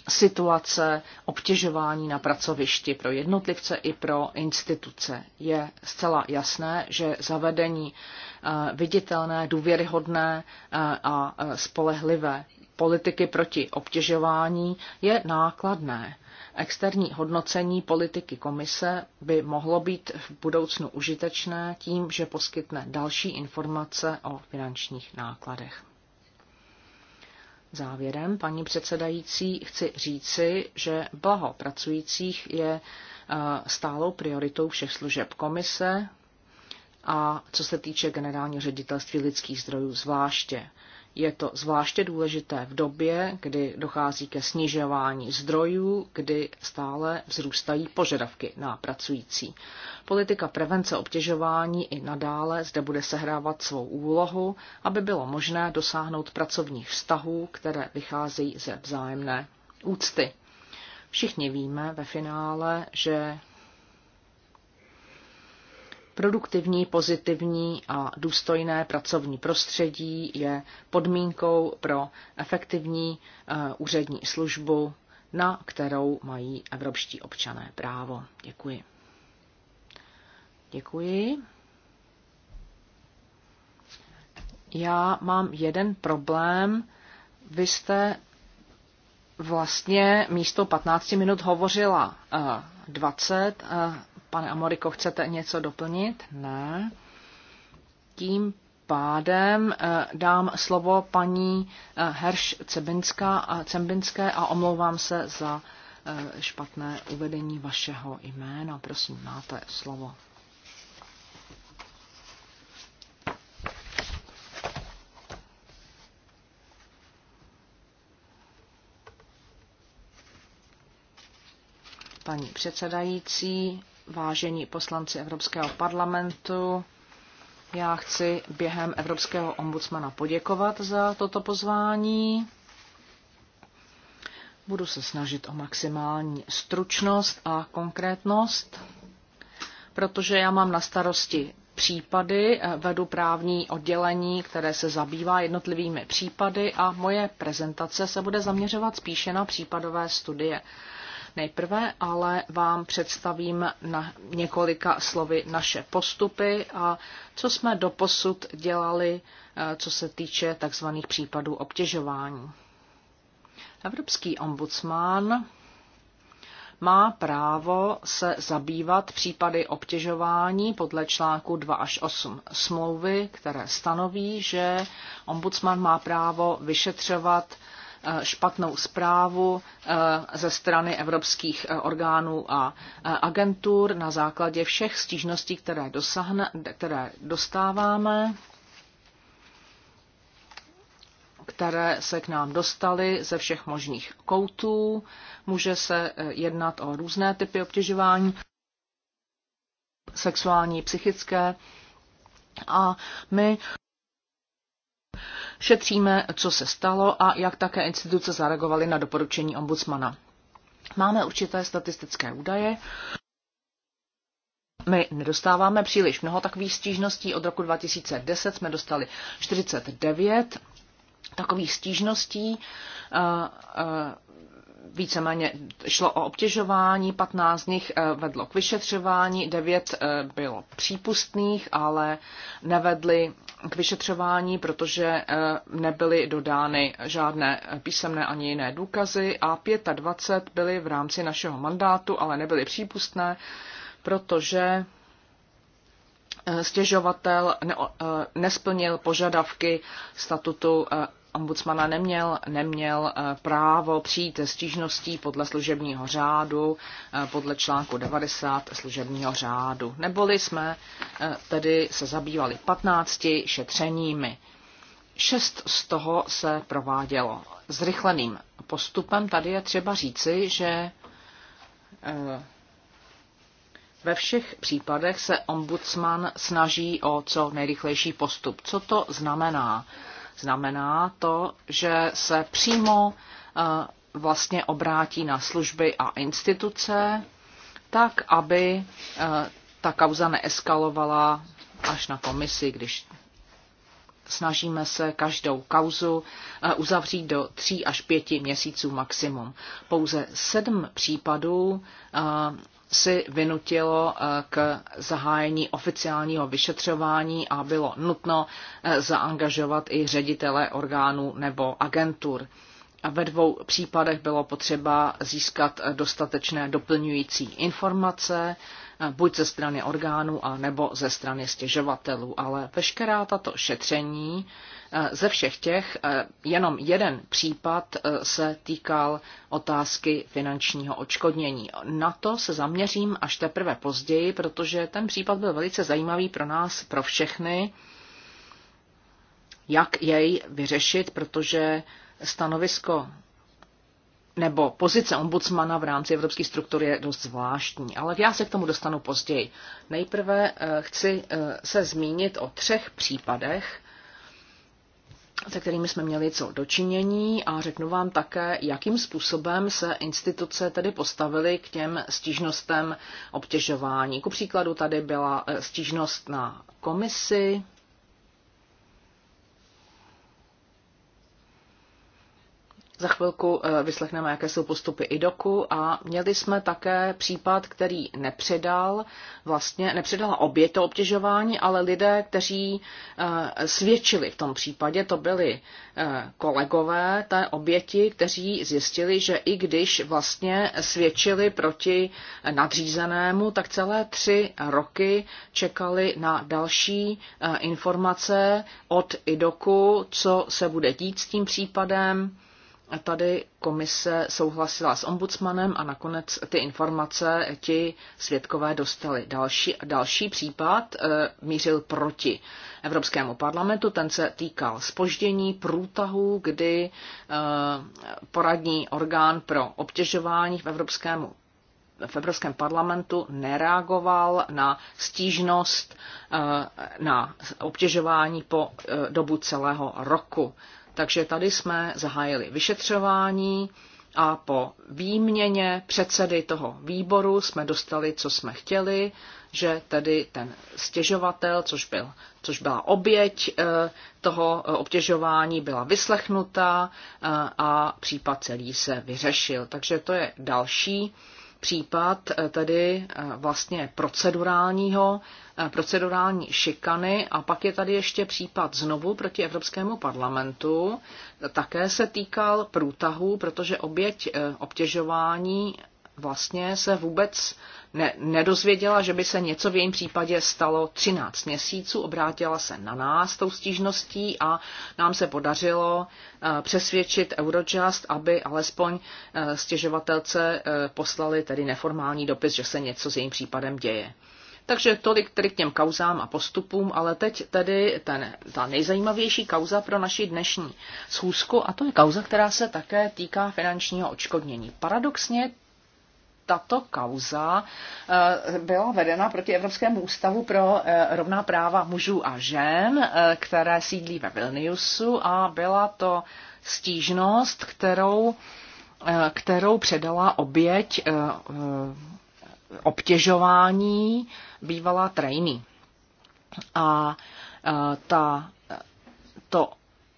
situace obtěžování na pracovišti pro jednotlivce i pro instituce. Je zcela jasné, že zavedení eh, viditelné, důvěryhodné eh, a spolehlivé politiky proti obtěžování je nákladné. Externí hodnocení politiky komise by mohlo být v budoucnu užitečné tím, že poskytne další informace o finančních nákladech. Závěrem, paní předsedající, chci říci, že blaho pracujících je e, stálou prioritou všech služeb komise a co se týče generálního ředitelství lidských zdrojů zvláště. Je to zvláště důležité v době, kdy dochází ke snižování zdrojů, kdy stále vzrůstají požadavky na pracující. Politika prevence obtěžování i nadále zde bude sehrávat svou úlohu, aby bylo možné dosáhnout pracovních vztahů, které vycházejí ze vzájemné úcty. Všichni víme ve finále, že Produktivní, pozitivní a důstojné pracovní prostředí je podmínkou pro efektivní eh, úřední službu, na kterou mají evropští občané právo. Děkuji. Děkuji. Já mám jeden problém. Vy jste vlastně místo 15 minut hovořila 20 eh, Pane Amoriko, chcete něco doplnit? Ne. Tím pádem eh, dám slovo paní eh, Herš Cebinská a Cembinské a omlouvám se za eh, špatné uvedení vašeho jména. Prosím, máte slovo. Paní předsedající, vážení poslanci Evropského parlamentu, já chci během Evropského ombudsmana poděkovat za toto pozvání. Budu se snažit o maximální stručnost a konkrétnost, protože já mám na starosti případy, vedu právní oddělení, které se zabývá jednotlivými případy a moje prezentace se bude zaměřovat spíše na případové studie. Nejprve ale vám představím na několika slovy naše postupy a co jsme doposud dělali, eh, co se týče tzv. případů obtěžování. Evropský ombudsman má právo se zabývat případy obtěžování podle článku 2 až 8 smlouvy, které stanoví, že ombudsman má právo vyšetřovat Eh, špatnou zprávu eh, ze strany evropských eh, orgánů a agentur na základě všech stížností, které, dosahne, které dostáváme které se k nám dostaly ze všech možných koutů. Může se jednat o různé typy obtěžování, sexuální, psychické. A my Šetříme, co se stalo a jak také instituce zareagovaly na doporučení ombudsmana. Máme určité statistické údaje. My nedostáváme příliš mnoho takových stížností. Od roku 2010 jsme dostali 49 takových stížností víceméně šlo o obtěžování, 15 z nich eh, vedlo k vyšetřování, 9 eh, bylo přípustných, ale nevedly k vyšetřování, protože eh, nebyly dodány žádné písemné ani jiné důkazy a 25 byly v rámci našeho mandátu, ale nebyly přípustné, protože stěžovatel nesplnil požadavky statutu ombudsmana neměl, neměl eh, právo přijít stížností podle služebního řádu, eh, podle článku 90 služebního řádu. Neboli jsme eh, tedy se zabývali 15 šetřeními. Šest z toho se provádělo. Zrychleným postupem tady je třeba říci, že ve všech případech se ombudsman snaží o co nejrychlejší postup. Co to znamená? Znamená to, že se přímo eh, vlastně obrátí na služby a instituce, tak aby eh, ta kauza neeskalovala až na komisi, když snažíme se každou kauzu eh, uzavřít do tří až pěti měsíců maximum. Pouze sedm případů si vynutilo eh, k zahájení oficiálního vyšetřování a bylo nutno eh, zaangažovat i ředitele orgánů nebo agentur. Ve dvou případech bylo potřeba získat eh, dostatečné doplňující informace Eh, buď ze strany orgánů, a nebo ze strany stěžovatelů. Ale veškerá tato šetření eh, ze všech těch, eh, jenom jeden případ se týkal otázky finančního odškodnění. Na to se zaměřím až teprve později, protože ten případ byl velice zajímavý pro nás, pro všechny, jak jej vyřešit, protože stanovisko nebo pozice ombudsmana v rámci evropských struktur je dost zvláštní, ale já se k tomu dostanu později. Nejprve eh, chci eh, se zmínit o třech případech, se kterými jsme měli co dočinění a řeknu vám také, jakým způsobem se instituce tedy postavily k těm stížnostem obtěžování. Ku příkladu tady byla eh, stížnost na komisi, Za chvilku eh, vyslechneme, jaké jsou postupy IDOKu a měli jsme také případ, který nepředal, vlastně nepředala obě to obtěžování, ale lidé, kteří eh, svědčili v tom případě, to byli eh, kolegové té oběti, kteří zjistili, že i když vlastně svědčili proti nadřízenému, tak celé tři roky čekali na další informace od IDOKu, co se bude dít s tím případem, Tady komise souhlasila s ombudsmanem a nakonec ty informace ti svědkové dostali. Další, další případ e, mířil proti Evropskému parlamentu, ten se týkal spoždění průtahu, kdy e, poradní orgán pro obtěžování v Evropském v Evropském parlamentu nereagoval na stížnost eh, na obtěžování po dobu celého roku. Takže tady jsme zahájili vyšetřování a po výměně předsedy toho výboru jsme dostali, co jsme chtěli, že tedy ten stěžovatel, což, byl, což byla oběť eh, toho obtěžování, byla vyslechnutá eh, a případ celý se vyřešil. Takže to je další případ eh, tedy eh, vlastně procedurálního, eh, procedurální šikany a pak je tady ještě případ znovu proti Evropskému parlamentu. Také se týkal průtahu, protože oběť obtěžování vlastně se vůbec ne, nedozvěděla, že by se něco v jejím případě stalo 13 měsíců. Obrátila se na nás tou stížností a nám se podařilo eh, přesvědčit Eurojust, aby alespoň eh, stěžovatelce eh, poslali tedy neformální dopis, že se něco s jejím případem děje. Takže tolik tedy k těm kauzám a postupům, ale teď tedy ten, ta nejzajímavější kauza pro naši dnešní schůzku a to je kauza, která se také týká finančního odškodnění. Paradoxně tato kauza eh, byla vedena proti Evropskému ústavu pro eh, rovná práva mužů a žen, eh, které sídlí ve Vilniusu a byla to stížnost, kterou, kterou předala oběť obtěžování bývalá trejny. A ta, to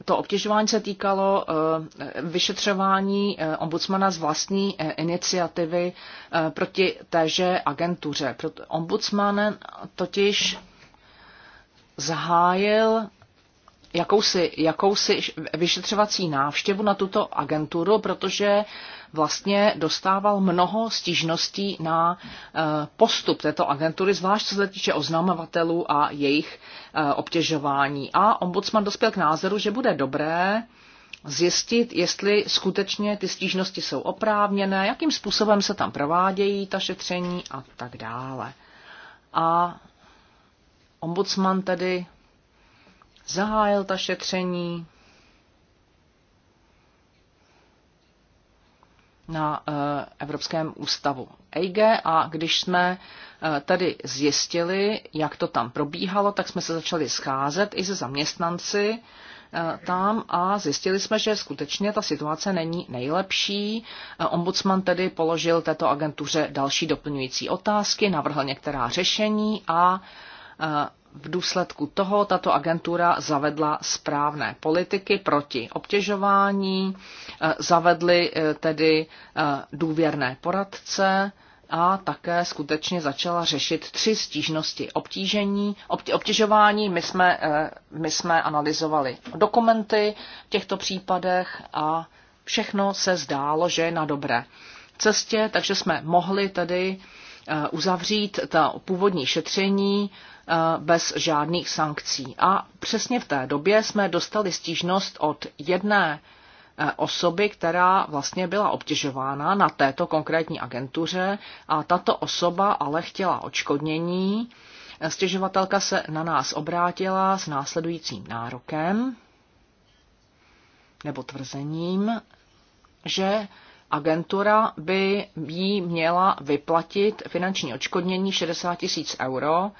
to obtěžování se týkalo eh, vyšetřování eh, ombudsmana z vlastní eh, iniciativy proti téže agentuře. Ombudsman totiž zahájil jakousi, jakousi vyšetřovací návštěvu na tuto agenturu, protože vlastně dostával mnoho stížností na eh, postup této agentury, zvlášť co se týče oznamovatelů a jejich eh, obtěžování. A ombudsman dospěl k názoru, že bude dobré zjistit, jestli skutečně ty stížnosti jsou oprávněné, jakým způsobem se tam provádějí ta šetření a tak dále. A ombudsman tedy zahájil ta šetření na eh, Evropském ústavu EIG a když jsme eh, tady zjistili, jak to tam probíhalo, tak jsme se začali scházet i se zaměstnanci eh, tam a zjistili jsme, že skutečně ta situace není nejlepší. Ombudsman tedy položil této agentuře další doplňující otázky, navrhl některá řešení a v důsledku toho tato agentura zavedla správné politiky proti obtěžování, eh, zavedly eh, tedy eh, důvěrné poradce a také skutečně začala řešit tři stížnosti obtížení, obtěžování. My jsme, my jsme analyzovali dokumenty v těchto případech a všechno se zdálo, že je na dobré cestě, takže jsme mohli tedy uzavřít ta původní šetření Eh, bez žádných sankcí. A přesně v té době jsme dostali stížnost od jedné eh, osoby, která vlastně byla obtěžována na této konkrétní agentuře a tato osoba ale chtěla odškodnění. Eh, stěžovatelka se na nás obrátila s následujícím nárokem nebo tvrzením, že agentura by jí měla vyplatit finanční odškodnění 60 tisíc euro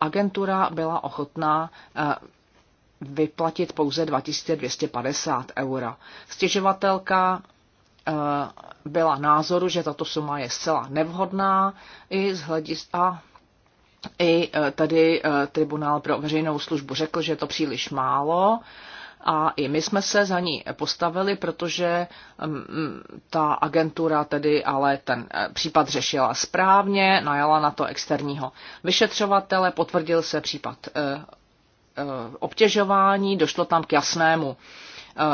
agentura byla ochotná e, vyplatit pouze 2250 eura. Stěžovatelka e, byla názoru, že tato suma je zcela nevhodná i z hlediska i e, tady tribunál pro veřejnou službu řekl, že je to příliš málo a i my jsme se za ní postavili, protože mm, mm, ta agentura tedy ale ten eh, případ řešila správně, najala na to externího vyšetřovatele, potvrdil se případ eh, eh, obtěžování, došlo tam k jasnému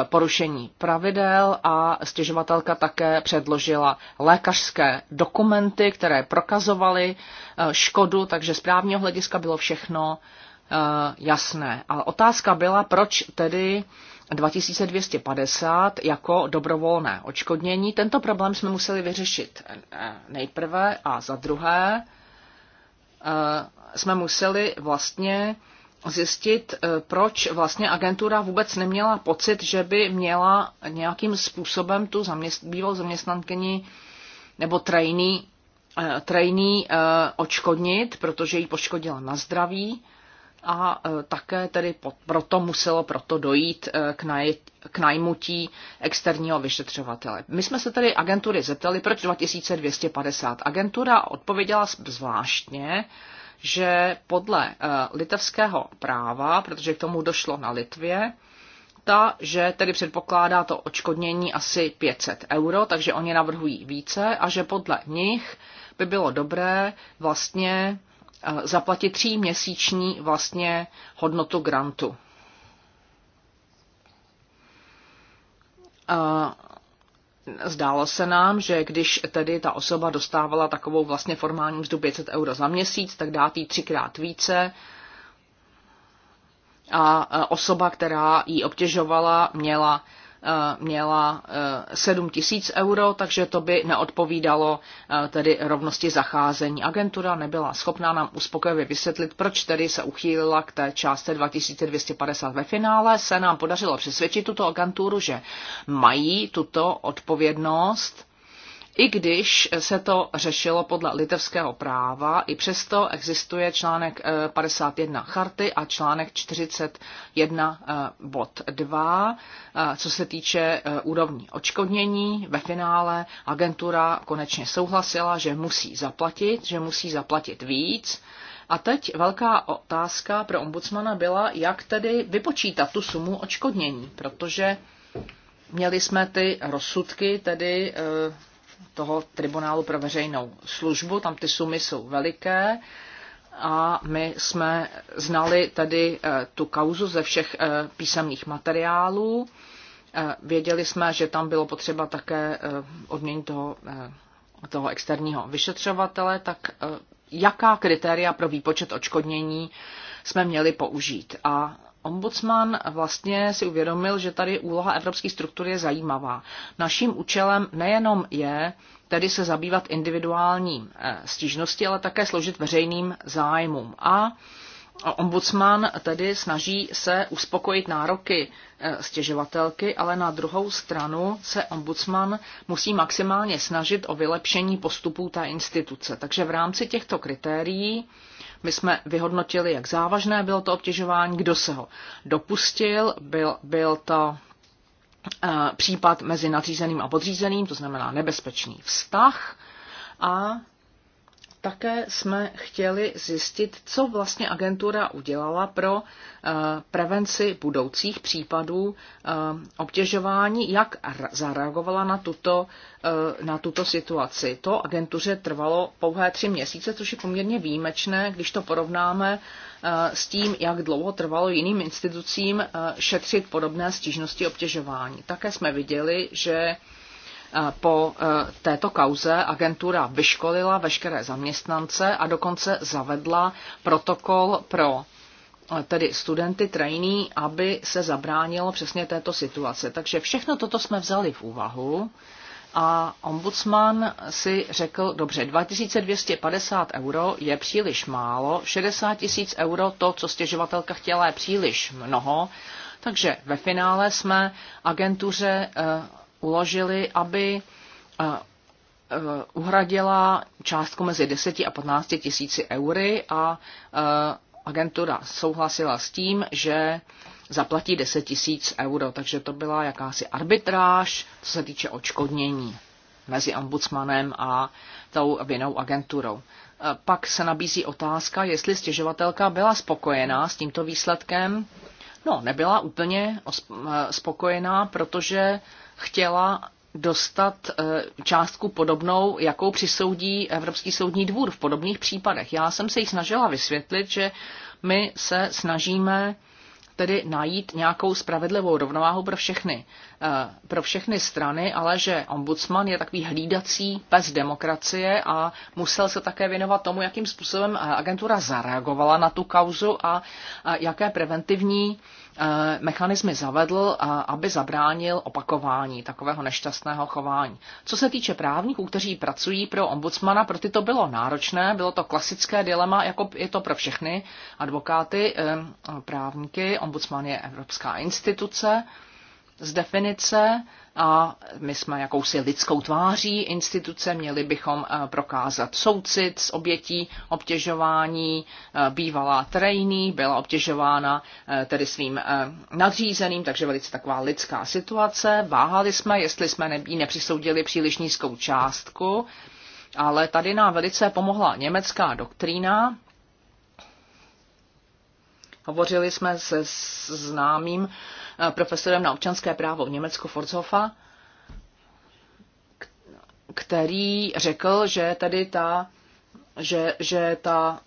porušení pravidel a stěžovatelka také předložila lékařské dokumenty, které prokazovaly škodu, takže z právního hlediska bylo všechno Eh, jasné. Ale otázka byla, proč tedy 2250 jako dobrovolné očkodnění. Tento problém jsme museli vyřešit eh, nejprve a za druhé eh, jsme museli vlastně zjistit, proč vlastně agentura vůbec neměla pocit, že by měla nějakým způsobem tu zaměst, bývalou zaměstnankyni nebo trainee, trainee očkodnit, protože ji poškodila na zdraví a e, také tedy proto muselo proto dojít e, k, naj, k najmutí externího vyšetřovatele. My jsme se tedy agentury zeptali, proč 2250. Agentura odpověděla zvláštně, že podle e, litevského práva, protože k tomu došlo na Litvě, ta, že tedy předpokládá to očkodnění asi 500 euro, takže oni navrhují více a že podle nich by bylo dobré vlastně Eh, zaplatit tříměsíční vlastně hodnotu grantu. Eh, zdálo se nám, že když tedy ta osoba dostávala takovou vlastně formální mzdu 500 euro za měsíc, tak dá jí třikrát více. A eh, osoba, která ji obtěžovala, měla Eh, měla 7 eh, tisíc euro, takže to by neodpovídalo eh, tedy rovnosti zacházení. Agentura nebyla schopná nám uspokojivě vysvětlit, proč tedy se uchýlila k té částce 2250 ve finále. Se nám podařilo přesvědčit tuto agenturu, že mají tuto odpovědnost i když se to řešilo podle litevského práva, i přesto existuje článek 51 eh, charty a článek 41 eh, bod 2, eh, co se týče úrovní očkodnění. Ve finále agentura konečně souhlasila, že musí zaplatit, že musí zaplatit víc. A teď velká otázka pro ombudsmana byla, jak tedy vypočítat tu sumu očkodnění, protože měli jsme ty rozsudky, tedy toho tribunálu pro veřejnou službu. Tam ty sumy jsou veliké a my jsme znali tedy eh, tu kauzu ze všech eh, písemných materiálů. Eh, věděli jsme, že tam bylo potřeba také odměnit toho, toho externího vyšetřovatele, tak jaká kritéria pro výpočet očkodnění jsme měli použít. A Ombudsman vlastně si uvědomil, že tady úloha evropských struktur je zajímavá. Naším účelem nejenom je tedy se zabývat individuální eh, stížnosti, ale také složit veřejným zájmům. A ombudsman tedy snaží se uspokojit nároky eh, stěžovatelky, ale na druhou stranu se ombudsman musí maximálně snažit o vylepšení postupů té instituce. Takže v rámci těchto kritérií my jsme vyhodnotili, jak závažné bylo to obtěžování, kdo se ho dopustil, byl, byl to eh, případ mezi nadřízeným a podřízeným, to znamená nebezpečný vztah a také jsme chtěli zjistit, co vlastně agentura udělala pro eh, prevenci budoucích případů eh, obtěžování, jak zareagovala na tuto, eh, na tuto situaci. To agentuře trvalo pouhé tři měsíce, což je poměrně výjimečné, když to porovnáme s tím, jak dlouho trvalo jiným institucím šetřit podobné stížnosti obtěžování. Také jsme viděli, že Eh, po eh, této kauze agentura vyškolila veškeré zaměstnance a dokonce zavedla protokol pro eh, tedy studenty, trainee, aby se zabránilo přesně této situace. Takže všechno toto jsme vzali v úvahu a ombudsman si řekl, dobře, 2250 euro je příliš málo, 60 tisíc euro to, co stěžovatelka chtěla, je příliš mnoho, takže ve finále jsme agentuře uložili, aby eh, eh, uhradila částku mezi 10 a 15 tisíci eury a eh, agentura souhlasila s tím, že zaplatí 10 tisíc euro, takže to byla jakási arbitráž, co se týče očkodnění mezi ombudsmanem a tou vinou agenturou. Pak se nabízí otázka, jestli stěžovatelka byla spokojená s tímto výsledkem No, nebyla úplně eh, spokojená, protože chtěla dostat eh, částku podobnou, jakou přisoudí Evropský soudní dvůr v podobných případech. Já jsem se jich snažila vysvětlit, že my se snažíme tedy najít nějakou spravedlivou rovnováhu pro všechny, eh, pro všechny strany, ale že ombudsman je takový hlídací pes demokracie a musel se také věnovat tomu, jakým způsobem eh, agentura zareagovala na tu kauzu a jaké preventivní Eh, mechanismy zavedl, eh, aby zabránil opakování takového nešťastného chování. Co se týče právníků, kteří pracují pro ombudsmana, pro ty to bylo náročné, bylo to klasické dilema, jako je to pro všechny advokáty, eh, právníky. Ombudsman je evropská instituce, z definice a my jsme jakousi lidskou tváří instituce, měli bychom eh, prokázat soucit s obětí obtěžování. Eh, bývalá trejný byla obtěžována eh, tedy svým nadřízeným, takže velice taková lidská situace. Váhali jsme, jestli jsme jí nepřisoudili příliš nízkou částku, ale tady nám velice pomohla německá doktrína, Hovořili jsme se známým Eh, profesorem na občanské právo v Německu Forzhofa, který řekl, že tady ta, že, že ta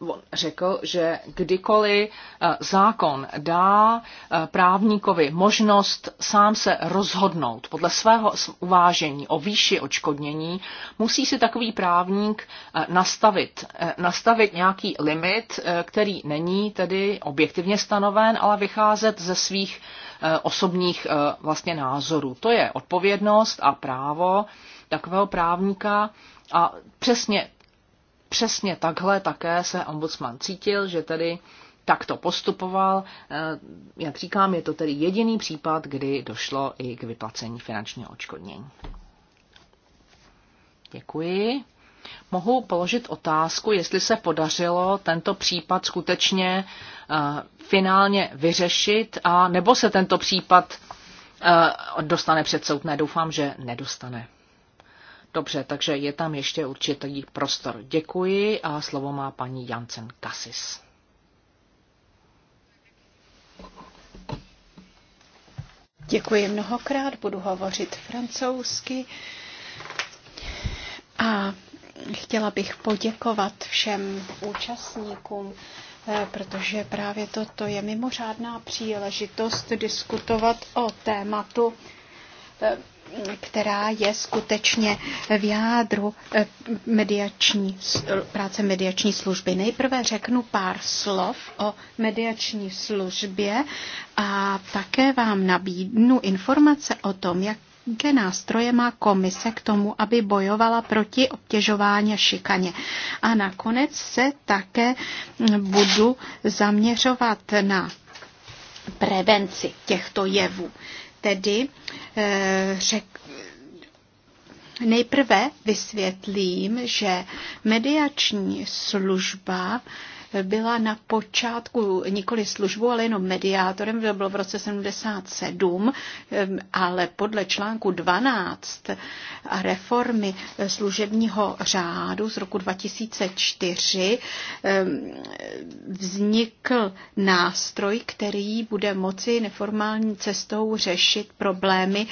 on řekl, že kdykoliv eh, zákon dá eh, právníkovi možnost sám se rozhodnout podle svého uvážení o výši očkodnění, musí si takový právník eh, nastavit, nastavit nějaký limit, který není tedy objektivně stanoven, ale vycházet ze svých osobních vlastně názorů. To je odpovědnost a právo takového právníka a přesně přesně takhle také se ombudsman cítil, že tedy to postupoval. Eh, jak říkám, je to tedy jediný případ, kdy došlo i k vyplacení finančního odškodnění. Děkuji. Mohu položit otázku, jestli se podařilo tento případ skutečně eh, finálně vyřešit, a nebo se tento případ eh, dostane před soud. Ne, že nedostane. Dobře, takže je tam ještě určitý prostor. Děkuji a slovo má paní Jansen Kasis. Děkuji mnohokrát, budu hovořit francouzsky a chtěla bych poděkovat všem účastníkům, eh, protože právě toto je mimořádná příležitost diskutovat o tématu eh, která je skutečně v jádru eh, mediační, práce mediační služby. Nejprve řeknu pár slov o mediační službě a také vám nabídnu informace o tom, jak jaké nástroje má komise k tomu, aby bojovala proti obtěžování a šikaně. A nakonec se také budu zaměřovat na prevenci těchto jevů tedy eh, řek, nejprve vysvětlím, že mediační služba byla na počátku nikoli službu, ale jenom mediátorem, to bylo v roce 77, ale podle článku 12 reformy služebního řádu z roku 2004 vznikl nástroj, který bude moci neformální cestou řešit problémy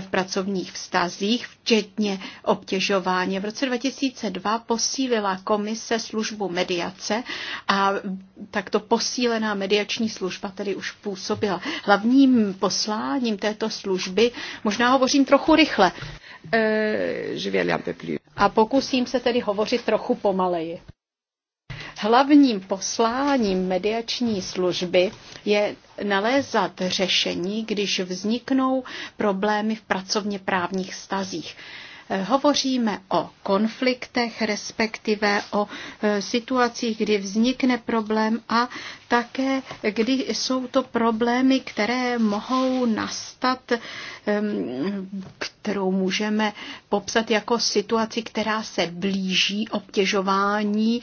v pracovních vztazích, včetně obtěžování. V roce 2002 posílila komise službu mediace a takto posílená mediační služba tedy už působila. Hlavním posláním této služby, možná hovořím trochu rychle, eh, a pokusím se tedy hovořit trochu pomaleji. Hlavním posláním mediační služby je nalézat řešení, když vzniknou problémy v pracovně právních stazích. Eh, hovoříme o konfliktech, respektive o eh, situacích, kdy vznikne problém a také, kdy jsou to problémy, které mohou nastat, ehm, kterou můžeme popsat jako situaci, která se blíží obtěžování, e,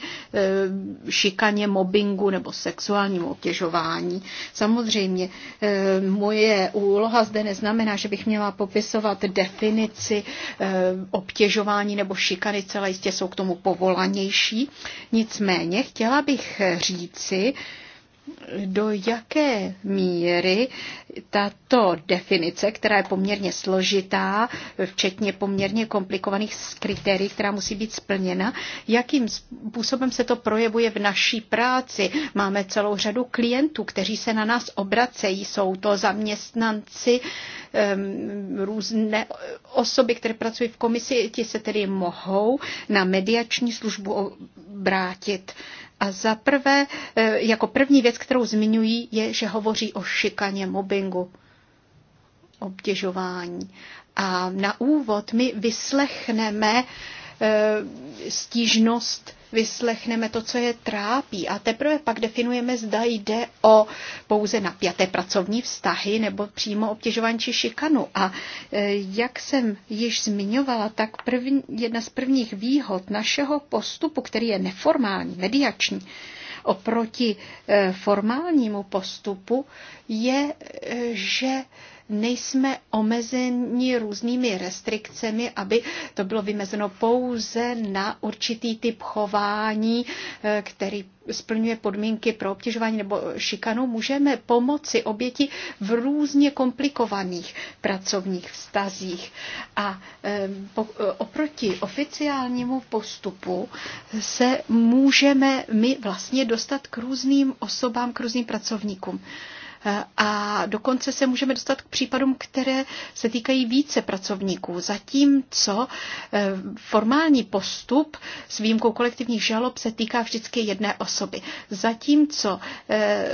šikaně, mobbingu nebo sexuálnímu obtěžování. Samozřejmě e, moje úloha zde neznamená, že bych měla popisovat definici e, obtěžování nebo šikany, celé jistě jsou k tomu povolanější. Nicméně chtěla bych říci, do jaké míry tato definice, která je poměrně složitá, včetně poměrně komplikovaných kritérií, která musí být splněna, jakým způsobem se to projevuje v naší práci. Máme celou řadu klientů, kteří se na nás obracejí. Jsou to zaměstnanci, různé osoby, které pracují v komisi, ti se tedy mohou na mediační službu obrátit. A za prvé, e, jako první věc, kterou zmiňují, je, že hovoří o šikaně, mobbingu, obtěžování. A na úvod my vyslechneme e, stížnost vyslechneme to, co je trápí a teprve pak definujeme, zda jde o pouze napjaté pracovní vztahy nebo přímo obtěžování či šikanu. A e, jak jsem již zmiňovala, tak první, jedna z prvních výhod našeho postupu, který je neformální, mediační, oproti e, formálnímu postupu je, e, že nejsme omezeni různými restrikcemi, aby to bylo vymezeno pouze na určitý typ chování, eh, který splňuje podmínky pro obtěžování nebo šikanu, můžeme pomoci oběti v různě komplikovaných pracovních vztazích. A eh, eh, oproti oficiálnímu postupu se můžeme my vlastně dostat k různým osobám, k různým pracovníkům a dokonce se můžeme dostat k případům, které se týkají více pracovníků, zatímco eh, formální postup s výjimkou kolektivních žalob se týká vždycky jedné osoby. Zatímco eh,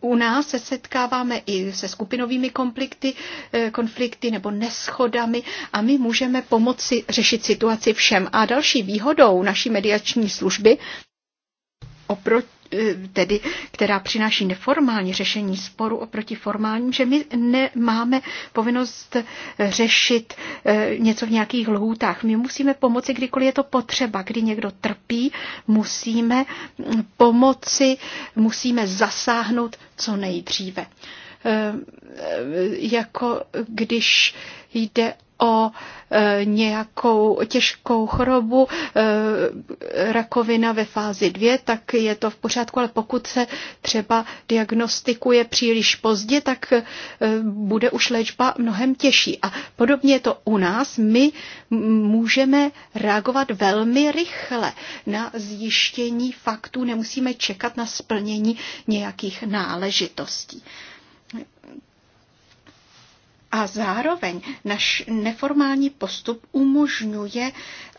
u nás se setkáváme i se skupinovými konflikty, eh, konflikty nebo neschodami a my můžeme pomoci řešit situaci všem. A další výhodou naší mediační služby oproti Eh, tedy, která přináší neformální řešení sporu oproti formálním, že my nemáme povinnost řešit eh, něco v nějakých lhůtách. My musíme pomoci, kdykoliv je to potřeba. Kdy někdo trpí, musíme pomoci, musíme zasáhnout co nejdříve eh, jako když jde o e, nějakou těžkou chorobu, e, rakovina ve fázi 2, tak je to v pořádku, ale pokud se třeba diagnostikuje příliš pozdě, tak e, bude už léčba mnohem těžší. A podobně je to u nás. My můžeme reagovat velmi rychle na zjištění faktů, nemusíme čekat na splnění nějakých náležitostí. A zároveň náš neformální postup umožňuje,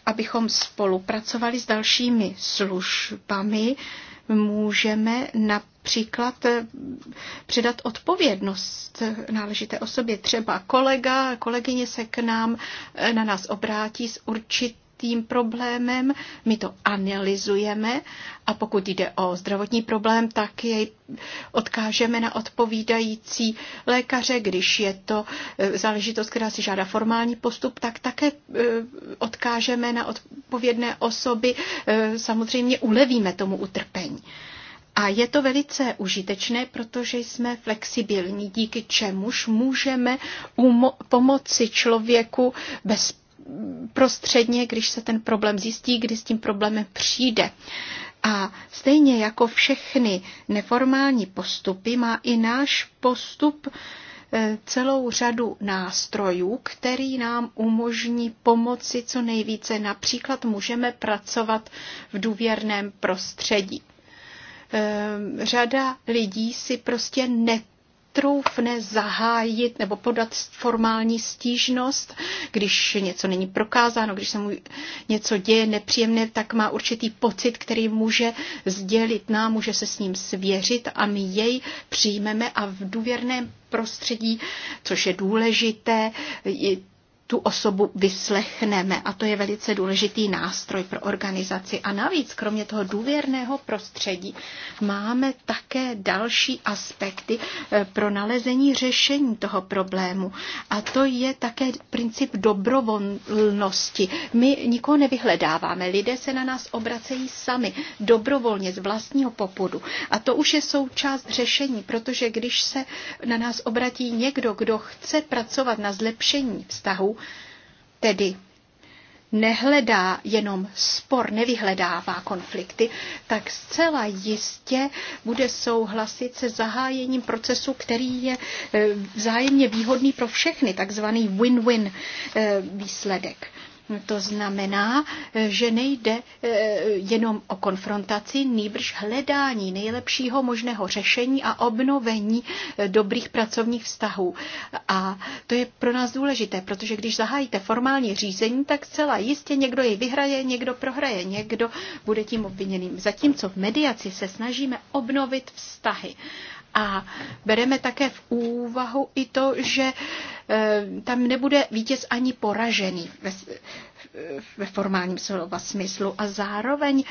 abychom spolupracovali s dalšími službami, můžeme například eh, přidat odpovědnost náležité osobě. Třeba kolega, kolegyně se k nám eh, na nás obrátí s určitým tím problémem, my to analyzujeme a pokud jde o zdravotní problém, tak jej odkážeme na odpovídající lékaře. Když je to e, záležitost, která si žádá formální postup, tak také e, odkážeme na odpovědné osoby. E, samozřejmě ulevíme tomu utrpení. A je to velice užitečné, protože jsme flexibilní, díky čemuž můžeme pomoci člověku bez bezprostředně, když se ten problém zjistí, kdy s tím problémem přijde. A stejně jako všechny neformální postupy má i náš postup e, celou řadu nástrojů, který nám umožní pomoci co nejvíce. Například můžeme pracovat v důvěrném prostředí e, řada lidí si prostě ne netroufne zahájit nebo podat formální stížnost, když něco není prokázáno, když se mu něco děje nepříjemné, tak má určitý pocit, který může sdělit nám, může se s ním svěřit a my jej přijmeme a v důvěrném prostředí, což je důležité, tu osobu vyslechneme a to je velice důležitý nástroj pro organizaci. A navíc, kromě toho důvěrného prostředí, máme také další aspekty eh, pro nalezení řešení toho problému. A to je také princip dobrovolnosti. My nikoho nevyhledáváme, lidé se na nás obracejí sami, dobrovolně, z vlastního popudu. A to už je součást řešení, protože když se na nás obratí někdo, kdo chce pracovat na zlepšení vztahu, Tedy nehledá jenom spor, nevyhledává konflikty, tak zcela jistě bude souhlasit se zahájením procesu, který je eh, vzájemně výhodný pro všechny, takzvaný win-win eh, výsledek. To znamená, že nejde eh, jenom o konfrontaci, nýbrž hledání nejlepšího možného řešení a obnovení eh, dobrých pracovních vztahů. A to je pro nás důležité, protože když zahájíte formální řízení, tak celá jistě někdo jej vyhraje, někdo prohraje, někdo bude tím obviněným. Zatímco v mediaci se snažíme obnovit vztahy. A bereme také v úvahu i to, že Eh, tam nebude vítěz ani poražený ve formálním slova smyslu. A zároveň,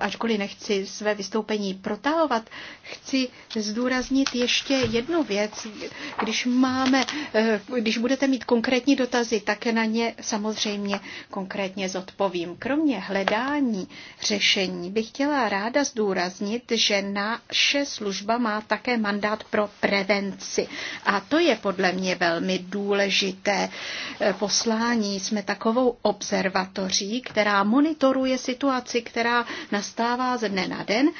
ačkoliv nechci své vystoupení protahovat, chci zdůraznit ještě jednu věc. Když máme, eh, když budete mít konkrétní dotazy, tak na ně samozřejmě konkrétně zodpovím. Kromě hledání řešení bych chtěla ráda zdůraznit, že naše služba má také mandát pro prevenci. A to je podle mě velmi důležité eh, poslání. Jsme jsme takovou observatoří, která monitoruje situaci, která nastává ze dne na den.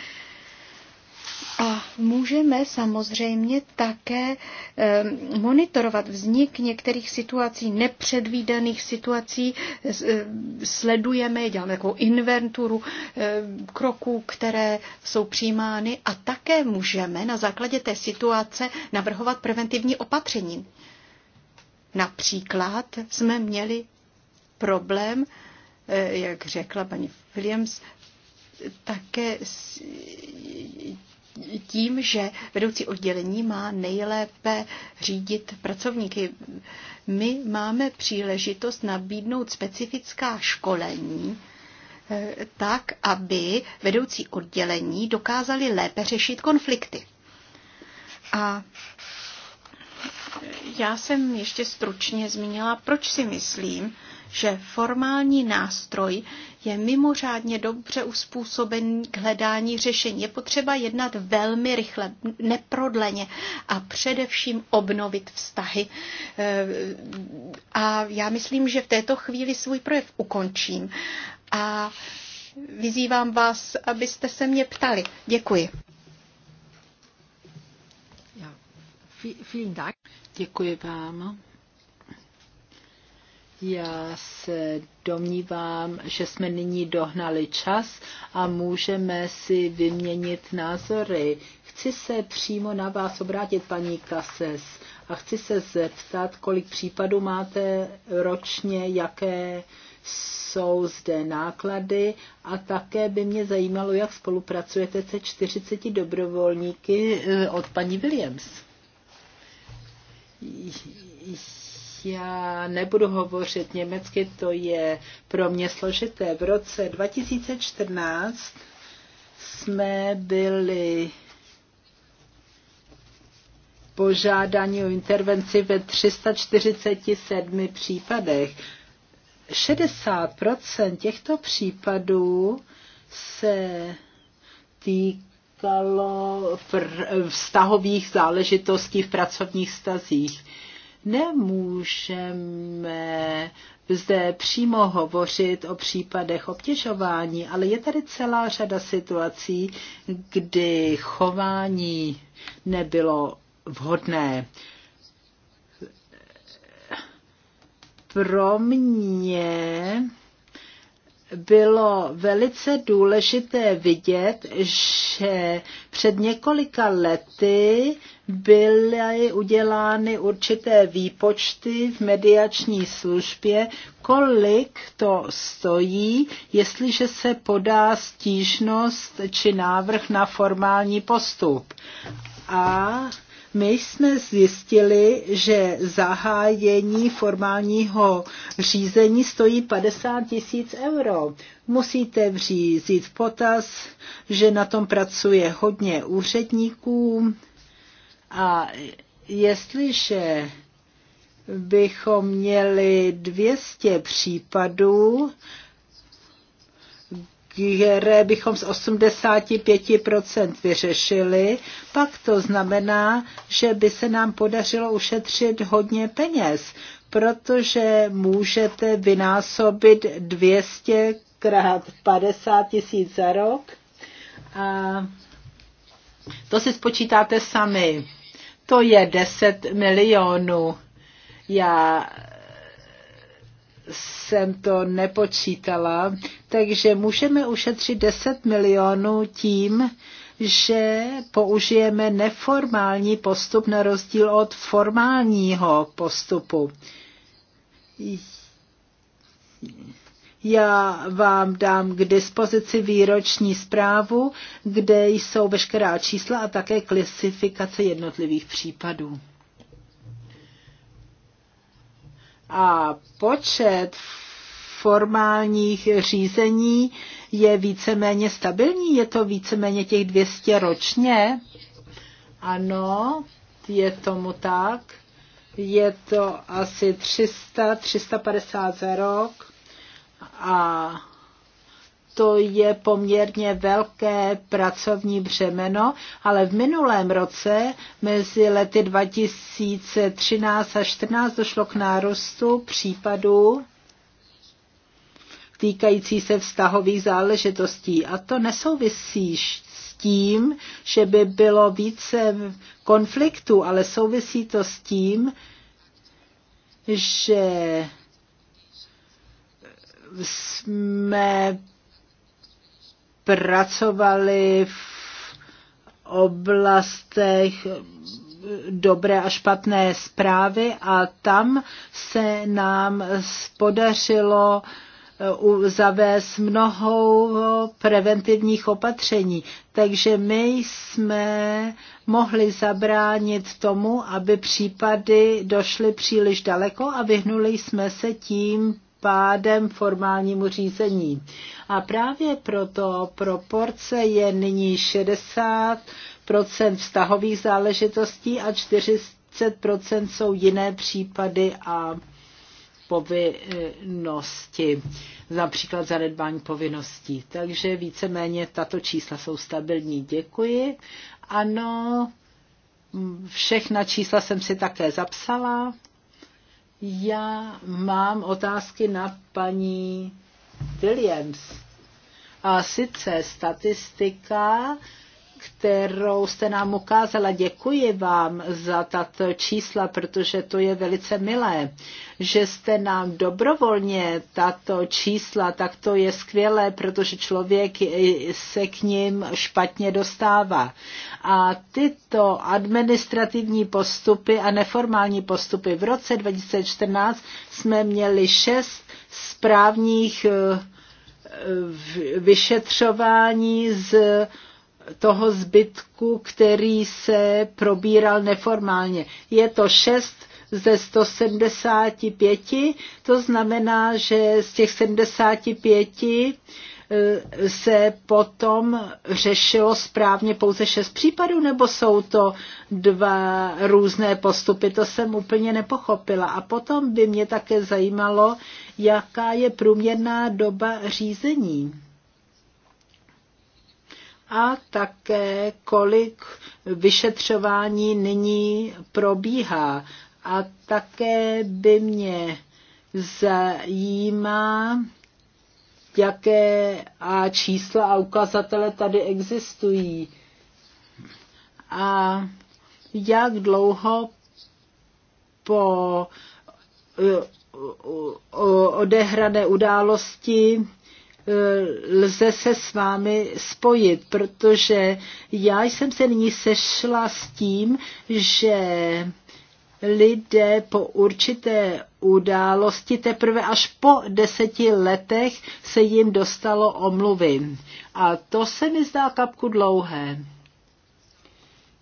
A můžeme samozřejmě také eh, monitorovat vznik některých situací, nepředvídaných situací. Eh, sledujeme, děláme takovou inventuru eh, kroků, které jsou přijímány a také můžeme na základě té situace navrhovat preventivní opatření. Například jsme měli problém, eh, jak řekla paní Williams, také tím, že vedoucí oddělení má nejlépe řídit pracovníky. My máme příležitost nabídnout specifická školení, eh, tak, aby vedoucí oddělení dokázali lépe řešit konflikty. A já jsem ještě stručně zmínila, proč si myslím, že formální nástroj je mimořádně dobře uspůsobený k hledání řešení. Je potřeba jednat velmi rychle, neprodleně a především obnovit vztahy. E, a já myslím, že v této chvíli svůj projev ukončím. A vyzývám vás, abyste se mě ptali. Děkuji. Děkuji vám. Já se domnívám, že jsme nyní dohnali čas a můžeme si vyměnit názory. Chci se přímo na vás obrátit, paní Kases, a chci se zeptat, kolik případů máte ročně, jaké jsou zde náklady a také by mě zajímalo, jak spolupracujete se 40 dobrovolníky eh, od paní Williams já nebudu hovořit německy, to je pro mě složité. V roce 2014 jsme byli požádání o intervenci ve 347 případech. 60% těchto případů se týkalo vztahových záležitostí v pracovních stazích. Nemůžeme zde přímo hovořit o případech obtěžování, ale je tady celá řada situací, kdy chování nebylo vhodné. Pro mě bylo velice důležité vidět, že před několika lety byly udělány určité výpočty v mediační službě, kolik to stojí, jestliže se podá stížnost či návrh na formální postup. A my jsme zjistili, že zahájení formálního řízení stojí 50 tisíc euro. Musíte vřízit v potaz, že na tom pracuje hodně úředníků a jestliže bychom měli 200 případů, které bychom z 85% vyřešili, pak to znamená, že by se nám podařilo ušetřit hodně peněz, protože můžete vynásobit 200 krát 50 tisíc za rok a to si spočítáte sami. To je 10 milionů. Já jsem to nepočítala, takže můžeme ušetřit 10 milionů tím, že použijeme neformální postup na rozdíl od formálního postupu. Já vám dám k dispozici výroční zprávu, kde jsou veškerá čísla a také klasifikace jednotlivých případů. a počet formálních řízení je víceméně stabilní, je to víceméně těch 200 ročně. Ano, je tomu tak. Je to asi 300, 350 za rok a to je poměrně velké pracovní břemeno, ale v minulém roce mezi lety 2013 a 2014 došlo k nárůstu případů týkající se vztahových záležitostí. A to nesouvisí s tím, že by bylo více konfliktů, ale souvisí to s tím, že jsme pracovali v oblastech dobré a špatné zprávy a tam se nám podařilo zavést mnoho preventivních opatření. Takže my jsme mohli zabránit tomu, aby případy došly příliš daleko a vyhnuli jsme se tím pádem formálnímu řízení. A právě proto proporce je nyní 60 vztahových záležitostí a 40 jsou jiné případy a povinnosti, například zanedbání povinností. Takže víceméně tato čísla jsou stabilní. Děkuji. Ano, všechna čísla jsem si také zapsala. Já mám otázky na paní Williams. A sice statistika kterou jste nám ukázala. Děkuji vám za tato čísla, protože to je velice milé, že jste nám dobrovolně tato čísla, tak to je skvělé, protože člověk se k ním špatně dostává. A tyto administrativní postupy a neformální postupy. V roce 2014 jsme měli šest správních eh, vyšetřování z toho zbytku, který se probíral neformálně. Je to 6 ze 175, to znamená, že z těch 75 eh, se potom řešilo správně pouze šest případů, nebo jsou to dva různé postupy, to jsem úplně nepochopila. A potom by mě také zajímalo, jaká je průměrná doba řízení a také kolik vyšetřování nyní probíhá. A také by mě zajímá, jaké a čísla a ukazatele tady existují a jak dlouho po eh, odehrané události Eh, lze se s vámi spojit, protože já jsem se nyní sešla s tím, že lidé po určité události teprve až po deseti letech se jim dostalo omluvy. A to se mi zdá kapku dlouhé.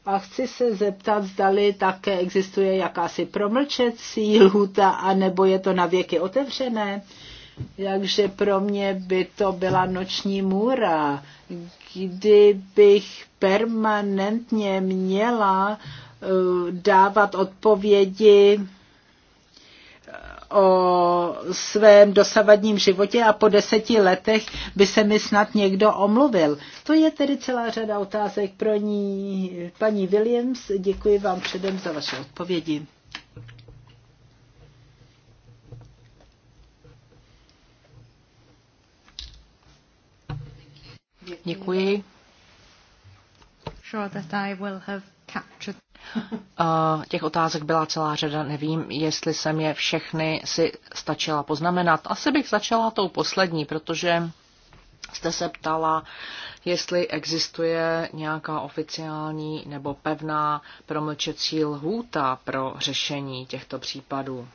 A chci se zeptat, zdali také existuje jakási promlčecí lhuta, anebo je to na věky otevřené. Jakže pro mě by to byla noční můra, kdybych permanentně měla eh, dávat odpovědi eh, o svém dosavadním životě a po deseti letech by se mi snad někdo omluvil. To je tedy celá řada otázek pro ní. Paní Williams, děkuji vám předem za vaše odpovědi. Děkuji. Těch otázek byla celá řada, nevím, jestli jsem je všechny si stačila poznamenat. Asi bych začala tou poslední, protože jste se ptala, jestli existuje nějaká oficiální nebo pevná promlčecí lhůta pro řešení těchto případů.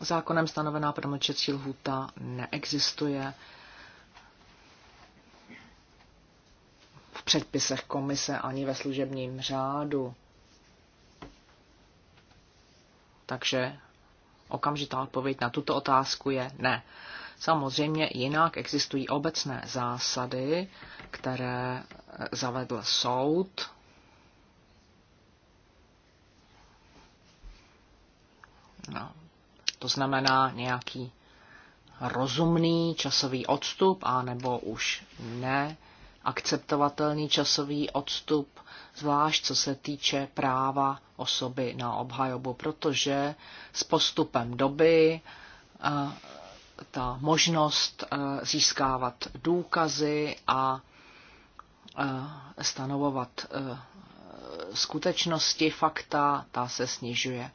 Zákonem stanovená promlčecí lhůta neexistuje. V předpisech komise ani ve služebním řádu. Takže okamžitá odpověď na tuto otázku je ne. Samozřejmě jinak existují obecné zásady, které zavedl soud. No, to znamená nějaký rozumný časový odstup, anebo už ne akceptovatelný časový odstup, zvlášť co se týče práva osoby na obhajobu, protože s postupem doby eh, ta možnost eh, získávat důkazy a eh, stanovovat skutečnosti, fakta, ta se snižuje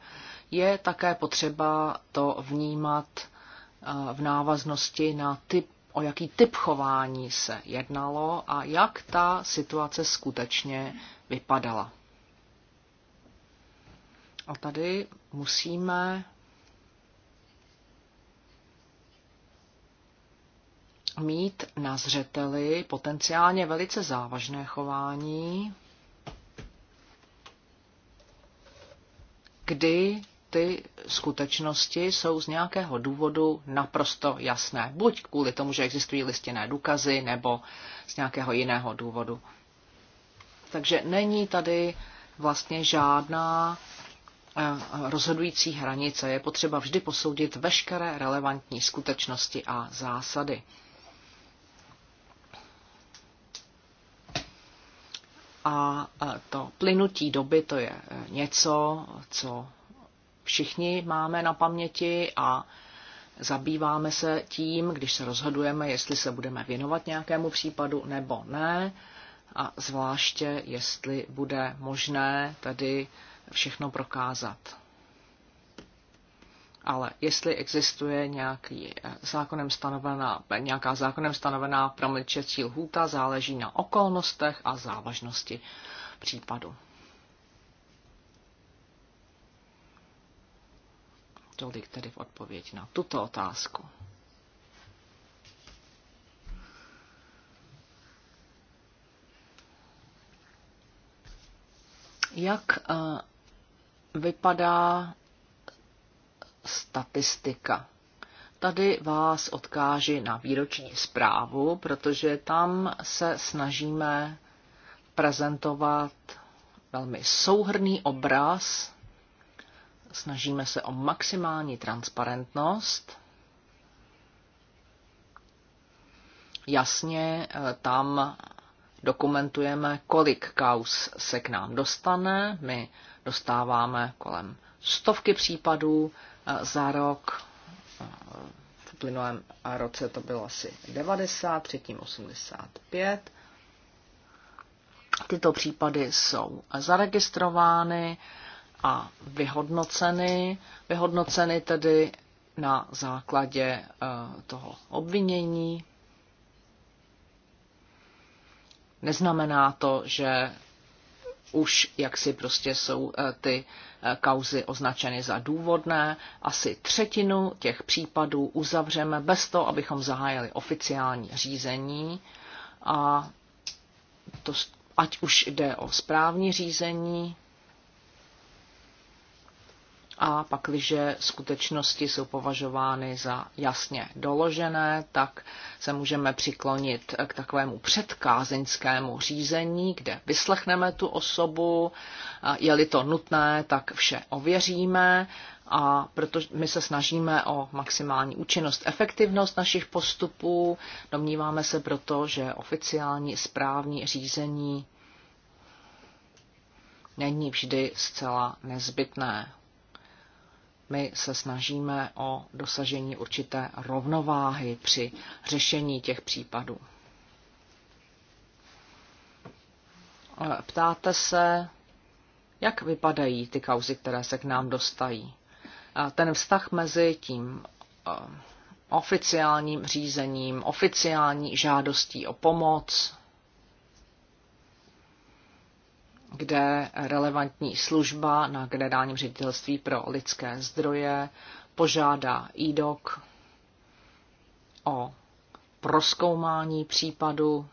je také potřeba to vnímat eh, v návaznosti na typ, o jaký typ chování se jednalo a jak ta situace skutečně vypadala. A tady musíme mít na zřeteli potenciálně velice závažné chování, kdy ty skutečnosti jsou z nějakého důvodu naprosto jasné. Buď kvůli tomu, že existují listinné důkazy, nebo z nějakého jiného důvodu. Takže není tady vlastně žádná eh, rozhodující hranice. Je potřeba vždy posoudit veškeré relevantní skutečnosti a zásady. A eh, to plynutí doby, to je eh, něco, co všichni máme na paměti a zabýváme se tím, když se rozhodujeme, jestli se budeme věnovat nějakému případu nebo ne, a zvláště jestli bude možné tady všechno prokázat. Ale jestli existuje nějaký eh, zákonem stanovená, eh, nějaká zákonem stanovená promlčecí lhůta, záleží na okolnostech a závažnosti případu. Tolik tedy v odpověď na tuto otázku. Jak eh, vypadá statistika? Tady vás odkáži na výroční zprávu, protože tam se snažíme prezentovat velmi souhrný obraz Snažíme se o maximální transparentnost. Jasně eh, tam dokumentujeme, kolik kaus se k nám dostane. My dostáváme kolem stovky případů eh, za rok. Eh, v plynovém roce to bylo asi 90, předtím 85. Tyto případy jsou zaregistrovány, a vyhodnoceny, vyhodnoceny tedy na základě eh, toho obvinění. Neznamená to, že už jaksi prostě jsou eh, ty eh, kauzy označeny za důvodné. Asi třetinu těch případů uzavřeme bez toho, abychom zahájili oficiální řízení. A to, ať už jde o správní řízení a pakliže skutečnosti jsou považovány za jasně doložené, tak se můžeme přiklonit k takovému předkázeňskému řízení, kde vyslechneme tu osobu, je-li to nutné, tak vše ověříme a protože my se snažíme o maximální účinnost, efektivnost našich postupů, domníváme se proto, že oficiální správní řízení není vždy zcela nezbytné my se snažíme o dosažení určité rovnováhy při řešení těch případů. Ptáte se, jak vypadají ty kauzy, které se k nám dostají. Ten vztah mezi tím eh, oficiálním řízením, oficiální žádostí o pomoc, kde relevantní služba na generálním ředitelství pro lidské zdroje požádá IDOC o proskoumání případu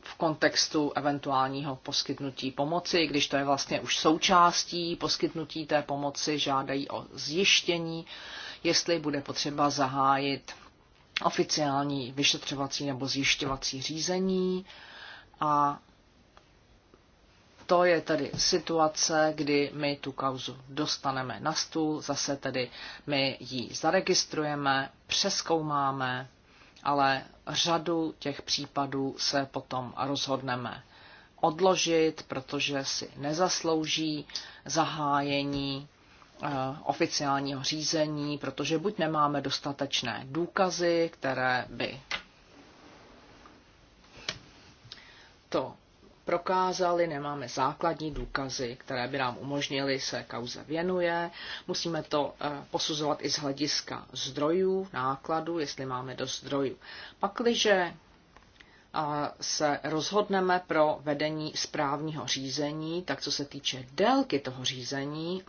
v kontextu eventuálního poskytnutí pomoci, když to je vlastně už součástí poskytnutí té pomoci, žádají o zjištění, jestli bude potřeba zahájit oficiální vyšetřovací nebo zjišťovací řízení a to je tedy situace, kdy my tu kauzu dostaneme na stůl, zase tedy my ji zaregistrujeme, přeskoumáme, ale řadu těch případů se potom rozhodneme odložit, protože si nezaslouží zahájení Eh, oficiálního řízení, protože buď nemáme dostatečné důkazy, které by to prokázali, nemáme základní důkazy, které by nám umožnily se kauze věnuje. Musíme to eh, posuzovat i z hlediska zdrojů, nákladu, jestli máme do zdrojů. Pakliže eh, se rozhodneme pro vedení správního řízení, tak co se týče délky toho řízení,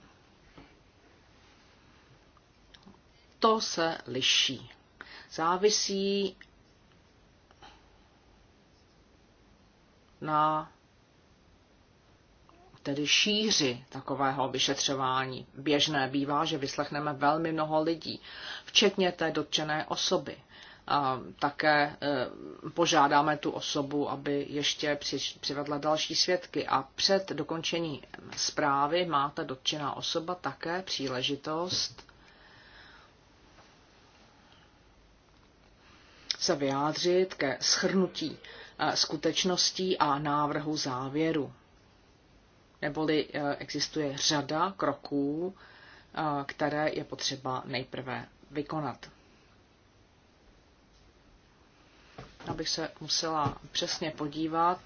to se liší. Závisí na tedy šíři takového vyšetřování. Běžné bývá, že vyslechneme velmi mnoho lidí, včetně té dotčené osoby. A také eh, požádáme tu osobu, aby ještě přivedla další svědky. A před dokončením zprávy má ta dotčená osoba také příležitost se vyjádřit ke schrnutí eh, skutečností a návrhu závěru. Neboli eh, existuje řada kroků, eh, které je potřeba nejprve vykonat. Abych se musela přesně podívat,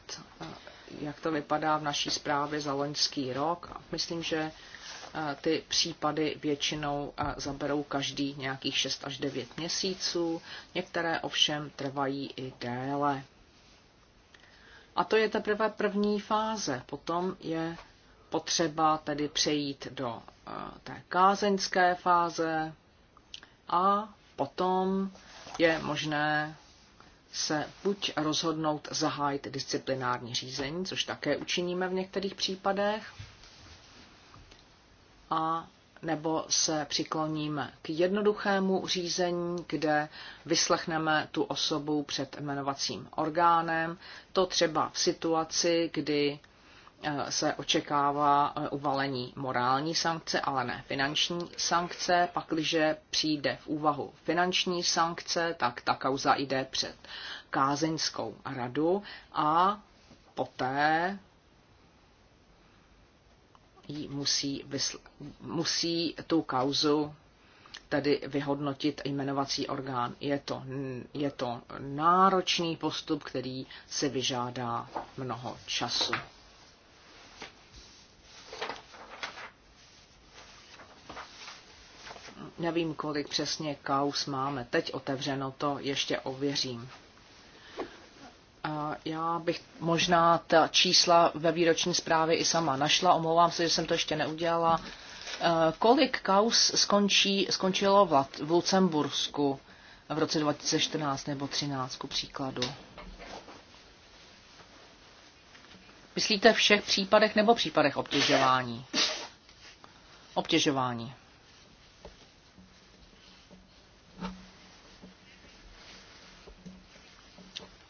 jak to vypadá v naší zprávě za loňský rok. Myslím, že ty případy většinou zaberou každý nějakých 6 až 9 měsíců, některé ovšem trvají i déle. A to je teprve první fáze. Potom je potřeba tedy přejít do té kázeňské fáze a potom je možné se buď rozhodnout zahájit disciplinární řízení, což také učiníme v některých případech, a nebo se přikloníme k jednoduchému řízení, kde vyslechneme tu osobu před jmenovacím orgánem. To třeba v situaci, kdy eh, se očekává eh, uvalení morální sankce, ale ne finanční sankce. Pakliže přijde v úvahu finanční sankce, tak ta kauza jde před kázeňskou radu a poté jí musí, vysl- musí tu kauzu tedy vyhodnotit jmenovací orgán. Je to, je to náročný postup, který se vyžádá mnoho času. Nevím, kolik přesně kaus máme teď otevřeno, to ještě ověřím. Já bych možná ta čísla ve výroční zprávě i sama našla. Omlouvám se, že jsem to ještě neudělala. E, kolik kaus skončí, skončilo v, Lucembursku v roce 2014 nebo 2013, ku příkladu? Myslíte všech případech nebo případech obtěžování? Obtěžování.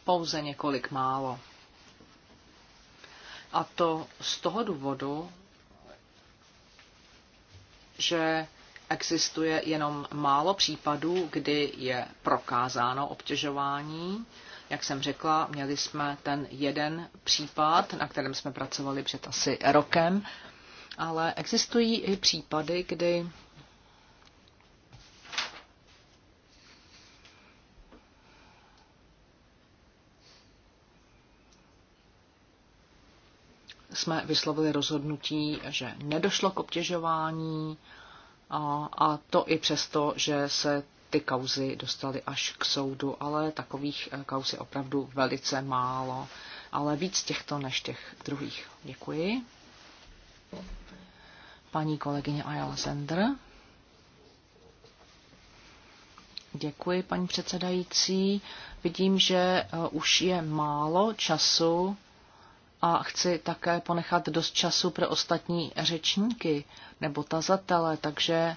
pouze několik málo. A to z toho důvodu, že existuje jenom málo případů, kdy je prokázáno obtěžování. Jak jsem řekla, měli jsme ten jeden případ, na kterém jsme pracovali před asi rokem, ale existují i případy, kdy jsme vyslovili rozhodnutí, že nedošlo k obtěžování a, a to i přesto, že se ty kauzy dostaly až k soudu, ale takových eh, kauz je opravdu velice málo. Ale víc těchto než těch druhých. Děkuji. Paní kolegyně Ayala Sender. Děkuji, paní předsedající. Vidím, že eh, už je málo času a chci také ponechat dost času pro ostatní řečníky nebo tazatele, takže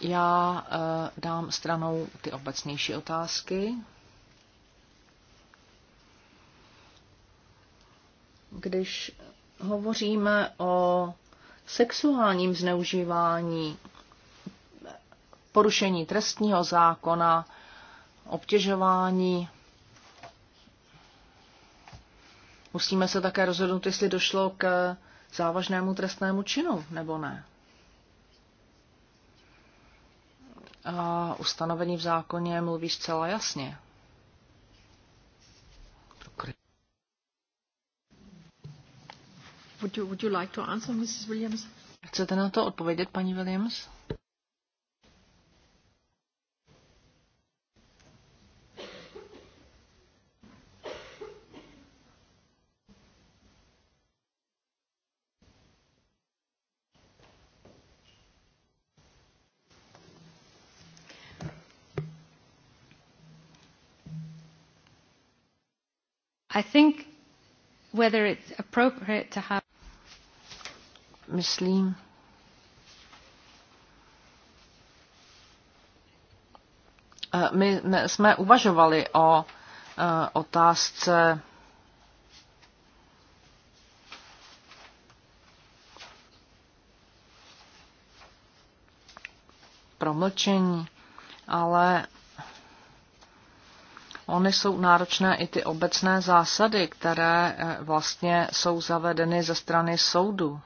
já eh, dám stranou ty obecnější otázky. Když hovoříme o sexuálním zneužívání, porušení trestního zákona, obtěžování Musíme se také rozhodnout, jestli došlo k závažnému trestnému činu nebo ne. A ustanovení v zákoně mluví zcela jasně. Would you, would you like to answer, Mrs. Williams? Chcete na to odpovědět, paní Williams? Myslím, eh, my jsme uvažovali o eh, otázce promlčení, ale Ony jsou náročné i ty obecné zásady, které eh, vlastně jsou zavedeny ze strany soudu.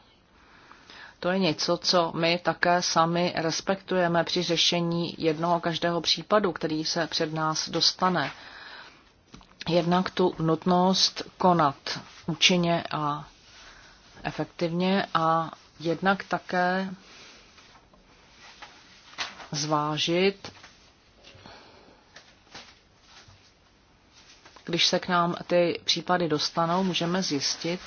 To je něco, co my také sami respektujeme při řešení jednoho každého případu, který se před nás dostane. Jednak tu nutnost konat účinně a efektivně a jednak také zvážit Když se k nám ty případy dostanou, můžeme zjistit,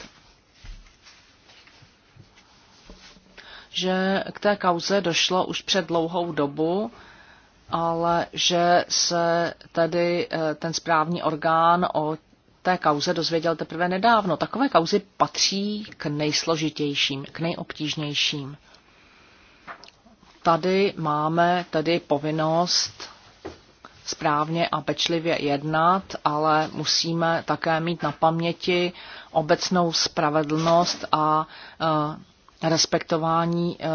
že k té kauze došlo už před dlouhou dobu, ale že se tedy eh, ten správní orgán o té kauze dozvěděl teprve nedávno. Takové kauzy patří k nejsložitějším, k nejobtížnějším. Tady máme tedy povinnost správně a pečlivě jednat, ale musíme také mít na paměti obecnou spravedlnost a e, respektování e,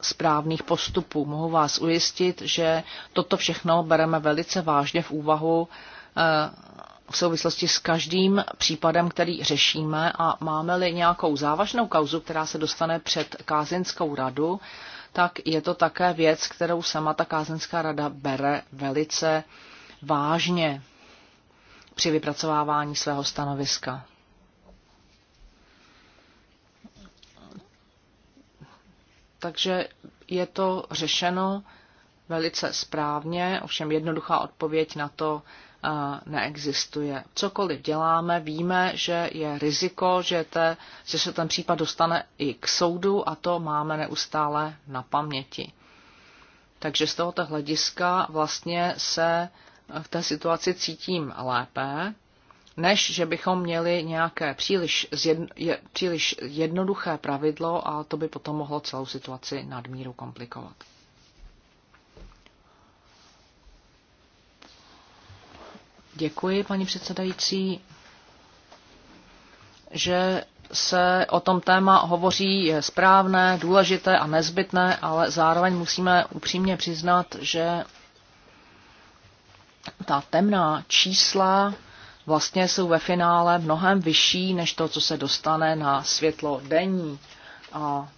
správných postupů. Mohu vás ujistit, že toto všechno bereme velice vážně v úvahu e, v souvislosti s každým případem, který řešíme a máme-li nějakou závažnou kauzu, která se dostane před Kázinskou radu, tak je to také věc, kterou sama ta kázenská rada bere velice vážně při vypracovávání svého stanoviska. Takže je to řešeno velice správně, ovšem jednoduchá odpověď na to neexistuje. Cokoliv děláme, víme, že je riziko, že, te, že se ten případ dostane i k soudu a to máme neustále na paměti. Takže z tohoto hlediska vlastně se v té situaci cítím lépe, než že bychom měli nějaké příliš, zjedno, je, příliš jednoduché pravidlo a to by potom mohlo celou situaci nadmíru komplikovat. Děkuji, paní předsedající. Že se o tom téma hovoří je správné, důležité a nezbytné, ale zároveň musíme upřímně přiznat, že ta temná čísla vlastně jsou ve finále mnohem vyšší než to, co se dostane na světlo denní. A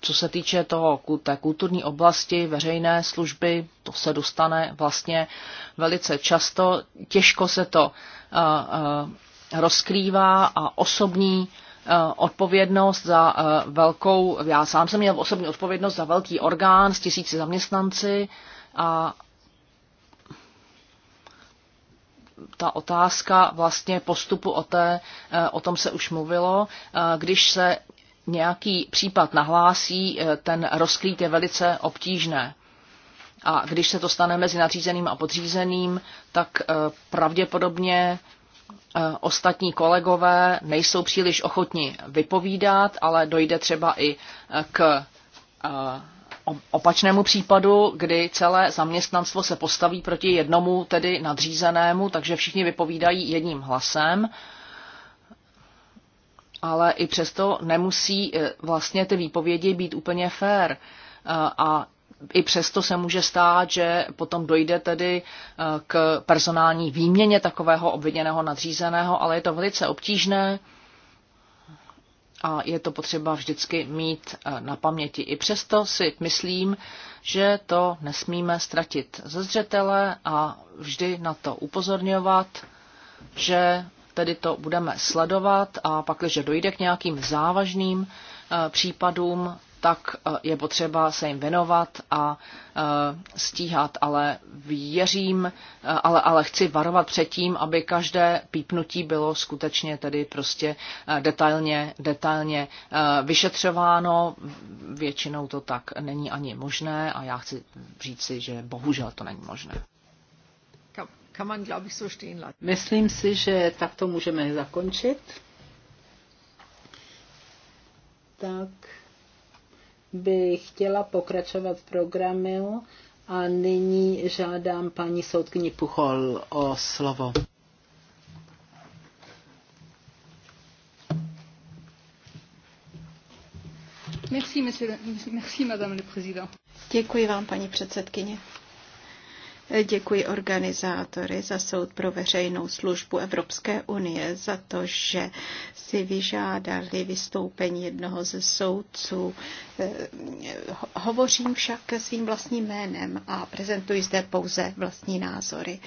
co se týče toho, té kulturní oblasti, veřejné služby, to se dostane vlastně velice často. Těžko se to eh, eh, rozkrývá a osobní eh, odpovědnost za velkou, já sám jsem měl osobní odpovědnost za velký orgán s tisíci zaměstnanci a ta otázka vlastně postupu o, té, o tom se už mluvilo, když se nějaký případ nahlásí, eh, ten rozklít je velice obtížné. A když se to stane mezi nadřízeným a podřízeným, tak eh, pravděpodobně eh, ostatní kolegové nejsou příliš ochotni vypovídat, ale dojde třeba i k opačnému případu, kdy celé zaměstnanstvo se postaví proti jednomu, tedy nadřízenému, takže všichni vypovídají jedním hlasem ale i přesto nemusí eh, vlastně ty výpovědi být úplně fair. Eh, a i přesto se může stát, že potom dojde tedy eh, k personální výměně takového obviněného nadřízeného, ale je to velice obtížné a je to potřeba vždycky mít na paměti. I přesto si myslím, že to nesmíme ztratit ze zřetele a vždy na to upozorňovat, že tedy to budeme sledovat a pak, když dojde k nějakým závažným eh, případům, tak eh, je potřeba se jim věnovat a eh, stíhat, ale věřím, ale, ale chci varovat před tím, aby každé pípnutí bylo skutečně tedy prostě detailně, detailně vyšetřováno. Většinou to tak není ani možné a já chci říci, že bohužel to není možné. Myslím si, že takto můžeme zakončit. Tak bych chtěla pokračovat v programu a nyní žádám paní soudkyni Puchol o slovo. Merci, monsieur, merci, madame le président. Děkuji vám, paní předsedkyně. Děkuji organizátory za soud pro veřejnou službu Evropské unie za to, že si vyžádali vystoupení jednoho ze soudců. Eh, hovořím však svým vlastním jménem a prezentuji zde pouze vlastní názory.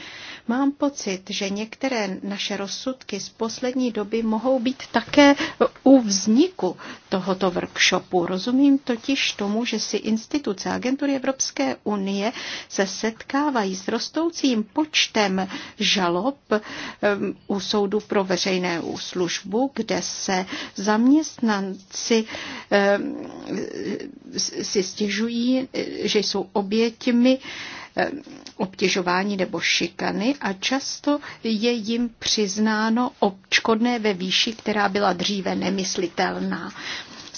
Mám pocit, že některé naše rozsudky z poslední doby mohou být také u vzniku tohoto workshopu. Rozumím totiž tomu, že si instituce agentury Evropské unie se setkávají setkávají s rostoucím počtem žalob eh, u soudu pro veřejné službu, kde se zaměstnanci eh, si stěžují, že jsou oběťmi eh, obtěžování nebo šikany a často je jim přiznáno občkodné ve výši, která byla dříve nemyslitelná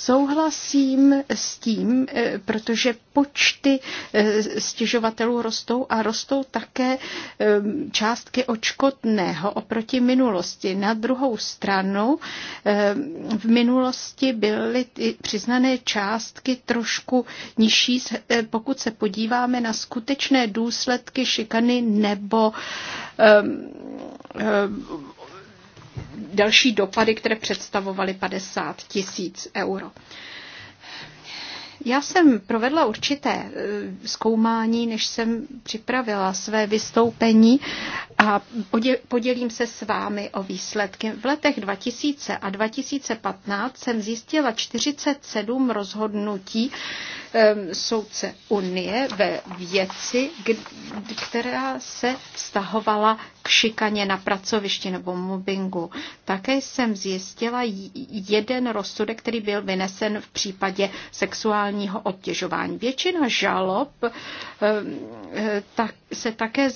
souhlasím s tím, eh, protože počty eh, stěžovatelů rostou a rostou také eh, částky očkotného oproti minulosti. Na druhou stranu v minulosti byly přiznané částky trošku nižší, pokud se podíváme na skutečné důsledky šikany nebo další dopady, které představovaly 50 tisíc euro. Já jsem provedla určité e, zkoumání, než jsem připravila své vystoupení a podělím se s vámi o výsledky. V letech 2000 a 2015 jsem zjistila 47 rozhodnutí, soudce Unie ve věci, která se vztahovala k šikaně na pracovišti nebo mobbingu. Také jsem zjistila jeden rozsudek, který byl vynesen v případě sexuálního obtěžování. Většina žalob tak, se také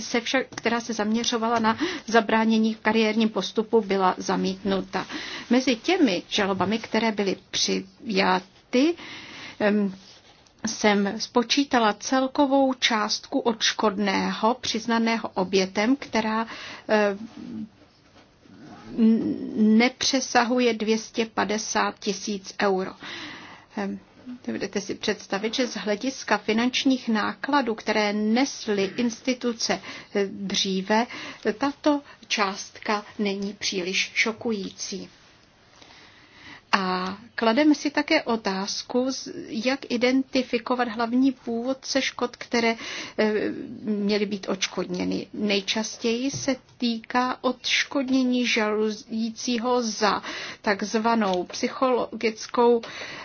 se však, která se zaměřovala na zabránění v kariérním postupu, byla zamítnuta. Mezi těmi žalobami, které byly přijaty, jsem spočítala celkovou částku odškodného přiznaného obětem, která nepřesahuje 250 tisíc euro. Budete si představit, že z hlediska finančních nákladů, které nesly instituce dříve, tato částka není příliš šokující. A klademe si také otázku, jak identifikovat hlavní původce škod, které eh, měly být odškodněny. Nejčastěji se týká odškodnění žalujícího za takzvanou psychologickou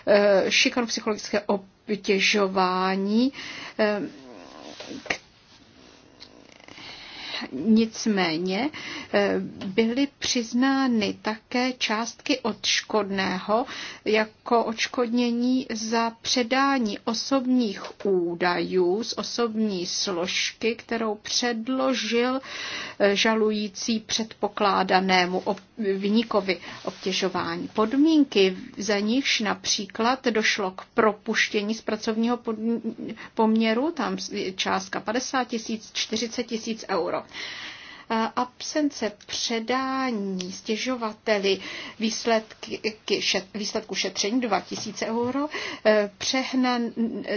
eh, šikanu psychologické obtěžování, eh, Nicméně eh, byly přiznány také částky odškodného jako odškodnění za předání osobních údajů z osobní složky, kterou předložil eh, žalující předpokládanému vyníkovi obtěžování. Podmínky, za nichž například došlo k propuštění z pracovního poměru, tam částka 50 tisíc, 40 tisíc euro absence předání stěžovateli výsledky, výsledku šetření 2000 euro, eh, přehnan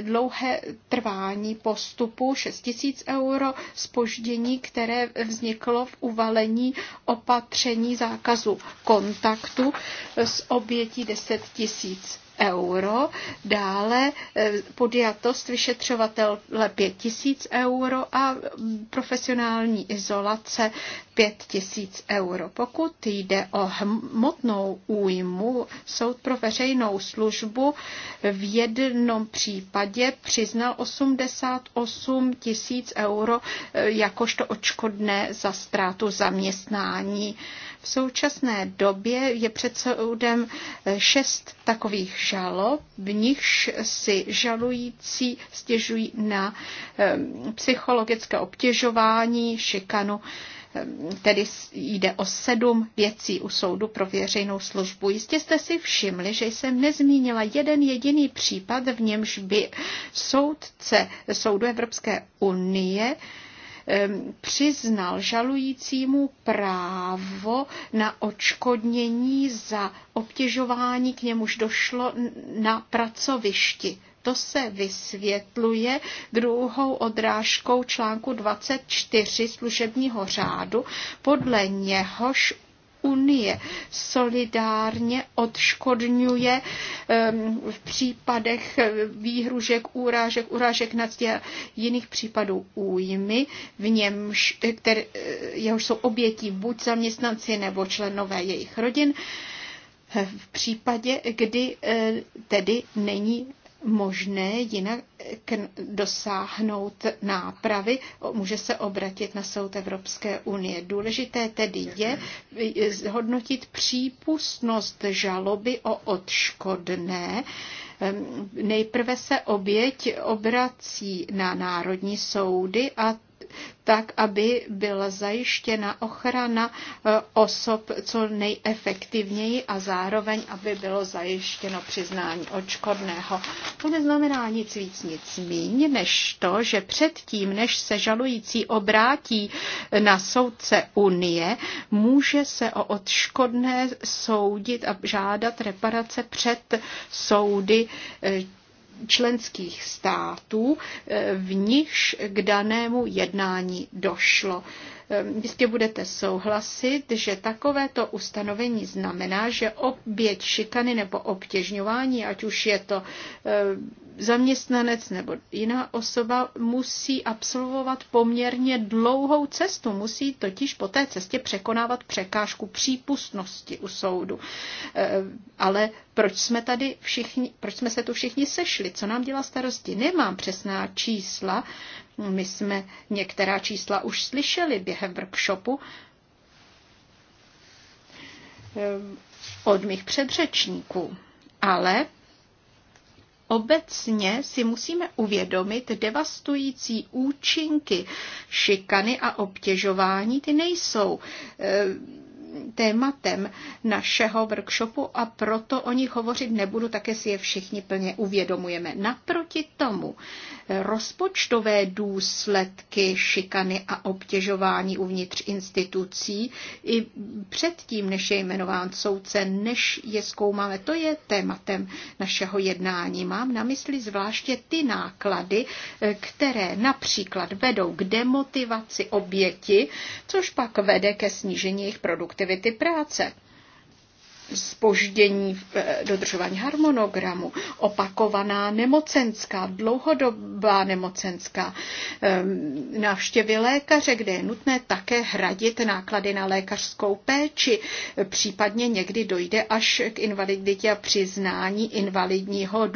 dlouhé trvání postupu 6000 euro, spoždění, které vzniklo v uvalení opatření zákazu kontaktu s obětí 10 000 euro, dále eh, podjatost vyšetřovatele 5 tisíc euro a mm, profesionální izolace 5 tisíc euro. Pokud jde o hmotnou újmu, soud pro veřejnou službu v jednom případě přiznal 88 tisíc euro eh, jakožto očkodné za ztrátu zaměstnání. V současné době je před soudem eh, šest takových žalob, v nichž si žalující stěžují na eh, psychologické obtěžování, šikanu eh, tedy jde o sedm věcí u soudu pro věřejnou službu. Jistě jste si všimli, že jsem nezmínila jeden jediný případ, v němž by soudce soudu Evropské unie přiznal žalujícímu právo na očkodnění za obtěžování, k němuž došlo na pracovišti. To se vysvětluje druhou odrážkou článku 24 služebního řádu, podle něhož unie solidárně odškodňuje v případech výhružek, úrážek, urážek na a jiných případů újmy, v němž, které, jehož jsou obětí buď zaměstnanci nebo členové jejich rodin, v případě, kdy eh, tedy není možné jinak dosáhnout nápravy, může se obratit na soud Evropské unie. Důležité tedy je zhodnotit přípustnost žaloby o odškodné, Nejprve se oběť obrací na národní soudy a tak, aby byla zajištěna ochrana e, osob co nejefektivněji a zároveň, aby bylo zajištěno přiznání očkodného. To neznamená nic víc, nic míň, než to, že předtím, než se žalující obrátí na soudce Unie, může se o odškodné soudit a žádat reparace před soudy e, členských států, eh, v nichž k danému jednání došlo. Eh, jistě budete souhlasit, že takovéto ustanovení znamená, že oběť šikany nebo obtěžňování, ať už je to eh, zaměstnanec nebo jiná osoba musí absolvovat poměrně dlouhou cestu. Musí totiž po té cestě překonávat překážku přípustnosti u soudu. Eh, ale proč jsme tady všichni, proč jsme se tu všichni sešli? Co nám dělá starosti? Nemám přesná čísla. My jsme některá čísla už slyšeli během workshopu eh, od mých předřečníků. Ale Obecně si musíme uvědomit devastující účinky šikany a obtěžování. Ty nejsou eh, tématem našeho workshopu a proto o nich hovořit nebudu, také si je všichni plně uvědomujeme. Naproti tomu rozpočtové důsledky šikany a obtěžování uvnitř institucí i předtím, než je jmenován soudce, než je zkoumáme, to je tématem našeho jednání. Mám na mysli zvláště ty náklady, které například vedou k demotivaci oběti, což pak vede ke snížení jejich produktivity aktivity práce spoždění v eh, dodržování harmonogramu, opakovaná nemocenská, dlouhodobá nemocenská, ehm, návštěvy lékaře, kde je nutné také hradit náklady na lékařskou péči, případně někdy dojde až k invaliditě a přiznání invalidního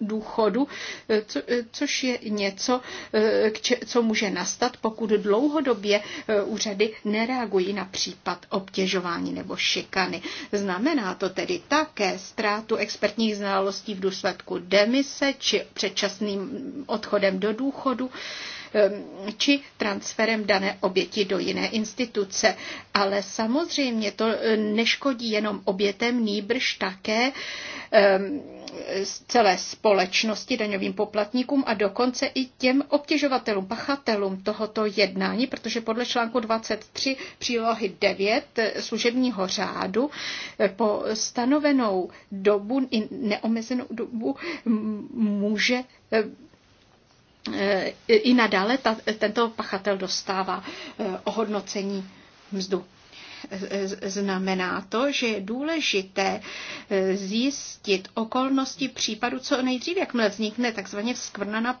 důchodu, eh, eh, což je něco, co může nastat, pokud dlouhodobě úřady nereagují na případ obtěžování nebo šikany. Zná Znamená to tedy také ztrátu expertních znalostí v důsledku demise či předčasným odchodem do důchodu, Ehm, či transferem dané oběti do jiné instituce. Ale samozřejmě to eh, neškodí jenom obětem, nýbrž také ehm, celé společnosti, daňovým poplatníkům a dokonce i těm obtěžovatelům, pachatelům tohoto jednání, protože podle článku 23 přílohy 9 eh, služebního řádu eh, po stanovenou dobu, i neomezenou dobu, může Eh, i nadále ta, tento pachatel dostává eh, ohodnocení mzdu. Eh, znamená to, že je důležité zjistit okolnosti případu co nejdřív, jakmile vznikne takzvaně skvrna na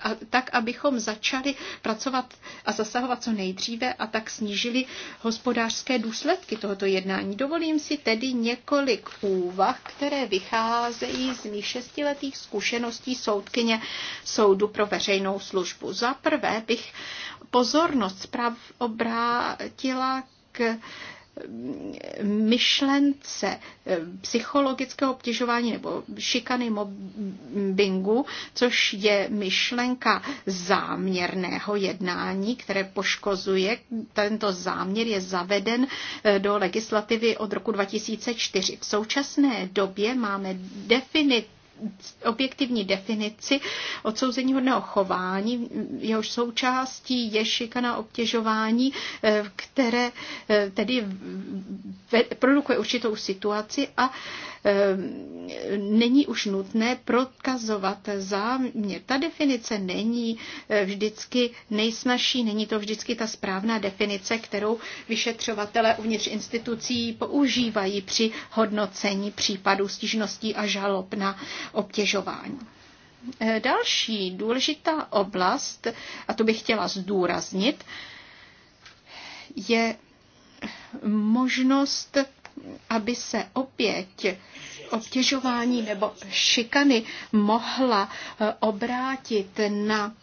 a tak, abychom začali pracovat a zasahovat co nejdříve a tak snížili hospodářské důsledky tohoto jednání. Dovolím si tedy několik úvah, které vycházejí z mých šestiletých zkušeností soudkyně soudu pro veřejnou službu. Za prvé bych pozornost obrátila k myšlence eh, psychologického obtěžování nebo šikany mobbingu, což je myšlenka záměrného jednání, které poškozuje. Tento záměr je zaveden eh, do legislativy od roku 2004. V současné době máme definitivní objektivní definici odsouzení hodného chování, jehož součástí je šikana obtěžování, eh, které eh, tedy produkuje určitou situaci a eh, není už nutné prokazovat záměr. Ta definice není vždycky nejsnažší, není to vždycky ta správná definice, kterou vyšetřovatele uvnitř institucí používají při hodnocení případů stížností a žalob na obtěžování. Eh, další důležitá oblast, a to bych chtěla zdůraznit, je možnost, aby se opět obtěžování nebo šikany mohla eh, obrátit na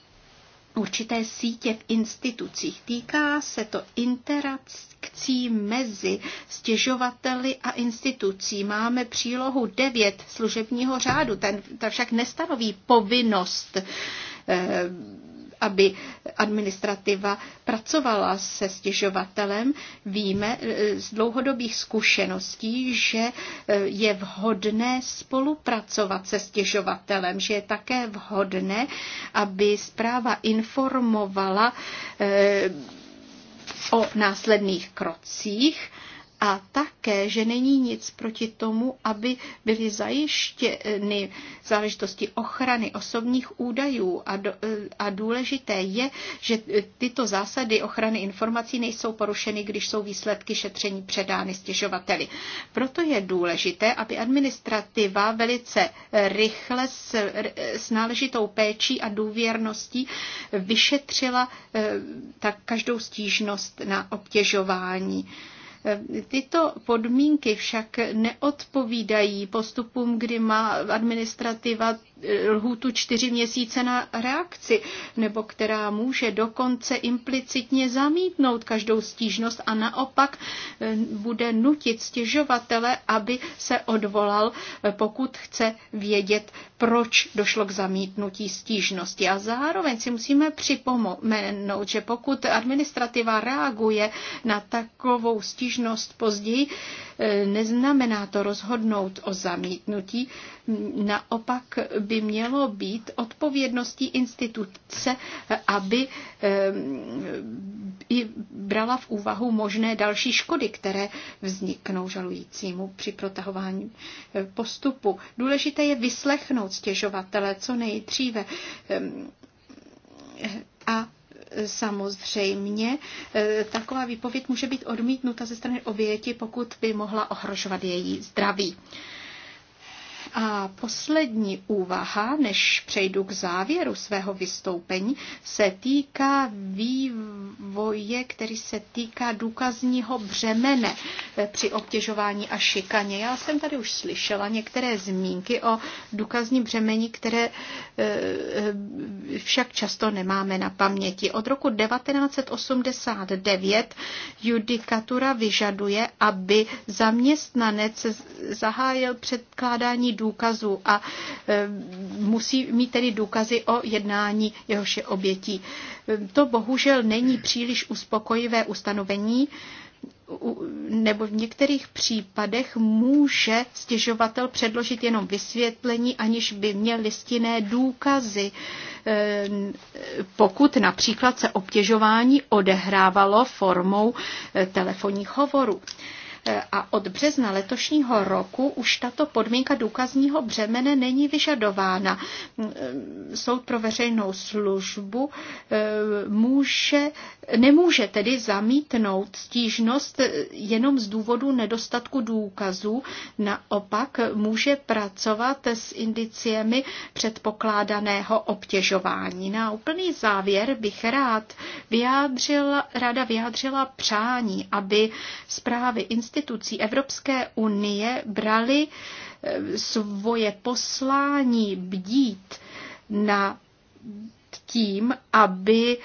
určité sítě v institucích. Týká se to interakcí mezi stěžovateli a institucí. Máme přílohu 9 služebního řádu, ten ten však nestanoví povinnost eh, aby administrativa pracovala se stěžovatelem. Víme eh, z dlouhodobých zkušeností, že eh, je vhodné spolupracovat se stěžovatelem, že je také vhodné, aby zpráva informovala eh, o následných krocích a také, že není nic proti tomu, aby byly zajištěny záležitosti ochrany osobních údajů a, do, a důležité je, že tyto zásady ochrany informací nejsou porušeny, když jsou výsledky šetření předány stěžovateli. Proto je důležité, aby administrativa velice rychle s, s náležitou péčí a důvěrností vyšetřila eh, tak každou stížnost na obtěžování. Eh, tyto podmínky však neodpovídají postupům, kdy má administrativa lhůtu čtyři měsíce na reakci, nebo která může dokonce implicitně zamítnout každou stížnost a naopak eh, bude nutit stěžovatele, aby se odvolal, eh, pokud chce vědět, proč došlo k zamítnutí stížnosti. A zároveň si musíme připomenout, že pokud administrativa reaguje na takovou stížnost později, eh, neznamená to rozhodnout o zamítnutí, naopak by mělo být odpovědností instituce, aby eh, i brala v úvahu možné další škody, které vzniknou žalujícímu při protahování eh, postupu. Důležité je vyslechnout stěžovatele co nejdříve eh, a samozřejmě taková výpověď může být odmítnuta ze strany oběti, pokud by mohla ohrožovat její zdraví. A poslední úvaha, než přejdu k závěru svého vystoupení, se týká vývoje, který se týká důkazního břemene eh, při obtěžování a šikaně. Já jsem tady už slyšela některé zmínky o důkazním břemení, které eh, eh, však často nemáme na paměti. Od roku 1989 judikatura vyžaduje, aby zaměstnanec zahájil předkládání důkazů a e, musí mít tedy důkazy o jednání jehož je obětí. E, to bohužel není příliš uspokojivé ustanovení, nebo v některých případech může stěžovatel předložit jenom vysvětlení, aniž by měl listinné důkazy, e, pokud například se obtěžování odehrávalo formou telefonních hovorů. E, a od března letošního roku už tato podmínka důkazního břemene není vyžadována. E, soud pro veřejnou službu e, může, nemůže tedy zamítnout stížnost jenom z důvodu nedostatku důkazů, naopak může pracovat s indiciemi předpokládaného obtěžování. Na úplný závěr bych rád vyjádřil, rada vyjádřila přání, aby zprávy institucí institucí Evropské unie brali eh, svoje poslání bdít na tím, aby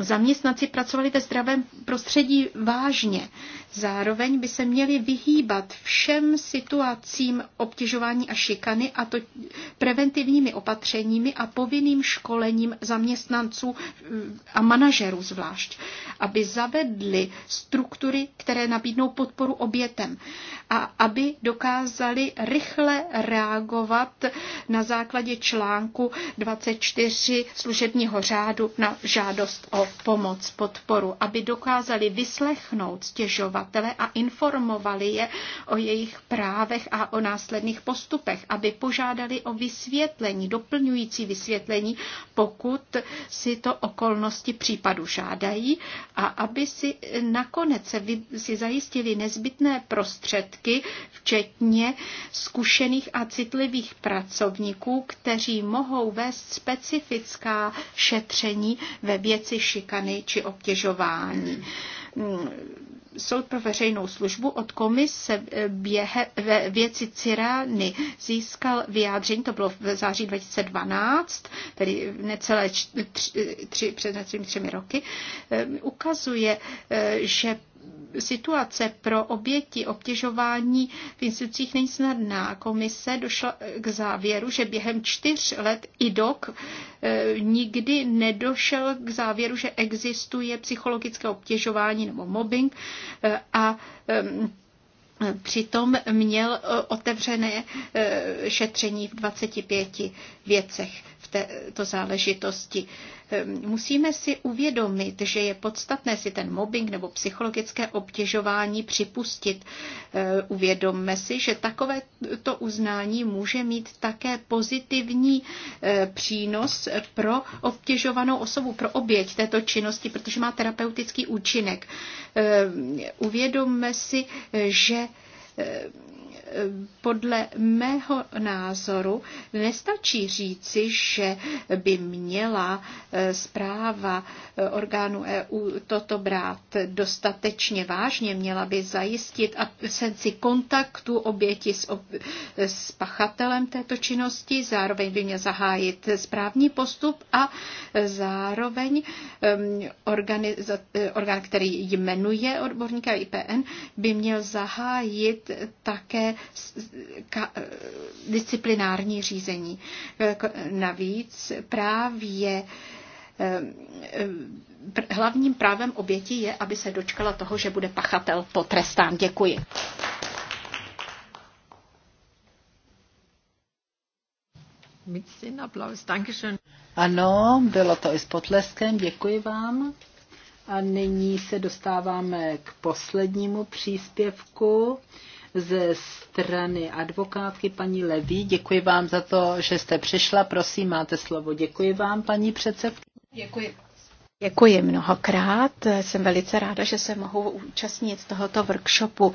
zaměstnanci pracovali ve zdravém prostředí vážně. Zároveň by se měli vyhýbat všem situacím obtěžování a šikany a to preventivními opatřeními a povinným školením zaměstnanců a manažerů zvlášť, aby zavedli struktury, které nabídnou podporu obětem a aby dokázali rychle reagovat na základě článku 24 služby služebního řádu na žádost o pomoc, podporu, aby dokázali vyslechnout stěžovatele a informovali je o jejich právech a o následných postupech, aby požádali o vysvětlení, doplňující vysvětlení, pokud si to okolnosti případu žádají a aby si nakonec si zajistili nezbytné prostředky, včetně zkušených a citlivých pracovníků, kteří mohou vést specifická šetření ve věci šikany či obtěžování soud pro veřejnou službu od komise běhe, ve věci Cirány získal vyjádření, to bylo v září 2012, tedy necelé tři, tři, před necelými třemi roky, ukazuje, že situace pro oběti obtěžování v institucích není snadná. Komise došla k závěru, že během čtyř let dok eh, nikdy nedošel k závěru, že existuje psychologické obtěžování nebo mobbing eh, a eh, Přitom měl otevřené šetření v 25 věcech této záležitosti. Ehm, musíme si uvědomit, že je podstatné si ten mobbing nebo psychologické obtěžování připustit. Ehm, uvědomme si, že takové to uznání může mít také pozitivní ehm, přínos pro obtěžovanou osobu, pro oběť této činnosti, protože má terapeutický účinek. Uvědomme si, že podle mého názoru nestačí říci, že by měla zpráva eh, eh, orgánu e EU toto brát dostatečně vážně, měla by zajistit absenci kontaktu oběti s, ob- s pachatelem této činnosti, zároveň by měla zahájit správní postup a eh, zároveň um, organiza- orgán, který jmenuje odborníka IPN, by měl zahájit také eh, disciplinární řízení. Jako, eh, navíc právě eh, hlavním právem oběti je, aby se dočkala toho, že bude pachatel potrestán. Děkuji. Ano, bylo to i s potleskem, děkuji vám. A nyní se dostáváme k poslednímu příspěvku ze strany advokátky paní Leví. Děkuji vám za to, že jste přišla. Prosím, máte slovo. Děkuji vám, paní předsedkyně. Děkuji. Děkuji mnohokrát. Jsem velice ráda, že se mohu účastnit tohoto workshopu.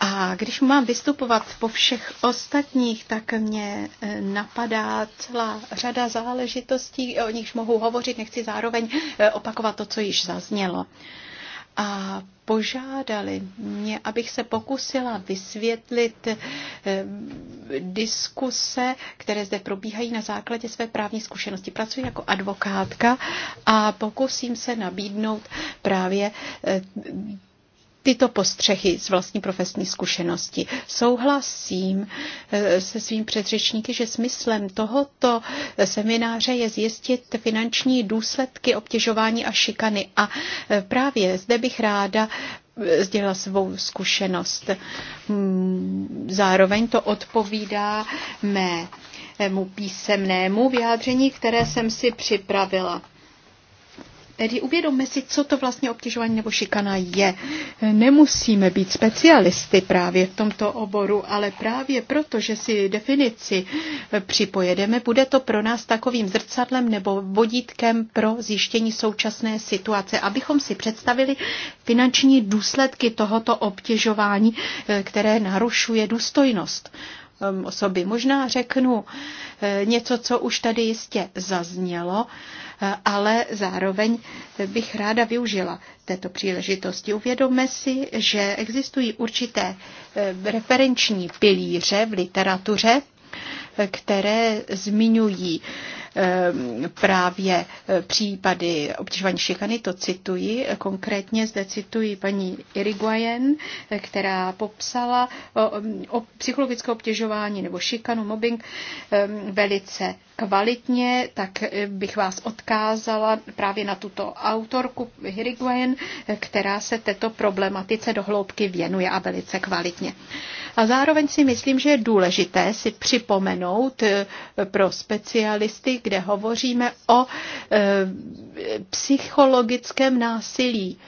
A když mám vystupovat po všech ostatních, tak mě eh, napadá celá řada záležitostí, o nichž mohu hovořit. Nechci zároveň eh, opakovat to, co již zaznělo a požádali mě, abych se pokusila vysvětlit eh, diskuse, které zde probíhají na základě své právní zkušenosti. Pracuji jako advokátka a pokusím se nabídnout právě eh, tyto postřehy z vlastní profesní zkušenosti. Souhlasím eh, se svým předřečníky, že smyslem tohoto semináře je zjistit finanční důsledky obtěžování a šikany. A eh, právě zde bych ráda eh, sdělila svou zkušenost. Hmm, zároveň to odpovídá mé písemnému vyjádření, které jsem si připravila. Tedy uvědomme si, co to vlastně obtěžování nebo šikana je. Nemusíme být specialisty právě v tomto oboru, ale právě proto, že si definici připojedeme, bude to pro nás takovým zrcadlem nebo vodítkem pro zjištění současné situace, abychom si představili finanční důsledky tohoto obtěžování, eh, které narušuje důstojnost ehm, osoby. Možná řeknu eh, něco, co už tady jistě zaznělo ale zároveň bych ráda využila této příležitosti. Uvědomme si, že existují určité eh, referenční pilíře v literatuře, které zmiňují eh, právě eh, případy obtěžování šikany, to cituji, konkrétně zde cituji paní Iriguajen, která popsala o, o psychologické obtěžování nebo šikanu, mobbing velice kvalitně, tak eh, bych vás odkázala právě na tuto autorku Hiriguen, která se této problematice dohloubky věnuje a velice kvalitně. A zároveň si myslím, že je důležité si připomenout eh, pro specialisty, kde hovoříme o eh, psychologickém násilí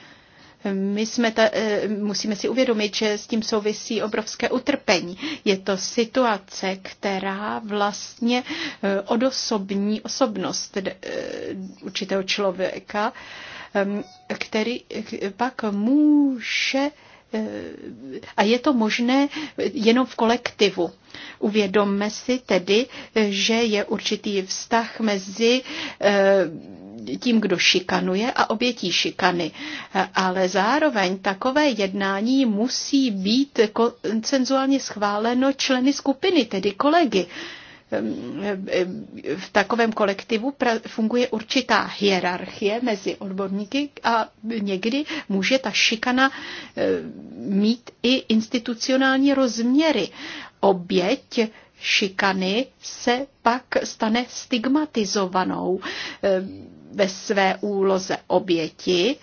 my jsme ta, eh, musíme si uvědomit, že s tím souvisí obrovské utrpení. Je to situace, která vlastně eh, odosobní osobnost eh, určitého člověka, ehm, který pak může Eh, a je to možné jenom v kolektivu. Uvědomme si tedy, eh, že je určitý vztah mezi eh, tím, kdo šikanuje a obětí šikany. Ale zároveň takové jednání musí být koncenzuálně schváleno členy skupiny, tedy kolegy v takovém kolektivu funguje určitá hierarchie mezi odborníky a někdy může ta šikana e, mít i institucionální rozměry. Oběť šikany se pak stane stigmatizovanou e, ve své úloze oběti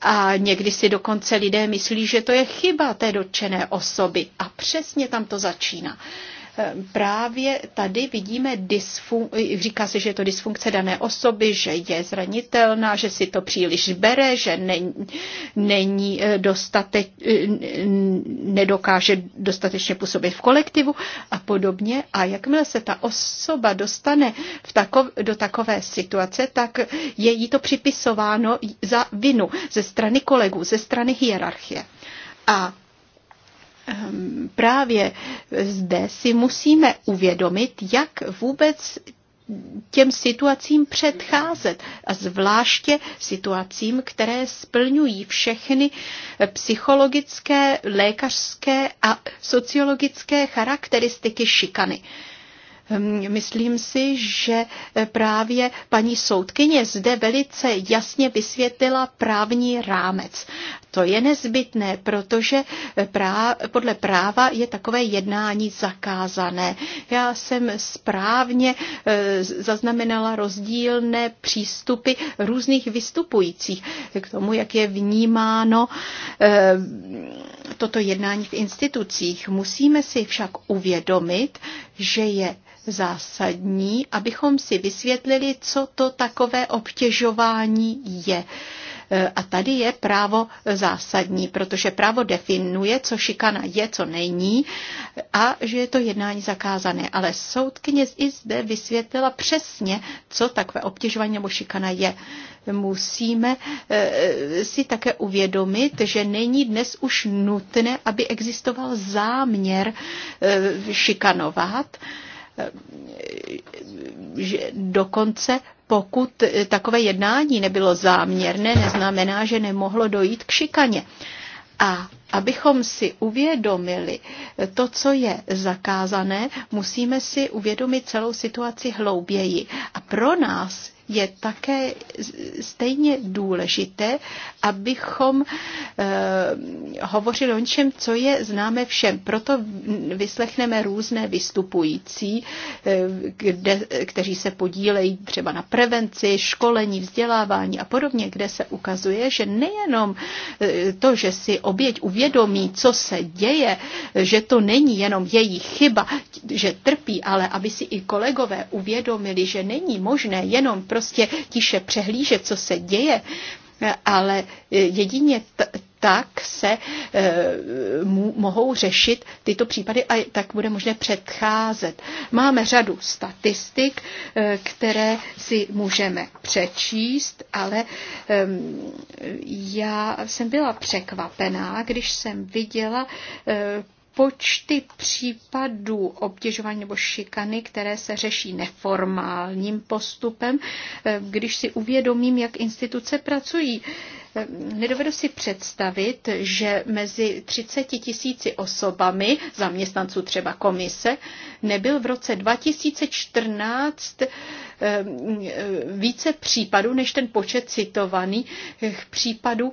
a někdy si dokonce lidé myslí, že to je chyba té dotčené osoby. A přesně tam to začíná. Eh, právě tady vidíme, disfun- eh, říká se, že je to dysfunkce dané osoby, že je zranitelná, že si to příliš bere, že není, není eh, dostate- nedokáže dostatečně působit v kolektivu a podobně. A jakmile se ta osoba dostane v tako- do takové situace, tak je jí to připisováno za vinu ze strany kolegů, ze strany hierarchie. A Ehm, právě zde si musíme uvědomit, jak vůbec těm situacím předcházet a zvláště situacím, které splňují všechny psychologické, lékařské a sociologické charakteristiky šikany. Ehm, myslím si, že právě paní soudkyně zde velice jasně vysvětlila právní rámec to je nezbytné, protože prá, podle práva je takové jednání zakázané. Já jsem správně e, zaznamenala rozdílné přístupy různých vystupujících k tomu, jak je vnímáno e, toto jednání v institucích. Musíme si však uvědomit, že je zásadní, abychom si vysvětlili, co to takové obtěžování je. E, a tady je právo zásadní, protože právo definuje, co šikana je, co není a že je to jednání zakázané. Ale soudkyně i zde vysvětlila přesně, co takové obtěžování nebo šikana je. Musíme e, si také uvědomit, že není dnes už nutné, aby existoval záměr e, šikanovat že dokonce pokud takové jednání nebylo záměrné, neznamená, že nemohlo dojít k šikaně. A abychom si uvědomili to, co je zakázané, musíme si uvědomit celou situaci hlouběji. A pro nás je také stejně důležité, abychom eh, hovořili o něčem, co je známe všem. Proto vyslechneme různé vystupující, eh, kde, kteří se podílejí třeba na prevenci, školení, vzdělávání a podobně, kde se ukazuje, že nejenom eh, to, že si oběť uvědomí, co se děje, že to není jenom její chyba, že trpí, ale aby si i kolegové uvědomili, že není možné jenom prostě tiše přehlížet, co se děje, ale jedině tak se eh, mohou řešit tyto případy a tak bude možné předcházet. Máme řadu statistik, eh, které si můžeme přečíst, ale ehm, já jsem byla překvapená, když jsem viděla eh, počty případů obtěžování nebo šikany, které se řeší neformálním postupem, eh, když si uvědomím, jak instituce pracují. Eh, nedovedu si představit, že mezi 30 tisíci osobami, zaměstnanců třeba komise, nebyl v roce 2014 eh, více případů než ten počet citovaných případů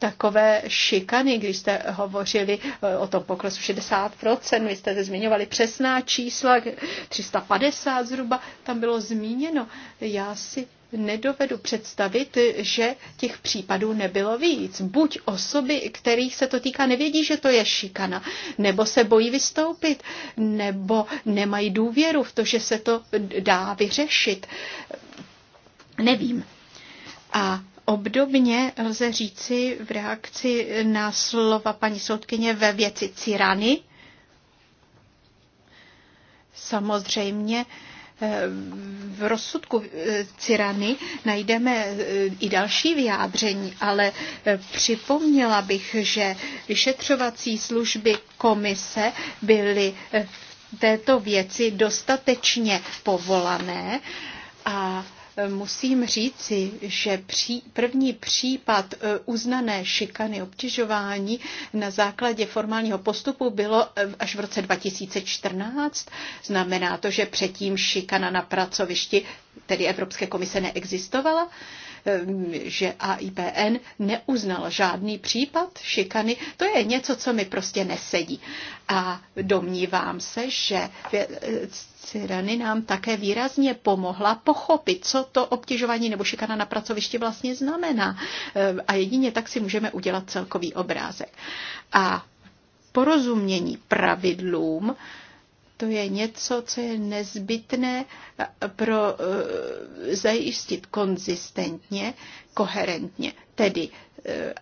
takové šikany, když jste hovořili eh, o tom poklesu 60%, vy jste zmiňovali přesná čísla, 350 zhruba tam bylo zmíněno. Já si nedovedu představit, že těch případů nebylo víc. Buď osoby, kterých se to týká, nevědí, že to je šikana, nebo se bojí vystoupit, nebo nemají důvěru v to, že se to dá vyřešit. Nevím. A Obdobně lze říci v reakci na slova paní soudkyně ve věci Cirany. Samozřejmě eh, v rozsudku eh, Cirany najdeme eh, i další vyjádření, ale připomněla bych, že vyšetřovací služby komise byly v této věci dostatečně povolané a musím říci, že pří, první případ e, uznané šikany obtěžování na základě formálního postupu bylo e, až v roce 2014. Znamená to, že předtím šikana na pracovišti, tedy Evropské komise, neexistovala e, že AIPN neuznal žádný případ šikany, to je něco, co mi prostě nesedí. A domnívám se, že Cyrany nám také výrazně pomohla pochopit, co to obtěžování nebo šikana na pracovišti vlastně znamená. E, a jedině tak si můžeme udělat celkový obrázek. A porozumění pravidlům, to je něco, co je nezbytné e, pro e, zajistit konzistentně, koherentně. Tedy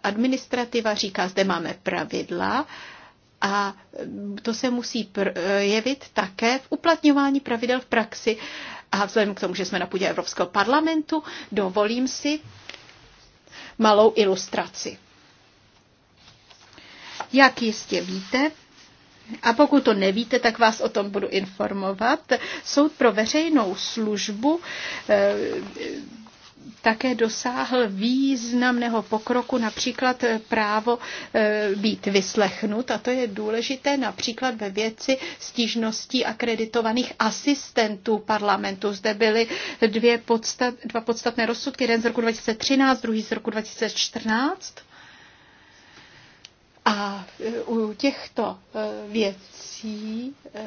administrativa říká, zde máme pravidla, a to se musí projevit také v uplatňování pravidel v praxi. A vzhledem k tomu, že jsme na půdě Evropského parlamentu, dovolím si malou ilustraci. Jak jistě víte, a pokud to nevíte, tak vás o tom budu informovat. Soud pro veřejnou službu eh, také dosáhl významného pokroku, například právo e, být vyslechnut, a to je důležité například ve věci stížností akreditovaných asistentů parlamentu. Zde byly dvě podstat, dva podstatné rozsudky, jeden z roku 2013, druhý z roku 2014. A e, u těchto e, věcí e,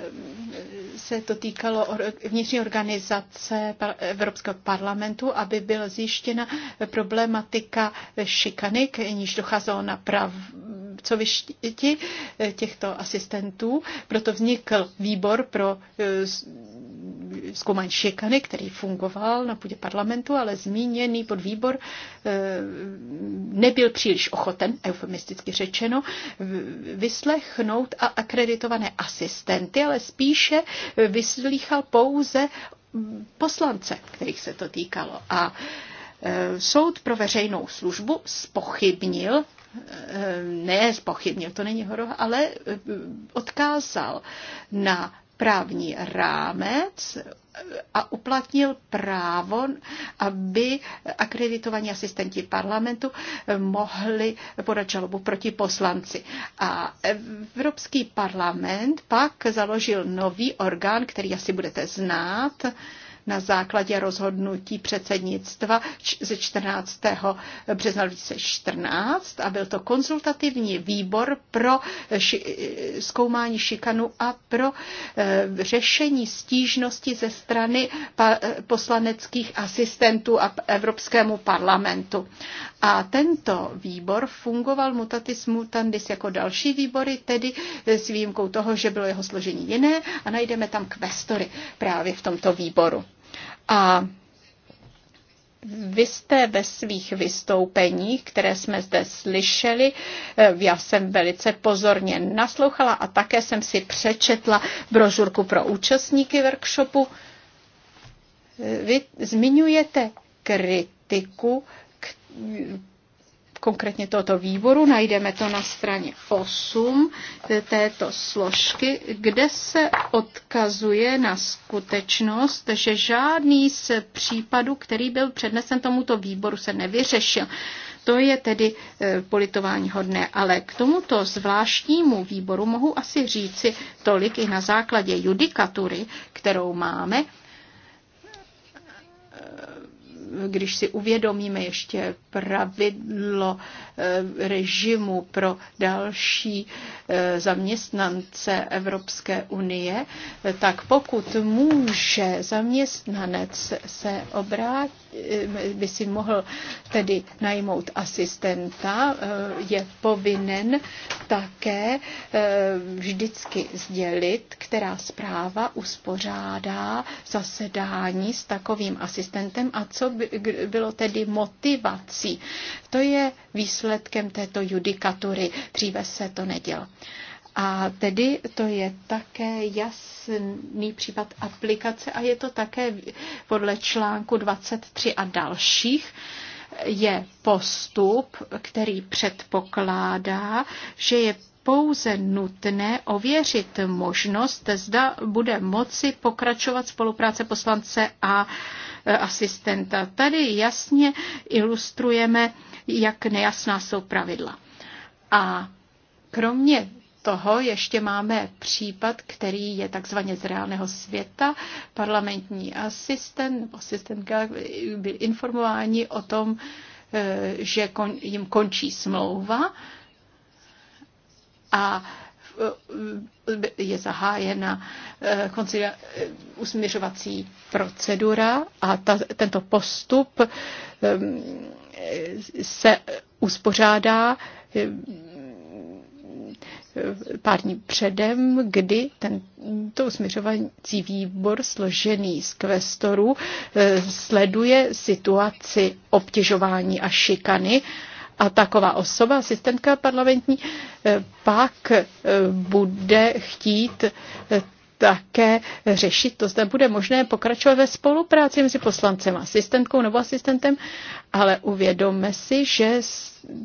se to týkalo vnitřní organizace Evropského parlamentu, aby byla zjištěna problematika šikany, k níž docházelo na pracovišti těchto asistentů. Proto vznikl výbor pro zkoumání šikany, který fungoval na půdě parlamentu, ale zmíněný podvýbor eh, nebyl příliš ochoten, eufemisticky řečeno, vyslechnout a akreditované asistenty, ale spíše eh, vyslýchal pouze poslance, kterých se to týkalo. A eh, soud pro veřejnou službu spochybnil ne spochybnil, to není horo, ale odkázal na právní rámec a uplatnil právo, aby akreditovaní asistenti parlamentu mohli podat žalobu proti poslanci. A Evropský parlament pak založil nový orgán, který asi budete znát, na základě rozhodnutí předsednictva ze 14. března 2014 a byl to konzultativní výbor pro ši- zkoumání šikanu a pro e, řešení stížnosti ze strany poslaneckých asistentů a Evropskému parlamentu. A tento výbor fungoval mutatis mutandis jako další výbory, tedy s výjimkou toho, že bylo jeho složení jiné a najdeme tam kvestory právě v tomto výboru. A vy jste ve svých vystoupeních, které jsme zde slyšeli, eh, já jsem velice pozorně naslouchala a také jsem si přečetla brožurku pro účastníky workshopu. Eh, vy zmiňujete kritiku konkrétně tohoto výboru. Najdeme to na straně 8 této složky, kde se odkazuje na skutečnost, že žádný z případů, který byl přednesen tomuto výboru, se nevyřešil. To je tedy e, politování hodné, ale k tomuto zvláštnímu výboru mohu asi říci tolik i na základě judikatury, kterou máme, když si uvědomíme ještě pravidlo eh, režimu pro další eh, zaměstnance Evropské unie, eh, tak pokud může zaměstnanec se obrátit Eh, by si mohl tedy najmout asistenta, eh, je povinen také eh, vždycky sdělit, která zpráva uspořádá zasedání s takovým asistentem a co by bylo tedy motivací. To je výsledkem této judikatury. Dříve se to nedělo. A tedy to je také jasný případ aplikace a je to také podle článku 23 a dalších je postup, který předpokládá, že je pouze nutné ověřit možnost, zda bude moci pokračovat spolupráce poslance a e, asistenta. Tady jasně ilustrujeme, jak nejasná jsou pravidla. A kromě toho ještě máme případ, který je takzvaně z reálného světa. Parlamentní asistent asistentka byl informováni o tom, eh, že kon, jim končí smlouva a eh, je zahájena eh, usměřovací procedura a ta, tento postup se uspořádá pár dní předem, kdy tento usměřovací výbor složený z kvestorů eh, sleduje situaci obtěžování a šikany a taková osoba, asistentka parlamentní, eh, pak eh, bude chtít také řešit to, zda bude možné pokračovat ve spolupráci mezi poslancem, asistentkou nebo asistentem, ale uvědomme si, že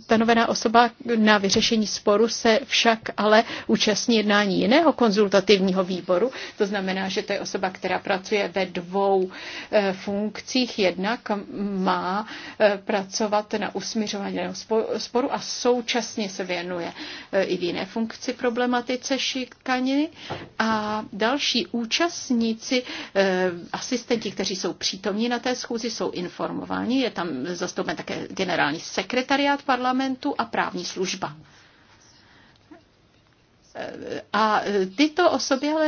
stanovená osoba na vyřešení sporu se však ale účastní jednání jiného konzultativního výboru. To znamená, že to je osoba, která pracuje ve dvou eh, funkcích. Jednak má eh, pracovat na usmířování sporu a současně se věnuje eh, i v jiné funkci problematice šikaniny. A další účastníci, eh, asistenti, kteří jsou přítomní na té schůzi, jsou informováni. Je tam zastoupen také generální sekretariát parlamentu a právní služba. Eh, a tyto osoby ale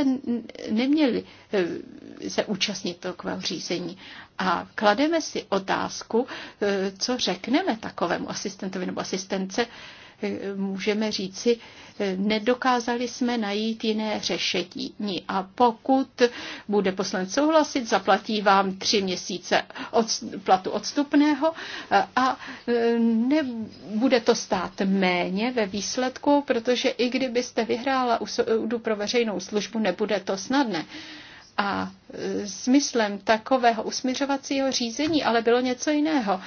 neměly eh, se účastnit takového řízení. A klademe si otázku, co řekneme takovému asistentovi nebo asistence, můžeme říci, nedokázali jsme najít jiné řešení. A pokud bude poslanec souhlasit, zaplatí vám tři měsíce od, platu odstupného a e, nebude to stát méně ve výsledku, protože i kdybyste vyhrála u soudu pro veřejnou službu, nebude to snadné. A e, smyslem takového usměřovacího řízení ale bylo něco jiného.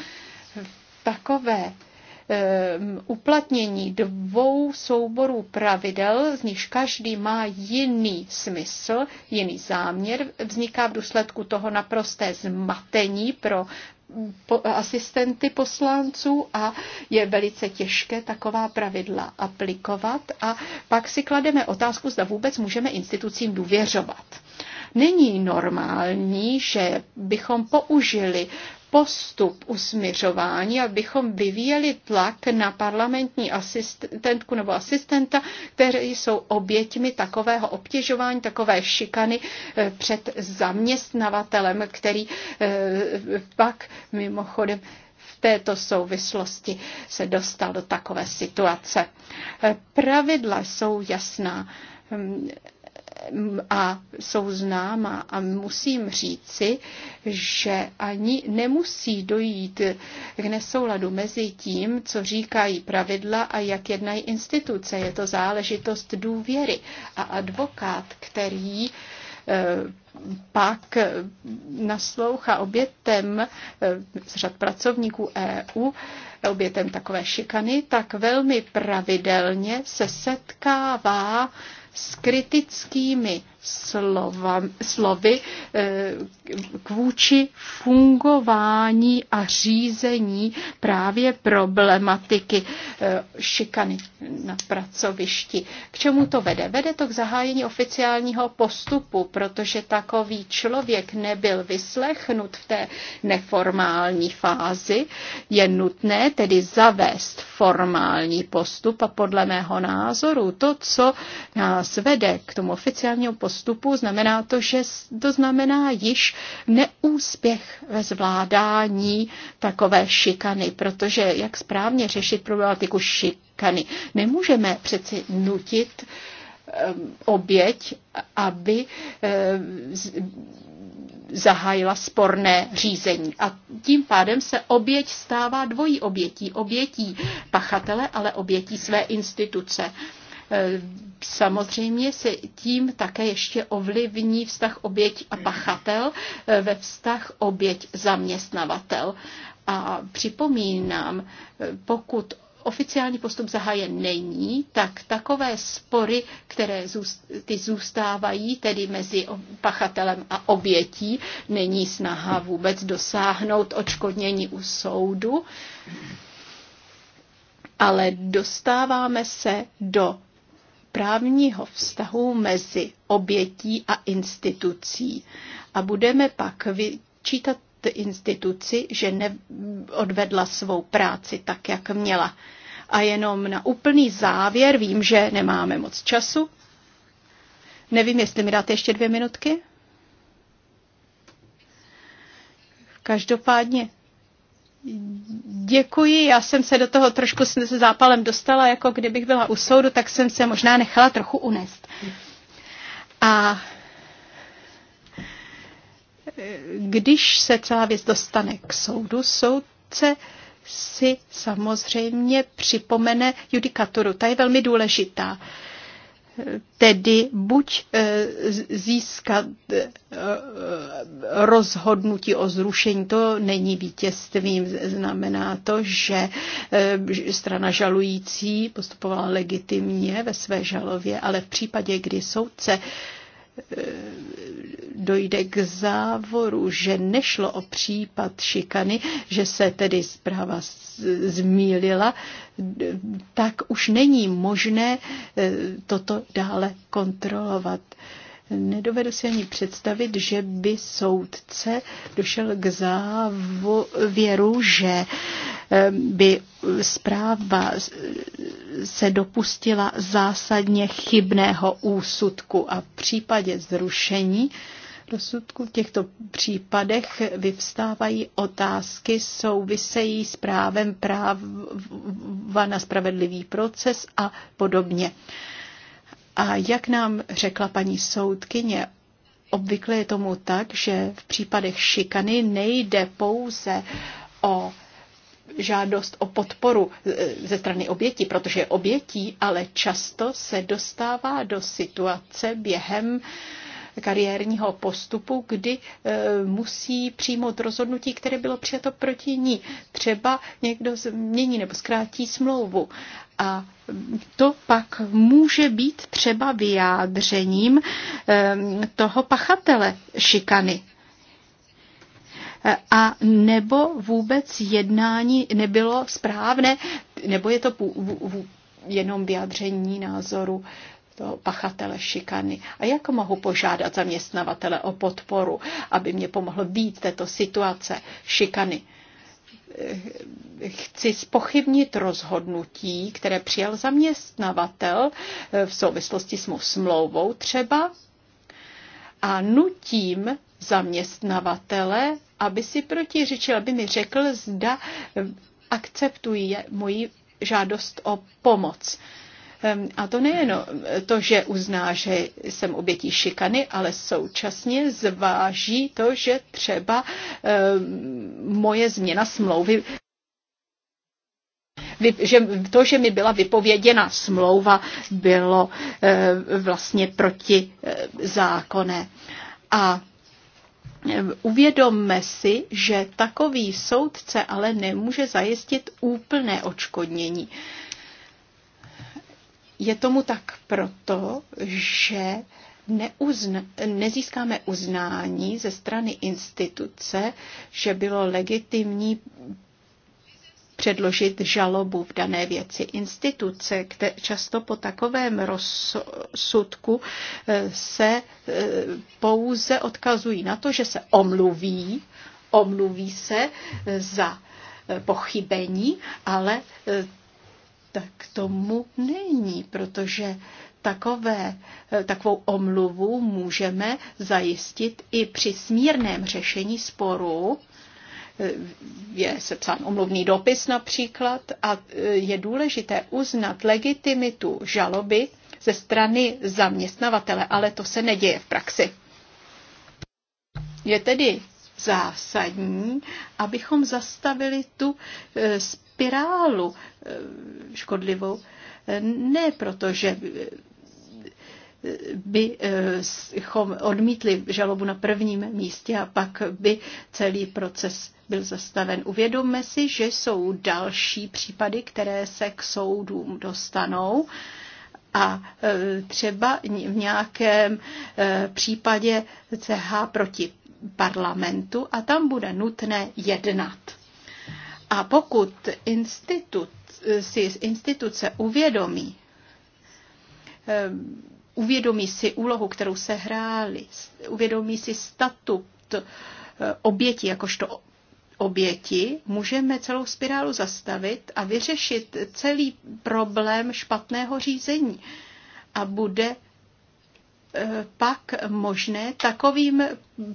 Takové Ehm, uplatnění dvou souborů pravidel, z nichž každý má jiný smysl, jiný záměr, vzniká v důsledku toho naprosté zmatení pro asistenty poslanců a je velice těžké taková pravidla aplikovat a pak si klademe otázku, zda vůbec můžeme institucím důvěřovat. Není normální, že bychom použili postup usmiřování, abychom vyvíjeli tlak na parlamentní asistentku nebo asistenta, které jsou oběťmi takového obtěžování, takové šikany eh, před zaměstnavatelem, který eh, pak mimochodem této souvislosti se dostal do takové situace. Eh, pravidla jsou jasná. Hmm, a jsou známa. A musím říci, že ani nemusí dojít k nesouladu mezi tím, co říkají pravidla a jak jednají instituce. Je to záležitost důvěry. A advokát, který eh, pak naslouchá obětem eh, z řad pracovníků EU, obětem takové šikany, tak velmi pravidelně se setkává s kritickými slova, slovy eh, k vůči fungování a řízení právě problematiky eh, šikany na pracovišti. K čemu to vede? Vede to k zahájení oficiálního postupu, protože takový člověk nebyl vyslechnut v té neformální fázi. Je nutné tedy zavést formální postup a podle mého názoru to, co nás vede k tomu oficiálnímu postupu, postupu, znamená to, že to znamená již neúspěch ve zvládání takové šikany, protože jak správně řešit problematiku šikany? Nemůžeme přeci nutit oběť, aby zahájila sporné řízení. A tím pádem se oběť stává dvojí obětí. Obětí pachatele, ale obětí své instituce. Eh, samozřejmě se tím také ještě ovlivní vztah oběť a pachatel eh, ve vztah oběť zaměstnavatel. A připomínám, eh, pokud oficiální postup zahájen není, tak takové spory, které ty zůstávají, tedy mezi pachatelem a obětí, není snaha vůbec dosáhnout očkodnění u soudu, ale dostáváme se do právního vztahu mezi obětí a institucí. A budeme pak vyčítat instituci, že neodvedla svou práci tak, jak měla. A jenom na úplný závěr, vím, že nemáme moc času. Nevím, jestli mi dáte ještě dvě minutky. Každopádně Děkuji, já jsem se do toho trošku s zápalem dostala, jako kdybych byla u soudu, tak jsem se možná nechala trochu unést. A e, když se celá věc dostane k soudu, soudce si samozřejmě připomene judikaturu. Ta je velmi důležitá. E, tedy buď e, získat rozhodnutí o zrušení. To není vítězstvím. Znamená to, že eh, strana žalující postupovala legitimně ve své žalově, ale v případě, kdy soudce eh, dojde k závoru, že nešlo o případ šikany, že se tedy zpráva zmílila, tak už není možné eh, toto dále kontrolovat. Nedovedu si ani představit, že by soudce došel k závěru, že eh, by zpráva se dopustila zásadně chybného úsudku a v případě zrušení rozsudku v těchto případech vyvstávají otázky souvisejí s právem práva na spravedlivý proces a podobně. A jak nám řekla paní soudkyně, obvykle je tomu tak, že v případech šikany nejde pouze o žádost o podporu e, ze strany oběti, protože je obětí, ale často se dostává do situace během uh, kariérního postupu, kdy e, musí přijmout rozhodnutí, které bylo přijato proti ní. Třeba někdo změní nebo zkrátí smlouvu. A to pak může být třeba vyjádřením e, toho pachatele šikany e, a nebo vůbec jednání nebylo správné, nebo je to jenom vyjádření názoru toho pachatele šikany. A jak mohu požádat zaměstnavatele o podporu, aby mě pomohl být této situace šikany? chci spochybnit rozhodnutí, které přijal zaměstnavatel v souvislosti s mou smlouvou třeba a nutím zaměstnavatele, aby si protiřečil, aby mi řekl, zda akceptuje moji žádost o pomoc. A to nejen to, že uzná, že jsem obětí šikany, ale současně zváží to, že třeba moje změna smlouvy že to, že mi byla vypověděna smlouva, bylo vlastně proti zákone. A Uvědomme si, že takový soudce ale nemůže zajistit úplné očkodnění. Je tomu tak proto, že neuzna, nezískáme uznání ze strany instituce, že bylo legitimní předložit žalobu v dané věci. Instituce, které často po takovém rozsudku e, se e, pouze odkazují na to, že se omluví, omluví se e, za pochybení, ale tak tomu není, protože takové, eh, takovou omluvu můžeme zajistit i při smírném řešení sporu. Eh, je sepsán omluvný dopis například a eh, je důležité uznat legitimitu žaloby ze strany zaměstnavatele, ale to se neděje v praxi. Je tedy zásadní, abychom zastavili tu spirálu eh, škodlivou. Eh, ne proto, že bychom eh, odmítli žalobu na prvním místě a pak by celý proces byl zastaven. Uvědomme si, že jsou další případy, které se k soudům dostanou a třeba v nějakém případě CH proti parlamentu a tam bude nutné jednat. A pokud institut, eh, si instituce uvědomí, eh, uvědomí si úlohu, kterou se hráli, uvědomí si statut eh, oběti jakožto oběti, můžeme celou spirálu zastavit a vyřešit celý problém špatného řízení. A bude pak možné takovým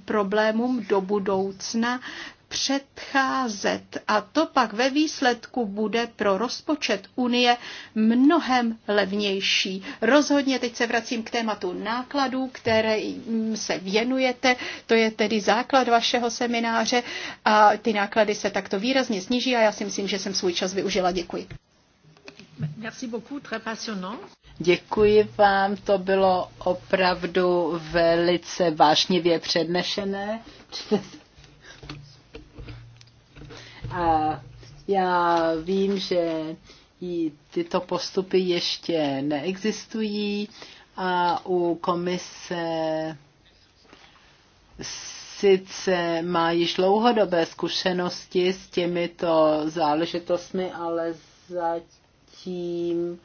problémům do budoucna předcházet. A to pak ve výsledku bude pro rozpočet Unie mnohem levnější. Rozhodně teď se vracím k tématu nákladů, které se věnujete. To je tedy základ vašeho semináře a ty náklady se takto výrazně sníží a já si myslím, že jsem svůj čas využila. Děkuji. Merci beaucoup, très passionnant. Děkuji vám, to bylo opravdu velice vážně přednešené. A já vím, že tyto postupy ještě neexistují a u komise sice má již dlouhodobé zkušenosti s těmito záležitostmi, ale zatím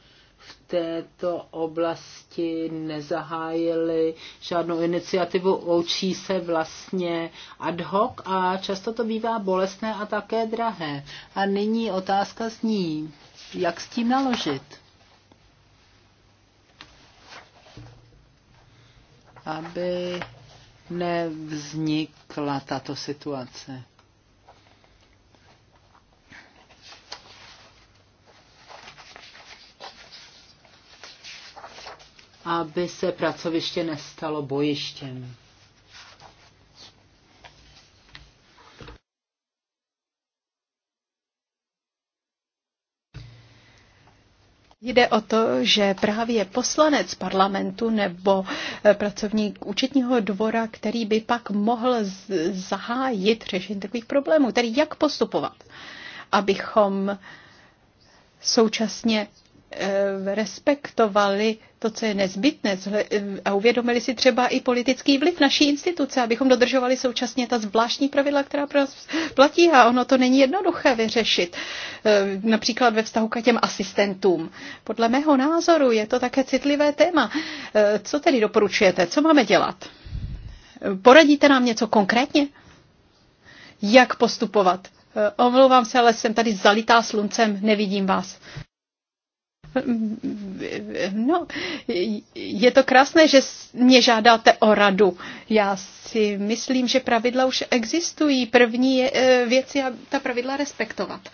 v této oblasti nezahájili žádnou iniciativu, učí se vlastně ad hoc a často to bývá bolestné a také drahé. A nyní otázka zní, jak s tím naložit? Aby nevznikla tato situace. aby se pracoviště nestalo bojištěm. Jde o to, že právě poslanec parlamentu nebo eh, pracovník účetního dvora, který by pak mohl zahájit řešení takových problémů, tedy jak postupovat, abychom současně Eh, respektovali to, co je nezbytné eh, a uvědomili si třeba i politický vliv naší instituce, abychom dodržovali současně ta zvláštní pravidla, která pro nás platí a ono to není jednoduché vyřešit. Eh, například ve vztahu k těm asistentům. Podle mého názoru je to také citlivé téma. Co tedy doporučujete? Co máme dělat? Poradíte nám něco konkrétně? Jak postupovat? Omlouvám se, ale jsem tady zalitá sluncem, nevidím vás. No, je to krásné, že mě žádáte o radu. Já si myslím, že pravidla už existují. První eh, věc je ta pravidla respektovat. Uh,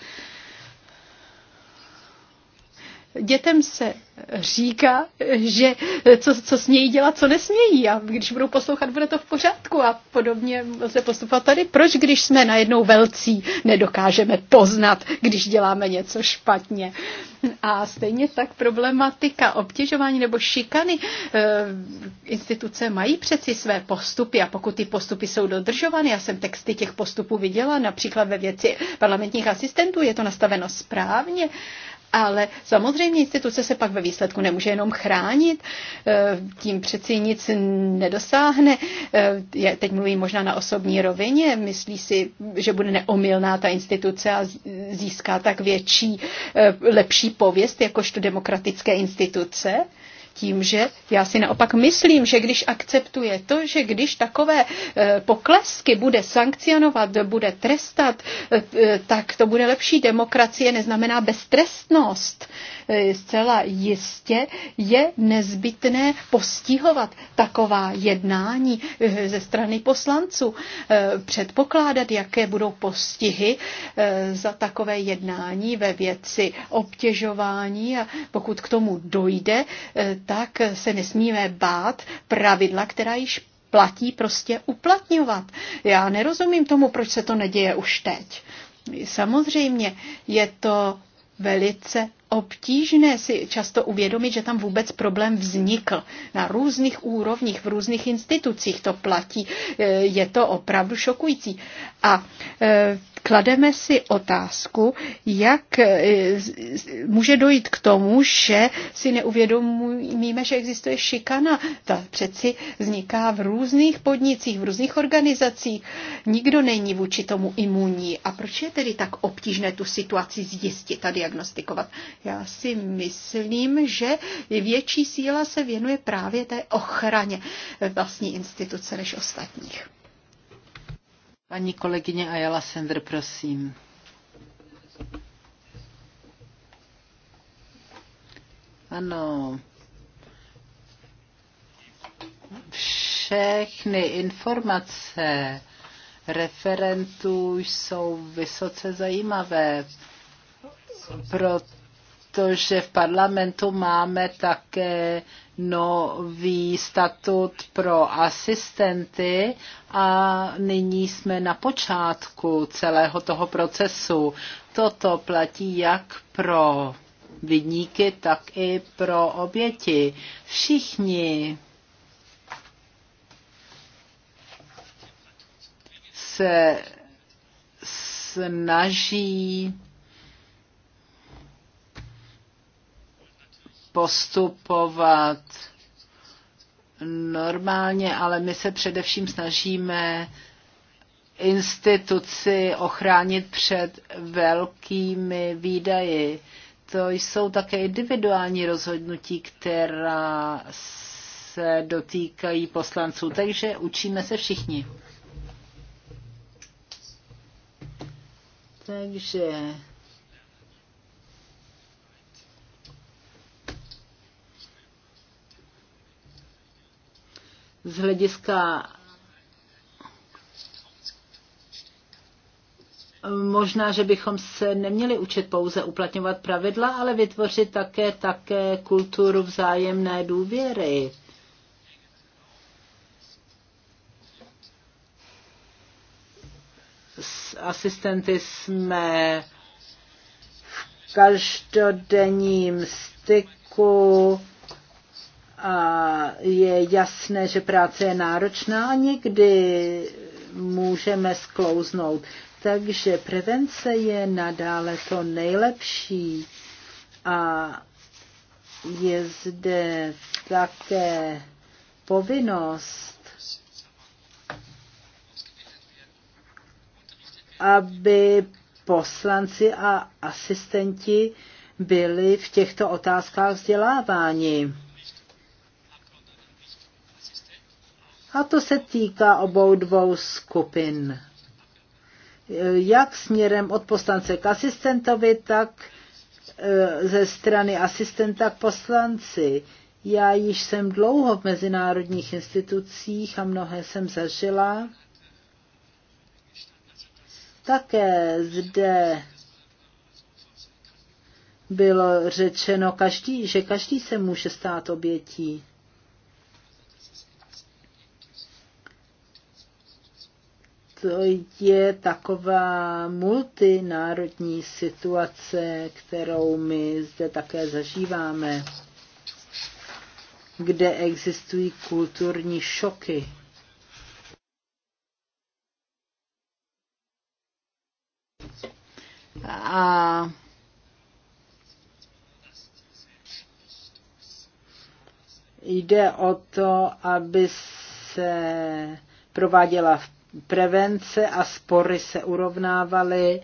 dětem se říká, že co, co smějí dělat, co nesmějí a když budou poslouchat, bude to v pořádku a podobně se postupovat tady. Proč, když jsme najednou velcí, nedokážeme poznat, když děláme něco špatně? A stejně tak problematika obtěžování nebo šikany. Eh, instituce mají přeci své postupy a pokud ty postupy jsou dodržovány, já jsem texty těch postupů viděla, například ve věci parlamentních asistentů, je to nastaveno správně, ale samozřejmě instituce se pak ve výsledku nemůže jenom chránit, eh, tím přeci nic nedosáhne. Eh, Já teď mluvím možná na osobní rovině, myslí si, že bude neomylná ta instituce a získá tak větší, eh, lepší pověst jakožto demokratické instituce tím, že já si naopak myslím, že když akceptuje to, že když takové eh, poklesky bude sankcionovat, bude trestat, eh, eh, tak to bude lepší demokracie, neznamená beztrestnost. Zcela jistě je nezbytné postihovat taková jednání ze strany poslanců, předpokládat, jaké budou postihy za takové jednání ve věci obtěžování a pokud k tomu dojde, tak se nesmíme bát pravidla, která již platí, prostě uplatňovat. Já nerozumím tomu, proč se to neděje už teď. Samozřejmě je to velice obtížné si často uvědomit, že tam vůbec problém vznikl. Na různých úrovních, v různých institucích to platí. Je to opravdu šokující. A e, klademe si otázku, jak e, může dojít k tomu, že si neuvědomíme, že existuje šikana. Ta přeci vzniká v různých podnicích, v různých organizacích. Nikdo není vůči tomu imunní. A proč je tedy tak obtížné tu situaci zjistit a diagnostikovat? Já si myslím, že větší síla se věnuje právě té ochraně vlastní instituce než ostatních. Paní kolegyně Ayala Sender, prosím. Ano. Všechny informace referentů jsou vysoce zajímavé, proto protože v parlamentu máme také nový statut pro asistenty a nyní jsme na počátku celého toho procesu. Toto platí jak pro vidníky, tak i pro oběti. Všichni se snaží postupovat normálně, ale my se především snažíme instituci ochránit před velkými výdaji. To jsou také individuální rozhodnutí, která se dotýkají poslanců, takže učíme se všichni. Takže z hlediska možná, že bychom se neměli učit pouze uplatňovat pravidla, ale vytvořit také, také kulturu vzájemné důvěry. S asistenty jsme v každodenním styku a je jasné, že práce je náročná a někdy můžeme sklouznout. Takže prevence je nadále to nejlepší a je zde také povinnost, aby poslanci a asistenti byli v těchto otázkách vzděláváni A to se týká obou dvou skupin. Jak směrem od poslance k asistentovi, tak eh, ze strany asistenta k poslanci. Já již jsem dlouho v mezinárodních institucích a mnohé jsem zažila. Také zde bylo řečeno, každý, že každý se může stát obětí. to je taková multinárodní situace, kterou my zde také zažíváme, kde existují kulturní šoky. A jde o to, aby se prováděla v prevence a spory se urovnávaly.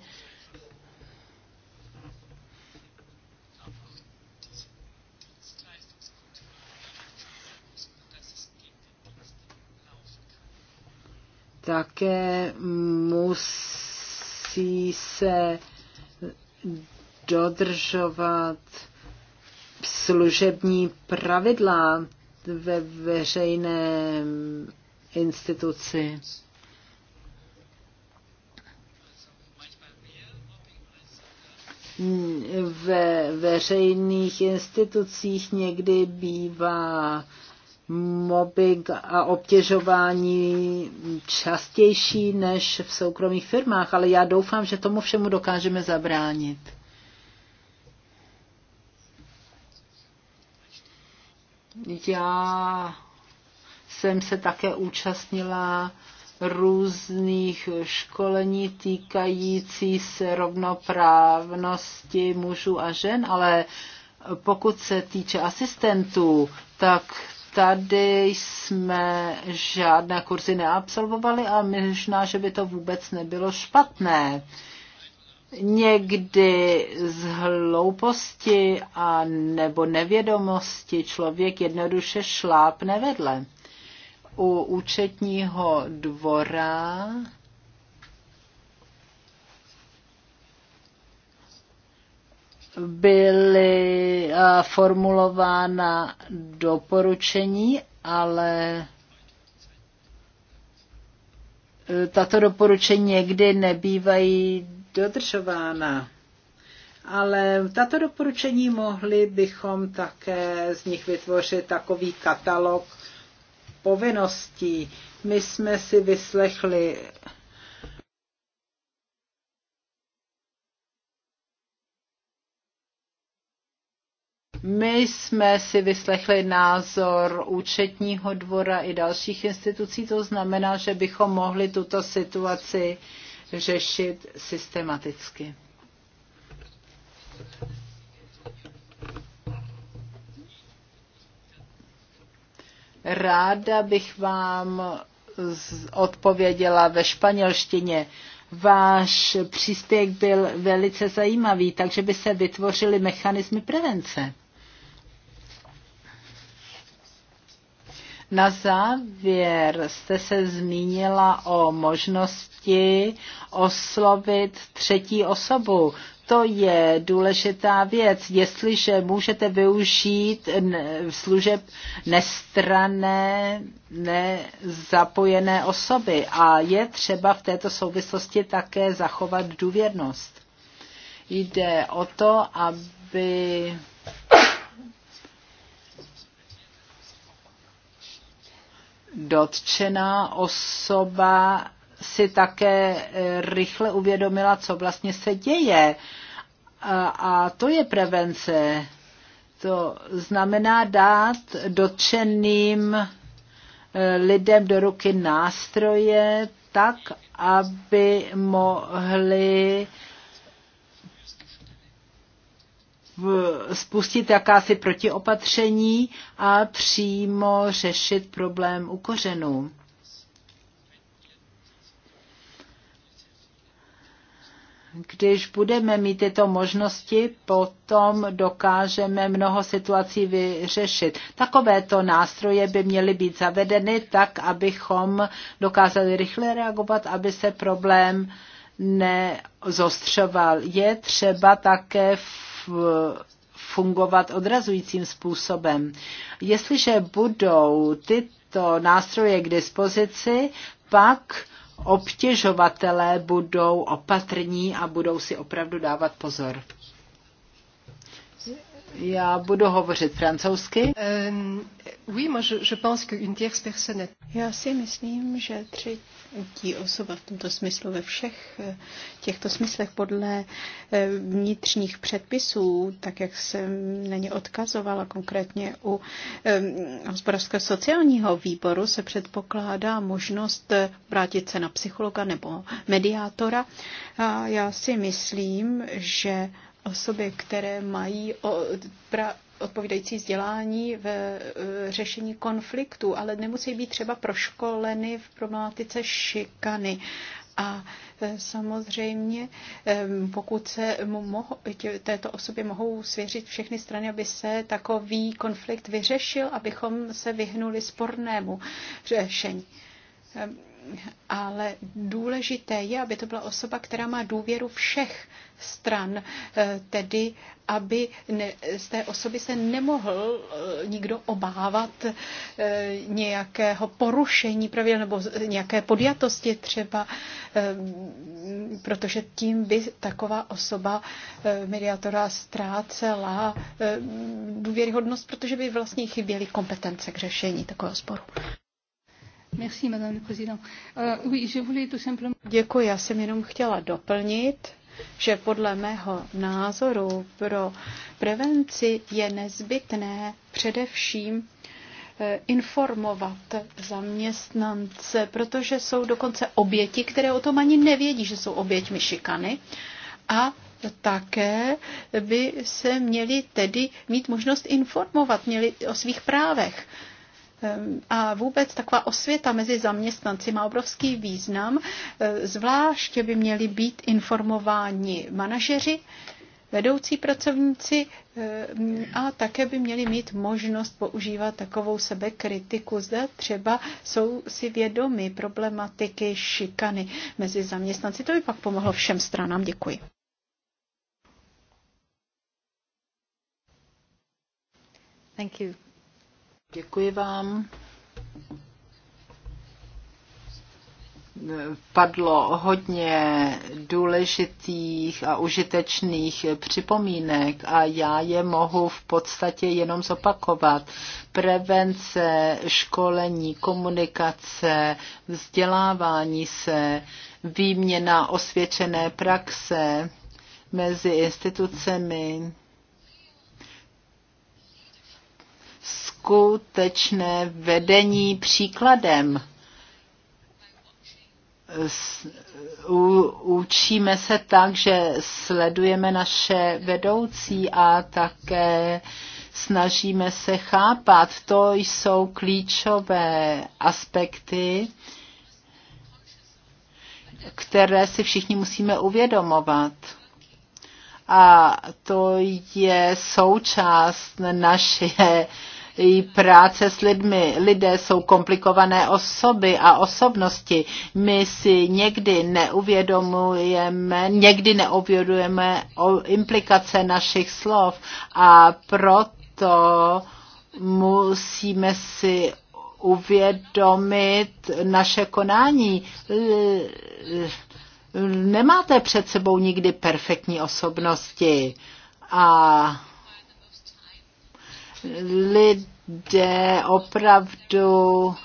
Také musí se dodržovat služební pravidla ve veřejné instituci. ve veřejných institucích někdy bývá mobbing a obtěžování častější než v soukromých firmách, ale já doufám, že tomu všemu dokážeme zabránit. Já jsem se také účastnila různých školení týkající se rovnoprávnosti mužů a žen, ale pokud se týče asistentů, tak tady jsme žádné kurzy neabsolvovali a možná, že by to vůbec nebylo špatné. Někdy z hlouposti a nebo nevědomosti člověk jednoduše šlápne vedle u účetního dvora byly eh, formulována doporučení, ale eh, tato doporučení někdy nebývají dodržována. Ale tato doporučení mohli bychom také z nich vytvořit takový katalog povinností. My jsme si vyslechli My jsme si vyslechli názor účetního dvora i dalších institucí, to znamená, že bychom mohli tuto situaci řešit systematicky. Ráda bych vám odpověděla ve španělštině. Váš příspěvek byl velice zajímavý, takže by se vytvořily mechanismy prevence. Na závěr jste se zmínila o možnosti oslovit třetí osobu to je důležitá věc. Jestliže můžete využít služeb nestrané, nezapojené osoby a je třeba v této souvislosti také zachovat důvěrnost. Jde o to, aby dotčená osoba si také eh, rychle uvědomila, co vlastně se děje. A, a to je prevence. To znamená dát dotčeným eh, lidem do ruky nástroje tak, aby mohli spustit jakási protiopatření a přímo řešit problém u kořenů. Když budeme mít tyto možnosti, potom dokážeme mnoho situací vyřešit. Takovéto nástroje by měly být zavedeny tak, abychom dokázali rychle reagovat, aby se problém nezostřoval. Je třeba také v fungovat odrazujícím způsobem. Jestliže budou tyto nástroje k dispozici, pak obtěžovatelé budou opatrní a budou si opravdu dávat pozor. Já budu hovořit francouzsky. Oui, moi je, je pense une tierce personne. Já si myslím, že třetí osoba v tomto smyslu ve všech eh, těchto smyslech podle eh, vnitřních předpisů, tak jak jsem na ně odkazovala konkrétně u hospodářského sociálního výboru, se předpokládá možnost eh, vrátit se na psychologa nebo mediátora. A já si myslím, že osoby, které mají odpovídající vzdělání v e, řešení konfliktu, ale nemusí být třeba proškoleny v problematice šikany. A e, samozřejmě, e, pokud se mu moho, této osobě mohou svěřit všechny strany, aby se takový konflikt vyřešil, abychom se vyhnuli spornému řešení ale důležité je, aby to byla osoba, která má důvěru všech stran, eh, tedy aby ne, z té osoby se nemohl eh, nikdo obávat eh, nějakého porušení pravidel nebo nějaké podjatosti třeba, protože tím by taková osoba mediátora ztrácela důvěryhodnost, protože by vlastně chyběly kompetence k řešení takového sporu. Merci, madame président. Uh, oui, je voulais tout simplement... Děkuji, já jsem jenom chtěla doplnit, že podle mého názoru pro prevenci je nezbytné především eh, informovat zaměstnance, protože jsou dokonce oběti, které o tom ani nevědí, že jsou oběťmi šikany. A také by se měli tedy mít možnost informovat měli o svých právech. Ehm, a vůbec taková osvěta mezi zaměstnanci má obrovský význam. Ehm, zvláště by měli být informováni manažeři, vedoucí pracovníci ehm, a také by měli mít možnost používat takovou sebekritiku. Zde třeba jsou si vědomi problematiky šikany mezi zaměstnanci. To by pak pomohlo všem stranám. Děkuji. Thank you. Děkuji vám. Padlo hodně důležitých a užitečných připomínek a já je mohu v podstatě jenom zopakovat. Prevence, školení, komunikace, vzdělávání se, výměna osvědčené praxe mezi institucemi, skutečné vedení příkladem. U, učíme se tak, že sledujeme naše vedoucí a také snažíme se chápat. To jsou klíčové aspekty, které si všichni musíme uvědomovat. A to je součást naše i práce s lidmi. Lidé jsou komplikované osoby a osobnosti. My si někdy neuvědomujeme, někdy neuvědomujeme o implikace našich slov a proto musíme si uvědomit naše konání. Nemáte před sebou nikdy perfektní osobnosti a lidé opravdu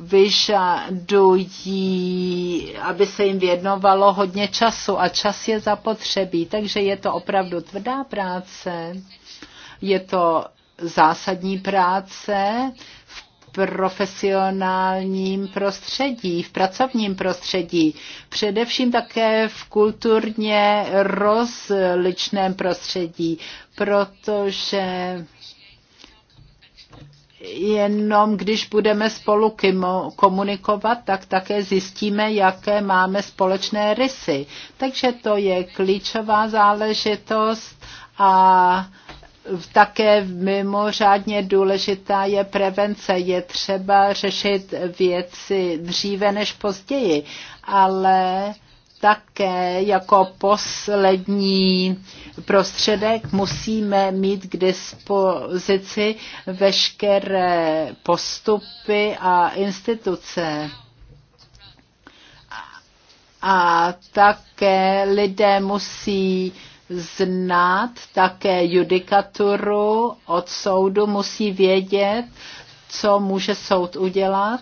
vyžadují, aby se jim věnovalo hodně času a čas je zapotřebí, takže je to opravdu tvrdá práce, je to zásadní práce, profesionálním prostředí, v pracovním prostředí, především také v kulturně rozličném prostředí, protože jenom když budeme spolu komunikovat, tak také zjistíme, jaké máme společné rysy. Takže to je klíčová záležitost a také mimořádně důležitá je prevence. Je třeba řešit věci dříve než později, ale také jako poslední prostředek musíme mít k dispozici veškeré postupy a instituce. A také lidé musí znát také judikaturu od soudu, musí vědět, co může soud udělat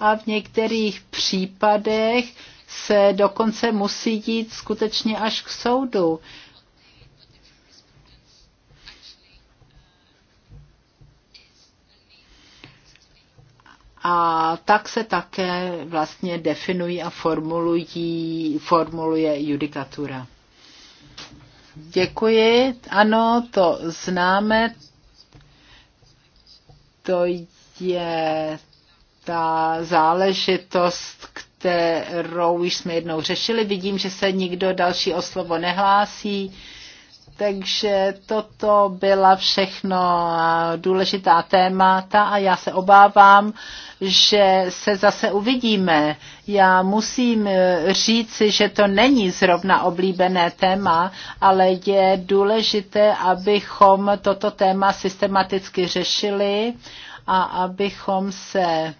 a v některých případech se dokonce musí jít skutečně až k soudu. A tak se také vlastně definují a formulují, formuluje judikatura. Děkuji. Ano, to známe. To je ta záležitost, kterou už jsme jednou řešili. Vidím, že se nikdo další o slovo nehlásí. Takže toto byla všechno eh, důležitá témata a já se obávám, že se zase uvidíme. Já musím eh, říci, že to není zrovna oblíbené téma, ale je důležité, abychom toto téma systematicky řešili a abychom se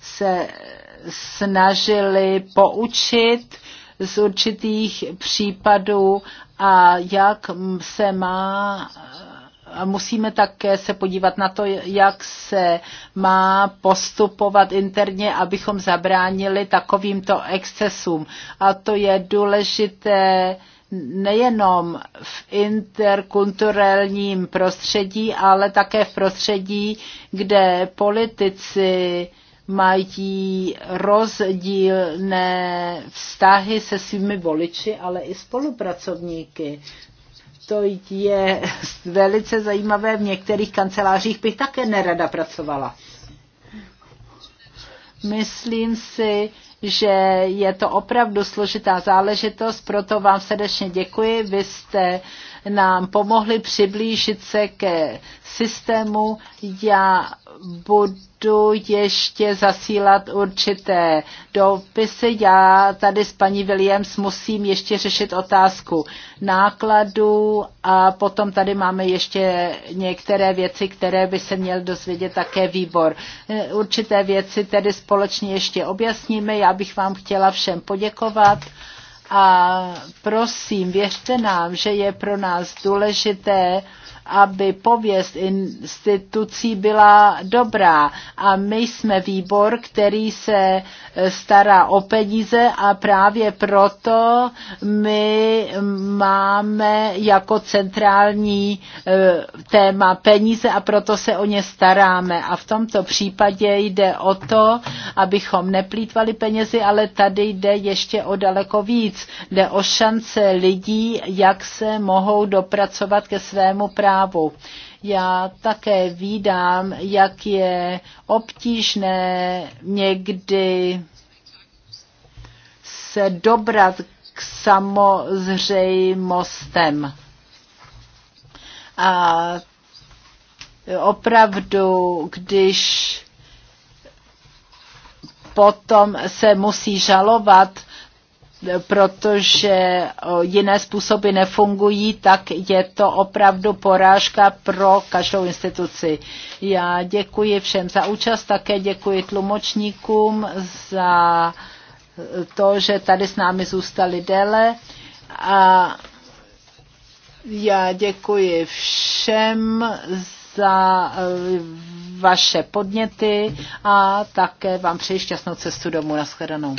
se snažili poučit z určitých případů a jak se má a musíme také se podívat na to, jak se má postupovat interně, abychom zabránili takovýmto excesům. A to je důležité nejenom v interkulturálním prostředí, ale také v prostředí, kde politici mají rozdílné vztahy se svými voliči, ale i spolupracovníky. To je velice zajímavé. V některých kancelářích bych také nerada pracovala. Myslím si, že je to opravdu složitá záležitost, proto vám srdečně děkuji. Vy jste nám pomohli přiblížit se ke systému. Já budu ještě zasílat určité dopisy. Já tady s paní Williams musím ještě řešit otázku nákladu a potom tady máme ještě některé věci, které by se měl dozvědět také výbor. E, určité věci tedy společně ještě objasníme. Já bych vám chtěla všem poděkovat. A prosím, věřte nám, že je pro nás důležité, aby pověst institucí byla dobrá. A my jsme výbor, který se eh, stará o peníze a právě proto my máme jako centrální eh, téma peníze a proto se o ně staráme. A v tomto případě jde o to, abychom neplýtvali penězi, ale tady jde ještě o daleko víc. Jde o šance lidí, jak se mohou dopracovat ke svému právu zprávu. Já také vídám, jak je obtížné někdy se dobrat k samozřejmostem. A opravdu, když potom se musí žalovat, protože jiné způsoby nefungují, tak je to opravdu porážka pro každou instituci. Já děkuji všem za účast, také děkuji tlumočníkům za to, že tady s námi zůstali déle a já děkuji všem za e, vaše podněty a také vám přeji šťastnou cestu domů. Naschledanou.